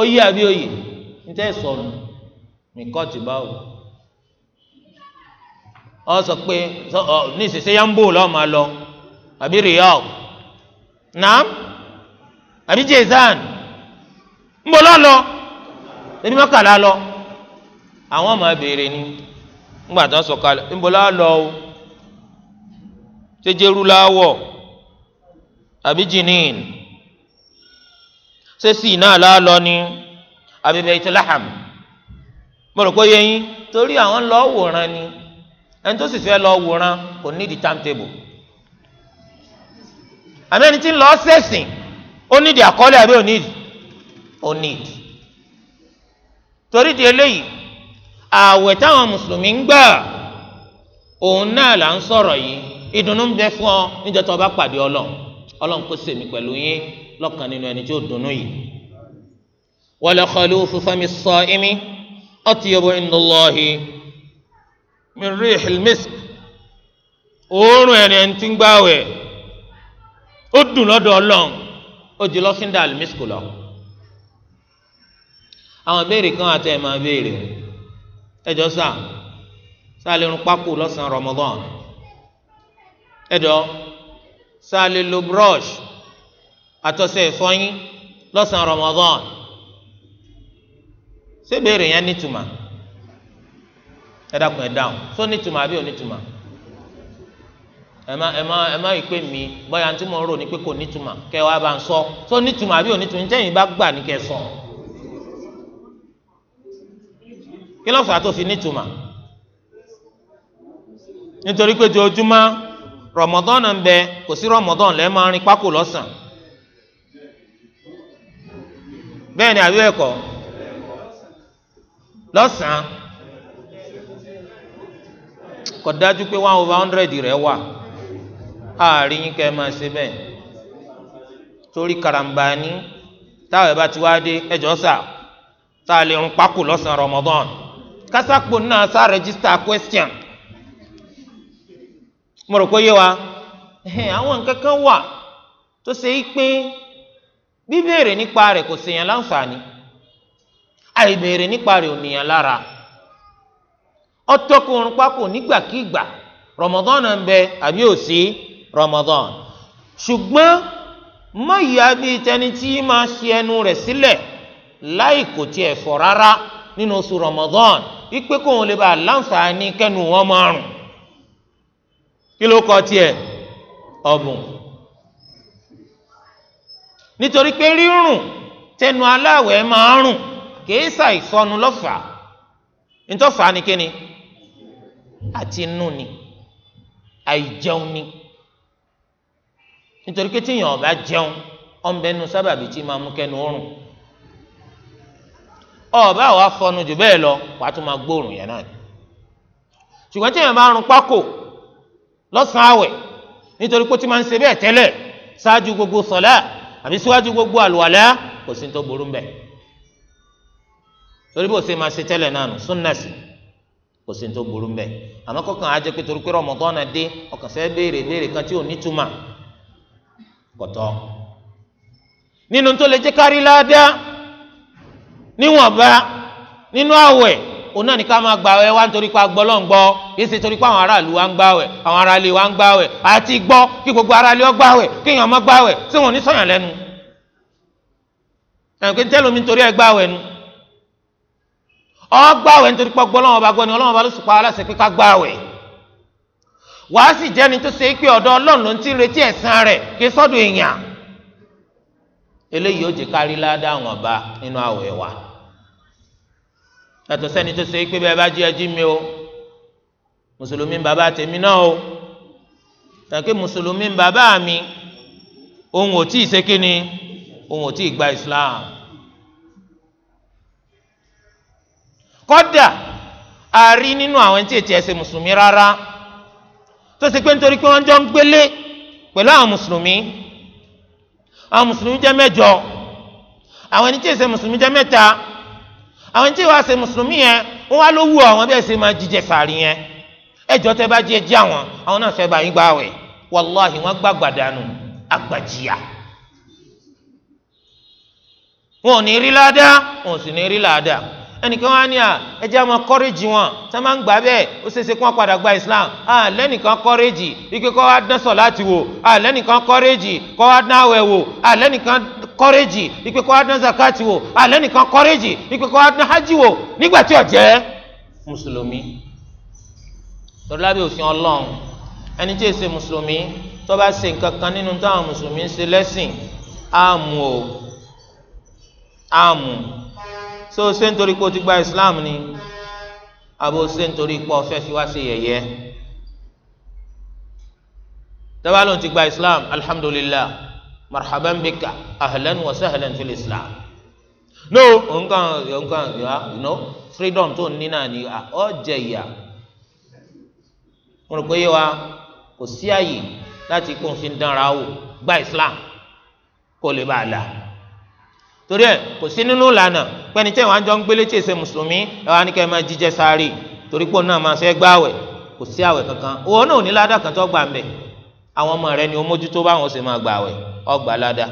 ó yí àbí ó yí ní tẹ́ sọ̀rọ̀ mi báwò. ọ sọ pé ọ ní ìsinsìn yambo lọ́ọ́ máa lọ àbí Riyadh naam àbí jezan ńbọ lọ́lọ́ ẹni mọ́kànlá lọ àwọn máa béèrè ni ńgbà tó ń sọ kalẹ̀ o sejeru láwọ̀ àbí jinin sẹ́sì náà lálọ́ ni àbí Baitul Laham mo rò pé yẹn torí àwọn lọ́ọ́ wòran ni. ẹni tó sì fẹ́ lọ wòran kò ní di timetable àmì ẹni tí ń lọ ṣẹ̀sìn ó ní di àkọọ́lẹ̀ àbí ò ní di ó ní di torí di eléyìí ààwẹ̀ táwọn mùsùlùmí ń gbà òun náà là ń sọ̀rọ̀ yìí ìdùnnú ń bẹ fún ọ níjọ́ tó o bá pàdé ọlọ́run ọlọ́run kò sèmi pẹ̀lú yín lọ́kàn nínú ẹni tí ó dùnnú yìí. wala khalufu fami s-saimi atyabu indallahi min rihil misk òórùn ẹ̀rìn ẹni tí ń gbàwẹ̀ ó dùn lọ́dọ̀ ọlọ́run ó jù lọ síndà àlùmísìkò lọ. àwọn béèrè kan àti ẹ̀ máa béèrè ẹjọ́ sà sáàlì irun pákó lọ́sàn-án Ramadan ẹjọ́ sáàlì lo brush àtọ́sẹ̀ ìfọyín lọ́sàn-án Ramadan ṣé béèrè yẹn nítumọ̀. ẹ dákun ẹ dáhùn só nítumọ̀ àbí onítumọ̀ ẹ má ẹ má mi bóyá tí mo rò ní pé kò nítumọ̀ kẹ wá bá ń sọ só àbí onítumọ̀ ntẹ́yìn bá gbà ní kẹ sọ kí tó fi nítumọ̀ nítorí pé ń bẹ kò sí máa rin pákó kò dájú pé one over hundred rẹ wà àárín yín kẹ́ ẹ máa ṣe bẹ́ẹ̀ torí karambani táwọn ẹ̀bá ti wá dé ẹjọ́ sà tá a lè rún pákó lọ́sàn Ramadan kásápò náà sá rẹ́gísítà question mo rò pé yé wa àwọn nǹkan kan wà tó ṣe é pé bíbéèrè nípa rẹ̀ kò ṣèyàn láǹfààní àìbéèrè nípa rẹ̀ ò níyàn lára. ọtọkùnrin pákó nígbàkigbà Ramadan ń bẹ àbí ò sí Ramadan ṣùgbọ́n mọ̀yà bíi tẹni tí máa ṣe ẹnu rẹ̀ sílẹ̀ láì kò tiẹ̀ fọ̀ rárá nínú oṣù Ramadan ipe kóun lè bá láǹfààní kẹnu wọn márùn kí ló kọ tiẹ̀ ọ̀bùn nítorí pé rírùn tẹnu aláwẹ̀ máa ń rùn kìí ṣàìsọnù lọ́fà ntọ́fà ni kíni àti nù ni àìjẹun ni nítorí pé tíyàn ọba jẹun ọ̀nbẹ́nu sábàbí tí máa mú kẹnu ọrùn ọba àwa fọnu jù bẹ́ẹ̀ lọ wàá tún máa gbóòrùn yẹn náà ni ṣùgbọ́n tíyàn bá rún pákò lọ́sàn-án àwẹ̀ nítorí pé ó ti máa ń ṣe bẹ́ẹ̀ tẹ́lẹ̀ ṣáájú gbogbo sọ̀lá àbí síwájú gbogbo àlùwàlá kò sí ní tó burú mbẹ̀ torí bó ṣe máa ṣe tẹ́lẹ̀ náà nù súnnà sí i. kò sí tó burú mbẹ àmọ́ kọkàn ajẹ pé torí pé Ramadan náà dé ọkàn béèrè béèrè kan tí ò ní túmọ̀ kọtọ nínú tó lè jẹ kárí ládàá níwọ̀nba nínú òun náà ní ká máa gbà wa ń gbà wa ń gbà àti gbọ́ kí gbogbo aráàlú ọ gbà wẹ̀ kí èèyàn má gbà ọgbàwẹ̀ nítorí pé ọgbọ́ ọlọ́wọ́n bá gbọ́ ni ọlọ́wọ́n bá ló sì pa aláṣẹ pé ká gbàwẹ̀ wàá sì jẹ́ni tó ṣe é pé ọ̀dọ̀ ọlọ́run ló ń ti retí ẹ̀san rẹ̀ kí sọ́dọ̀ èèyàn eléyìí ó jẹ́ kárí ládàá wọn bá nínú àwẹ̀ wa yàtọ̀ sẹ́ni tó ṣe é pé bẹ́ẹ̀ bá jí ẹjí mi o mùsùlùmí bàbá tèmi náà o tàkì mùsùlùmí bàbá mi òun ò tí ṣe kíni òun ò tí gba Islam kọ́dà a rí nínú àwọn tí ètí ẹsẹ̀ mùsùlùmí rárá tó ṣe pé nítorí pé wọ́n jọ ń gbélé pẹ̀lú àwọn mùsùlùmí àwọn mùsùlùmí jẹ́ mẹ́jọ àwọn ẹni tí èsè mùsùlùmí jẹ́ mẹ́ta àwọn ẹni tí wàá ṣe mùsùlùmí yẹn wọ́n wá ló wù àwọn bẹ́ẹ̀ ṣe máa jíjẹ sàárì yẹn ẹjọ́ tẹ́ bá jẹ́ jẹ́ àwọn àwọn náà fẹ́ bá yín wàláhì wọ́n wọn ẹnìkan wá ní à ẹjẹ́ àwọn kọ́rẹ́jì wọn tá máa ń gbà bẹ́ẹ̀ ó ṣeéṣe kí wọ́n padà gba islam à lẹ́nìkan kọ́rẹ́jì ike kọ́ wá dán sọ̀ láti wò à lẹ́nìkan kọ́rẹ́jì kọ́ wá dán àwẹ̀ wò à lẹ́nìkan ike kọ́ wá dán zakati wò à lẹ́nìkan kọ́rẹ́jì ike kọ́ wá dán hajj wò nígbà tí ó jẹ́ mùsùlùmí torí lábẹ́ òfin ọlọ́run ẹni tí èsè mùsùlùmí tó bá ṣe nǹkan kan nínú so ṣé nítorí pé o ti gba islam ni àbò ṣé nítorí pé ọ̀fẹ́ fi wá sí yẹ̀yẹ́ tabaalo ti gba islam alhamdulillah marhaban bika ahlan wa sahlan fil islam no nǹkan nǹkan ya no. know freedom tó ní náà ni ọ jẹ ìyà wọn rò pé yé wa kò sí àyè láti kó fi dánra wò gba islam kó lè bá a la torí ẹ kò sí nínú lànà pẹ́ni tẹ́ wàá jọ ń gbélé tí èsè mùsùlùmí ẹ wàá ní kẹ́ ẹ máa jíjẹ sáré torí pò náà máa fẹ́ gbáwẹ̀ kò sí àwẹ̀ kankan òun náà ò ní ládàá kan tó gbà ń bẹ̀ àwọn ọmọ rẹ ni ó mójútó báwọn sì máa gbàwẹ̀ ọgbà ládàá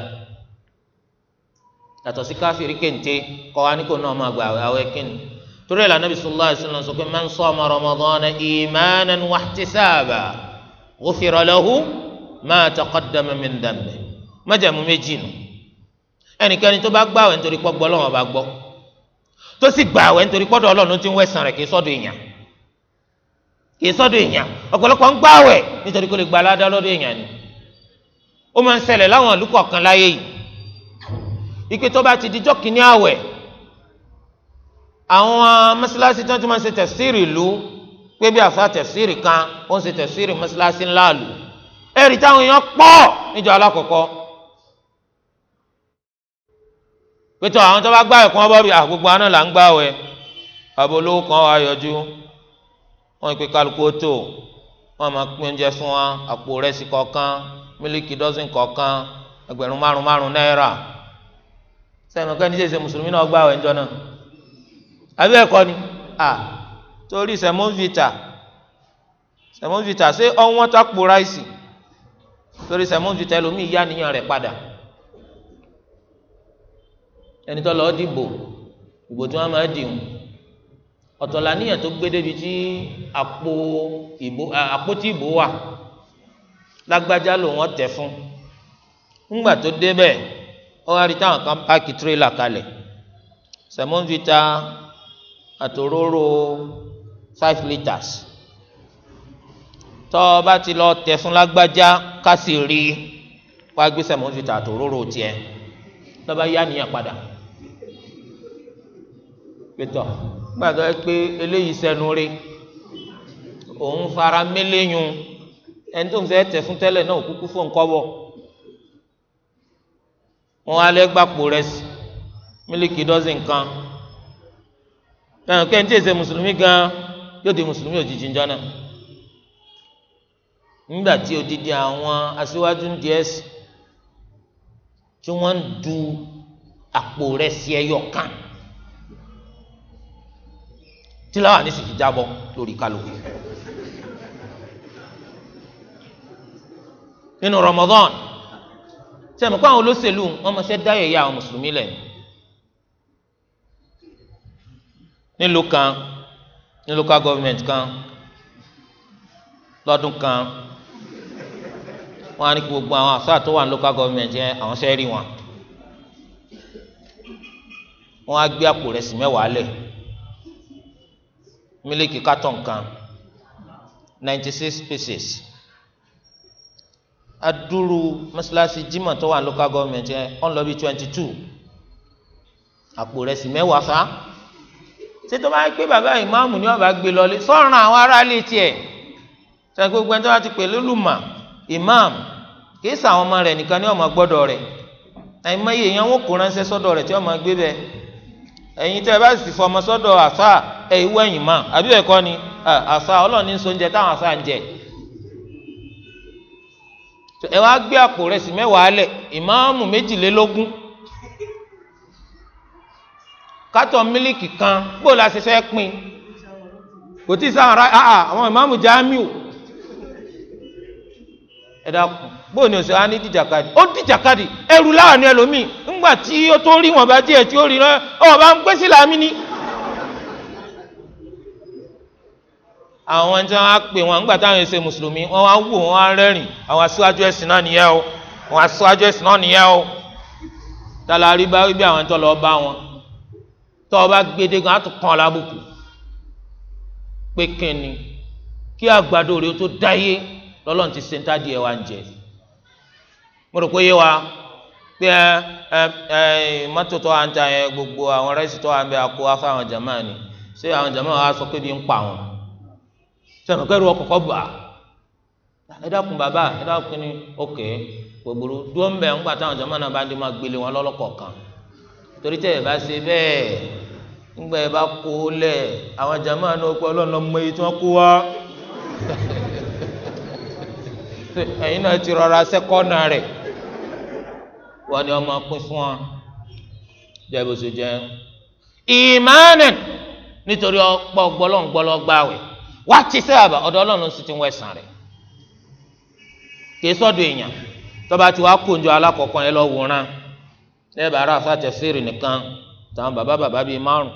yàtọ̀ sí káfíìrì kéńté kọ́ wa ní kò náà máa gbàwẹ̀ àwẹ̀ kíni torí ẹ̀ lànà bisu allah sọ pé ẹnikẹ́ni tó bá gbàwẹ̀ nítorí pọ́ gbọ́ lọ́wọ́ bá gbọ́ tó sì gbàwẹ̀ nítorí pọ́dọ̀ ọlọ́run ti ń wẹ̀sán rẹ̀ kì í sọ́dọ̀ èèyàn kì í sọ́dọ̀ èèyàn ọ̀pọ̀lọpọ̀ ń gbàwẹ̀ nítorí kó lè gba aládá lọ́dọ̀ èèyàn ni ó máa ń ṣẹlẹ̀ láwọn ìlú kọ̀ọ̀kan láyé yìí ike tó bá ti di jọ́kìnní àwẹ̀ àwọn mọ́sálásí tí wọ́n ti máa ń ṣe tẹ̀síìrì ìlú pé bí àfa tẹ̀síìrì kan ó ń ṣe tẹ̀síìrì mọ́sálásí ńlá ìlú ẹ̀rí táwọn èèyàn pọ̀ níjọ́ alákọ̀ọ́kọ́ pẹ̀tọ́ àwọn tó bá gbààwẹ̀ kí wọ́n bọ́ bí àgbogbo ah, àná là ń gbààwẹ̀ bàbá olówó kan wà yọjú wọ́n pe kálukú tó wọ́n máa pín oúnjẹ fún wa àpò rẹsì kọ̀ọ̀kan mílíkì dọ́sìn kọ̀ọ̀kan ẹgbẹ̀rún márùn márùn náírà sẹ́yìn ọ̀kẹ́ níṣẹ́ ìṣe mùsùlùmí náà gbààwẹ̀ ńjọ náà àbí ẹ̀kọ́ ni à torí sẹ̀mọ́vìtà sẹ̀mọ́vìtà ṣé ọ̀wọ́n tápò ráìsì torí sẹ̀mọ́vìtà ẹlòmíì yá níyàn rẹ̀ padà ẹni tó lọ́ọ́ dìbò ìbò tí wọ́n máa dì ń ọ̀tọ̀ làníyàn tó gbé débi tí àpò ìbò àpótí ìbò wà lágbájá ló wọ́n tẹ̀ fún ńgbà tó débẹ̀ ó wá rí táwọn kan páàkì tírélà kalẹ̀ sẹ̀mọ́nvita àtòróró five litres tọ́ ọ bá ti lọ tẹ̀ fún lágbájá ká sì rí wá gbé sẹ̀mọ́nvita àtòróró tiẹ̀ lọ́ba yá nìyẹn padà pétọ gbàdọ ẹ pé eléyìí sẹnu rí òun fara mélèyún ẹni tó ń fẹ́ tẹ̀ fún tẹ́lẹ̀ náà kúkú fún nǹkan bọ̀ wọn alẹ́ gbàpò rẹ sí mílíkì dọ́sìn kan ẹnì kẹ́hìn tí èsè mùsùlùmí gan yóò di mùsùlùmí òjijì njọ́ náà nígbà tí odidi àwọn aṣíwájú ń di ẹ̀sìn tí wọ́n ń du àpò rẹ sí ẹyọ kan tí láwọn àníṣe fi jábọ́ lórí kálukú. nínú Ramadan sẹ́mi kó àwọn olóṣèlú wọn mọ̀ ṣe dáyọ̀ ya àwọn mùsùlùmí lẹ̀ nílùú kan ní local government kan lọ́dún kan wọ́n á ní kí gbogbo àwọn àṣà tó wà ní local government yẹn àwọn ṣe rí wọn wọ́n á gbé àpò rẹ̀ sí mẹ́wàá lẹ̀ mílíkì kátọ̀n kan ninety six pieces Aduru, mọ́ṣáláṣí jimá tó wà local government yẹn ọ̀n lọ bí twenty two àpò rẹ̀ sì mẹ́wàá fa ṣé tó bá gbé bàbá ìmáàmù ni wọ́n bá gbé lọlé sọ́run àwọn aráàlú tiẹ̀ sọ́run gbogbo ẹni tó bá ti pè lólùmọ̀ ìmáàmù kì í sà àwọn ọmọ rẹ̀ nìkan ni wọ́n máa gbọ́dọ̀ rẹ̀ àìmọye èèyàn wọn kò ránṣẹ́ sọ́dọ̀ rẹ̀ tí wọ́n gbé bẹ́ẹ̀ ẹ̀yin tẹ́ ẹ bá sì fọmọ sọ́dọ̀ àfáà ẹ ìwọ ẹ̀yìn mọ́ àbí ẹ̀kọ́ ni àṣà ọlọ́ọ̀ni ń so oúnjẹ táwọn àṣà ń jẹ ẹ wá gbé àpò rẹ̀ sí mẹ́wàá lẹ̀ ìmáàmù méjìlélógún kátọ̀ mílíkì kan gbọ́ la ṣe fẹ́ pín kò tí sáwọn ará àà àwọn ìmáàmù jamiu ẹ dákun bóyá ní oṣù á ní dìjàkadì ó dìjàkadì ẹrù láàánú ẹlòmíì ńgbà tí ó tó rí wọn bá díẹ̀ tí ó rí rẹ ọ bá ń gbé sí làmì ni. àwọn tí wọn á pè wọn nígbà táwọn èsè mùsùlùmí wọn á wò wọn á rẹ́rìn àwọn aṣáájú ẹ̀sìn náà nìyẹn o àwọn aṣáájú ẹ̀sìn náà nìyẹn o tala rí bá bí àwọn tó lọ bá wọn tó o bá gbédé gan á tún kàn lábùkù pé kínni kí àgbàdo rẹ tó dáyé lọ́lọ́run ti ṣe ń tádìí ẹ̀ wá ń jẹ mo rò pé yé wa pé ẹ ẹ mọ́tò tó à ń ta yẹn gbogbo àwọn rẹ́sì tó à ń bẹ àkó wá fáwọn jàmáà ni ṣé àwọn jàmáà wa sọ pé bí ń pa wọn sọ̀rọ̀ kẹ́rù ọkọ̀kọ̀ bà ẹ dákun bàbá ẹ dákun ni ok gbogbo dúró ń bẹ̀ ń gbà táwọn jọmọ́ náà bá dé máa gbélé wọn lọ́lọ́kọ̀ kan torí tẹ̀ ẹ bá ṣe bẹ́ẹ̀ ńgbà ẹ bá kó lẹ̀ àwọn jọmọ́ náà pé ọlọ́run lọ mọ iye tí wọ́n kó wá ẹ̀yin náà ti rọra sẹ́kọ́nà rẹ̀ wọ́n ní ọmọ pín fún wọn jẹ́ bó ṣe jẹ́ ìmánẹ̀ nítorí ọ̀pọ̀ gbọ́lọ́ngbọ́lọ́ gbáwẹ̀ wá ti aba ọdọ ọlọrun ọlọ́run sì ti ń wẹ̀sán rẹ̀ kì í sọ́dọ̀ èèyàn tọ́ba tí wàá kóńjọ alákọ̀ọ́kọ́ yẹn lọ wòran ara àfa tẹ̀síìrì nìkan bàbá bàbá bíi márùn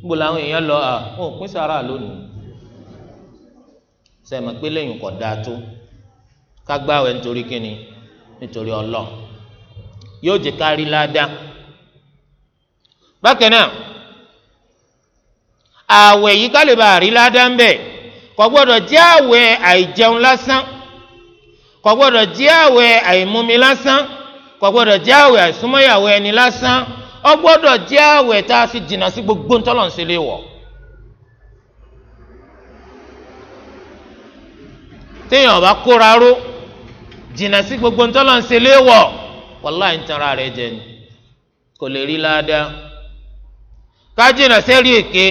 níbo làwọn èèyàn lọ à wọn pín sára lónìí sẹ́mi pé lẹ́yìn kò dáa tó kágbáwẹ̀ nítorí kíni nítorí yóò àwẹ̀ yìí ká lè bá àrí ládàá ń bẹ̀ kò gbọ́dọ̀ jẹ́ àwẹ̀ àìjẹun lásán kò gbọ́dọ̀ jẹ́ àwẹ̀ àìmumi lásán kò gbọ́dọ̀ jẹ́ àwẹ̀ àìsúnmọ́yàwó ẹni lásán ó gbọ́dọ̀ jẹ́ àwẹ̀ tá a fi jìnnà sí gbogbo ntọ́lọ̀ ń ṣe lé wọ̀. téèyàn bá kóra ró jìnnà sí gbogbo ntọ́lọ̀ ń ṣe lé wọ̀ wàláì ń tanra rẹ̀ jẹ ni kò lè rí ládàá ká sẹ́rí èké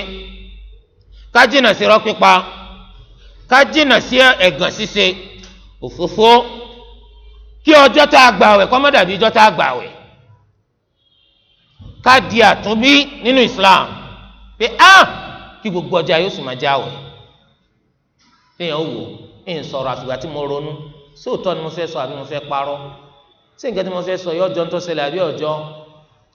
ká jìnnà sí irọ́ pípa ká jìnnà sí ẹ̀gàn ṣíṣe òfófó kí ọjọ́ tá a gbààwẹ̀ kó má dàbí ọjọ́ tá a gbààwẹ̀ ká di àtúnbí nínú Islam pé á kí gbogbo ọjà yóò sì máa jẹ́ àwẹ̀ fihàn wò ń sọ̀rọ̀ àfìgbà tí mo ronú sóòótọ́ ni mo fẹ́ sọ àbí mo fẹ́ parọ́ sí nǹkan tí mo fẹ́ sọ yọ ọjọ́ tó ṣẹlẹ̀ àbí ọjọ́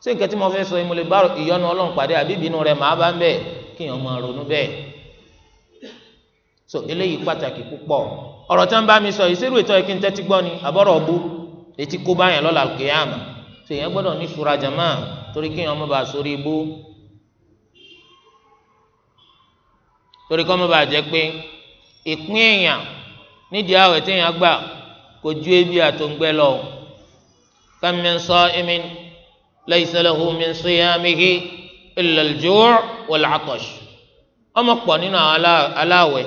sí nǹkan tí mo fẹ́ sọ yìí mo lè bá ìyọnu Ọlọ́run pàdé àbí ìbínú rẹ̀ màá bá ń bẹ̀ kí èèyàn máa ronú bẹ́ẹ̀ so eléyìí pàtàkì púpọ̀ ọ̀rọ̀ tí wọ́n bá mi sọ yìí sírù ètò ẹ̀kí ń tẹ́tí gbọ́ ni àbọ̀rọ̀ ọ̀bú etí kó báyàn lọ́la kéyàmà so èèyàn gbọ́dọ̀ ní fura jama torí kéèyàn ọmọ bá sórí ibú torí kọ́ ọmọ bá jẹ́ pé ìpín èèyàn nídìí àwẹ̀ téèyàn gbà kò ju ebi àtòǹgbẹ lọ kam min sa'imin laysa lahu min siyamihi illa al-ju' wal-'atash ọmọ pọ̀ nínú àwọn aláwẹ̀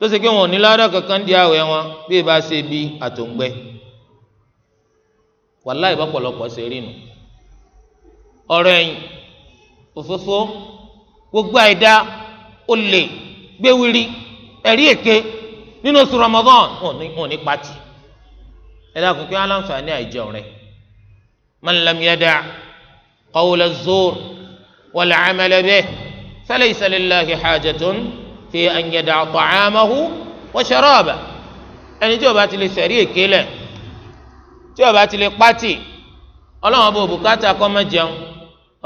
tó ṣe pé wọn ò ní ládàá kankan di àwẹ̀ wọn bí ìbá ṣe bí àtòǹgbẹ wàláì bọ́pọ̀lọpọ̀ ṣe rí nu ọ̀rọ̀ ẹ̀yìn òfófó gbogbo àìdá olè gbéwìrì ẹ̀rí èké nínú oṣù Ramadan wọn ò ní pati ẹ dákun pé aláǹfààní àìjọ rẹ man lam yada' qawla az-zur wal 'amala bihi falaysa lillahi hajatun fi an yada'a ta'amahu wa sharabahu ẹni tí ó bá ti lè sẹ̀rí èké lẹ̀ tí ó bá ti lè pátì ọlọ́wọ́n bò bùkátà kó má jẹun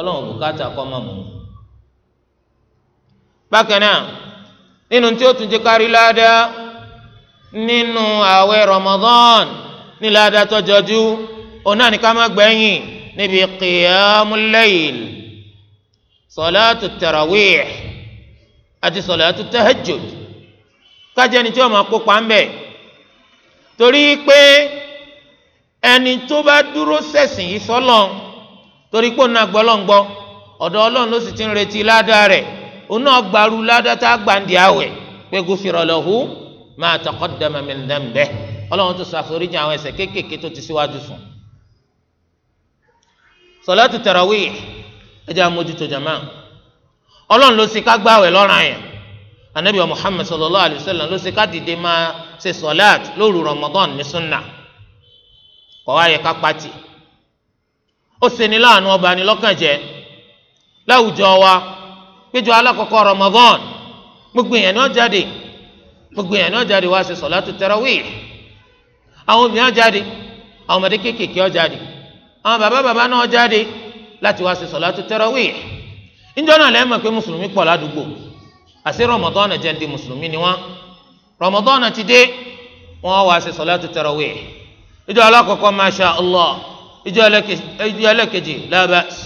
ọlọ́wọ́n bùkátà kó má mu. bákan náà nínú tí ó tún jẹ́ kárí ládàá nínú ààwẹ̀ Ramadan ní ládàá tó òun náà ní ká má gbẹ̀yìn níbi qiyamul layl salatu tarawih. àti sọ̀látù tahajjud kájẹ́ ẹni tí wọ́n máa kópa ń torí pé ẹni tó bá dúró yìí torí pé òun náà gbọ́ lọ́n gbọ́ ló sì ti ń retí ládàá rẹ̀ òun náà gbaru ládàá tá a gbà ń di àwẹ̀ pé gufira lahu ma taqaddama min dhanbihi ọlọ́run tó ṣàforíjì àwọn ẹ̀ṣẹ̀ kéékèèké ti síwájú sùn. ọlọ́run ló ṣe ká gbàwẹ̀ lọ́ràn yẹn anabi wa muhammed sallallahu alayhi wa sallam ló ṣe ká dìde máa ṣe sọláàt lóru ramadan ní sunna kọ́ wáyé ká pati ó ṣeni láàánú ọba ni lọ́kàn jẹ́ láwùjọ wa péjọ alákọ̀ọ́kọ́ ramadan gbogbo èèyàn náà jáde gbogbo èèyàn náà jáde wá ṣe sọláàtù tarawih àwọn obìnrin jáde àwọn ọmọdé kéékèèké jáde àwọn bàbá bàbá náà jáde láti wá ṣe sọláàtù tarawih níjọ́ náà lẹ́ẹ̀mọ̀ pé mùsùlùmí pọ̀ ládùúgbò àti rọmọdọ́nà jẹ́ ndé mùsùlùmí ni wọ́n rọmọdọ́nà ti dé wọ́n wá sí sọ̀látù tarawih ìjọ alákọ̀ọ́kọ́ masha allah ìjọ ẹlẹ́kejì la ba's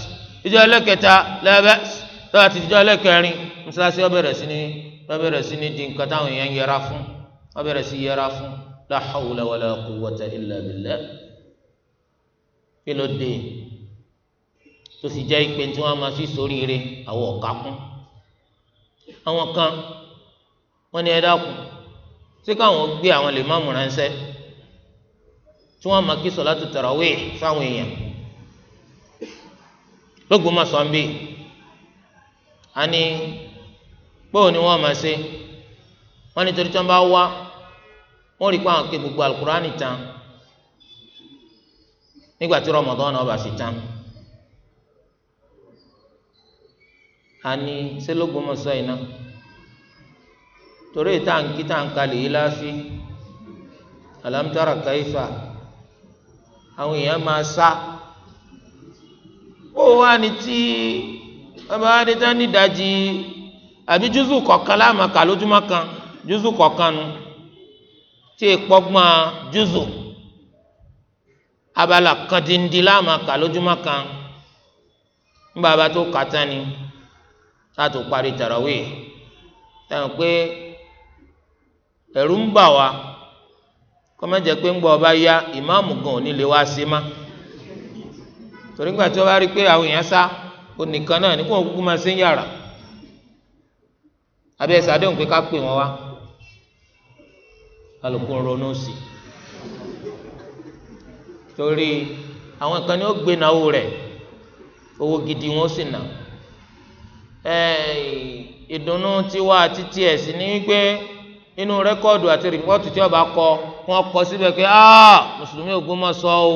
ìjọ ẹlẹ́kẹta la ba's tó àti ìjọ ẹlẹ́kẹrin mùsùlùmí ó bẹ̀rẹ̀ sí ní ó bẹ̀rẹ̀ sí ní di nǹkan táwọn èèyàn yẹra fún ó bẹ̀rẹ̀ sí yẹra fún la hawla wala quwwata illa billah kí ló tó sì jẹ́ ìpè tí wọ́n máa fi sóríire àwọn ọ̀ka kún àwọn kan wọ́n ní ẹ dákun ṣé káwọn gbé àwọn lè má mú ránṣẹ́ tí wọ́n máa kí sọ̀látù tàràwíì fáwọn èèyàn lógun máa sọ ń bì á ní bóun ni wọ́n máa ṣe wọ́n ní torí tí wọ́n bá wá wọ́n rí i pé àwọn ké gbogbo alukurani tán nígbà tí rọmọdán náà bá sì tán. ani sẹlógúnmọsọ yìí náà torí ìtàǹkì tàǹkà lèyí láfi alamtara kaifa àwọn èèyàn máa sá ó wá ní tí bàbá adétá nídàájí àbí júzù kọ̀ọ̀kan láàmàkà lójúmọ́ kan júzù kọ̀ọ̀kan nu tí ìpọ́gbọ́n júzù abala kan láàmàkà lójúmọ́ kan bàbá tó kàtá ni. táàtò parí tarawih táwọn pé ẹ̀rù ń bà wá kọ́mẹ́jẹ pé ń gbọ́ ọba ya ìmáàmù gan ò ní lè wá sí má torí gbà tí wọ́n bá rí pé àwọn èèyàn sá onìkan náà ní kó máa ṣe ń yàrá abẹ́ sàdéhùn pé ká pè wọ́n wá kálukú ń ronú sí i torí àwọn kan ní ó gbé gidi wọn si sì Eh, ìdùnnú tiwa àti tiẹ̀ sí ni wípé inú rẹ́kọ́ọ̀dù àti rìpọ́ọ̀tù tí ọba kọ wọ́n kọ síbẹ̀ pé ah, mùsùlùmí Ògbómọ̀ṣọ́ o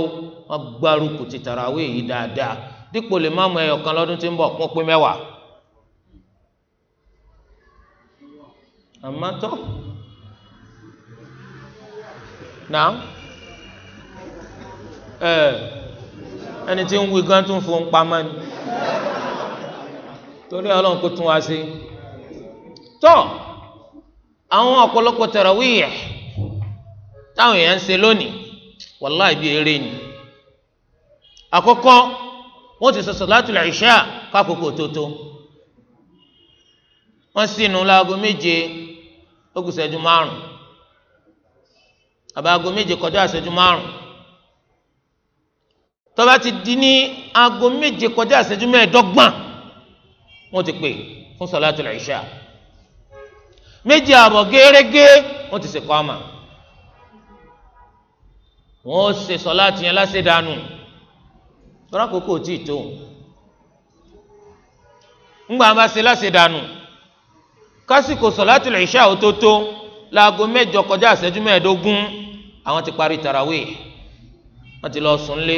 wọ́n gbárùkù ti tàràwé yìí dáadáa dípò lè má mú ẹyọ kan lọ́dún tí ń bọ̀ wọ́n pín mẹ́wàá. àmọ́ tó nà eh, ẹni tí ń wí gan tún fún un pamọ́ ni torí ọlọ́run kó tún wá sí tọ́ àwọn ọ̀pọ̀lọpọ̀ tẹ̀rọ̀wíyẹ̀ táwọn èèyàn ń ṣe lónìí wàláì bí eré ni àkọ́kọ́ wọ́n ti sọ sọ̀látùl ìṣá kákòókò tótó wọ́n sínú láago méje ó kù ṣẹ́jú márùn àbáago méje kọjá àṣẹjú márùn-ún ti di ní aago méje kọjá àṣẹjú mẹ́ẹ̀ẹ́dọ́gbọ̀n wọ́n ti pè fún sọláàtì làìṣà méjì àbọ̀ gẹ́rẹ́gẹ́ wọ́n ti sèkọ́ àmà wọ́n ṣe sọláàtì yẹn lásìdánù tọ́lá kókó tí ì tó ńgbà bá ṣe lásìdánù kásìkò sọláàtì làìṣà ó tó tó láago mẹ́jọ kọjá ìṣẹ́jú mẹ́ẹ̀ẹ́dógún àwọn ti parí tarawih wọ́n ti lọ sùn lé.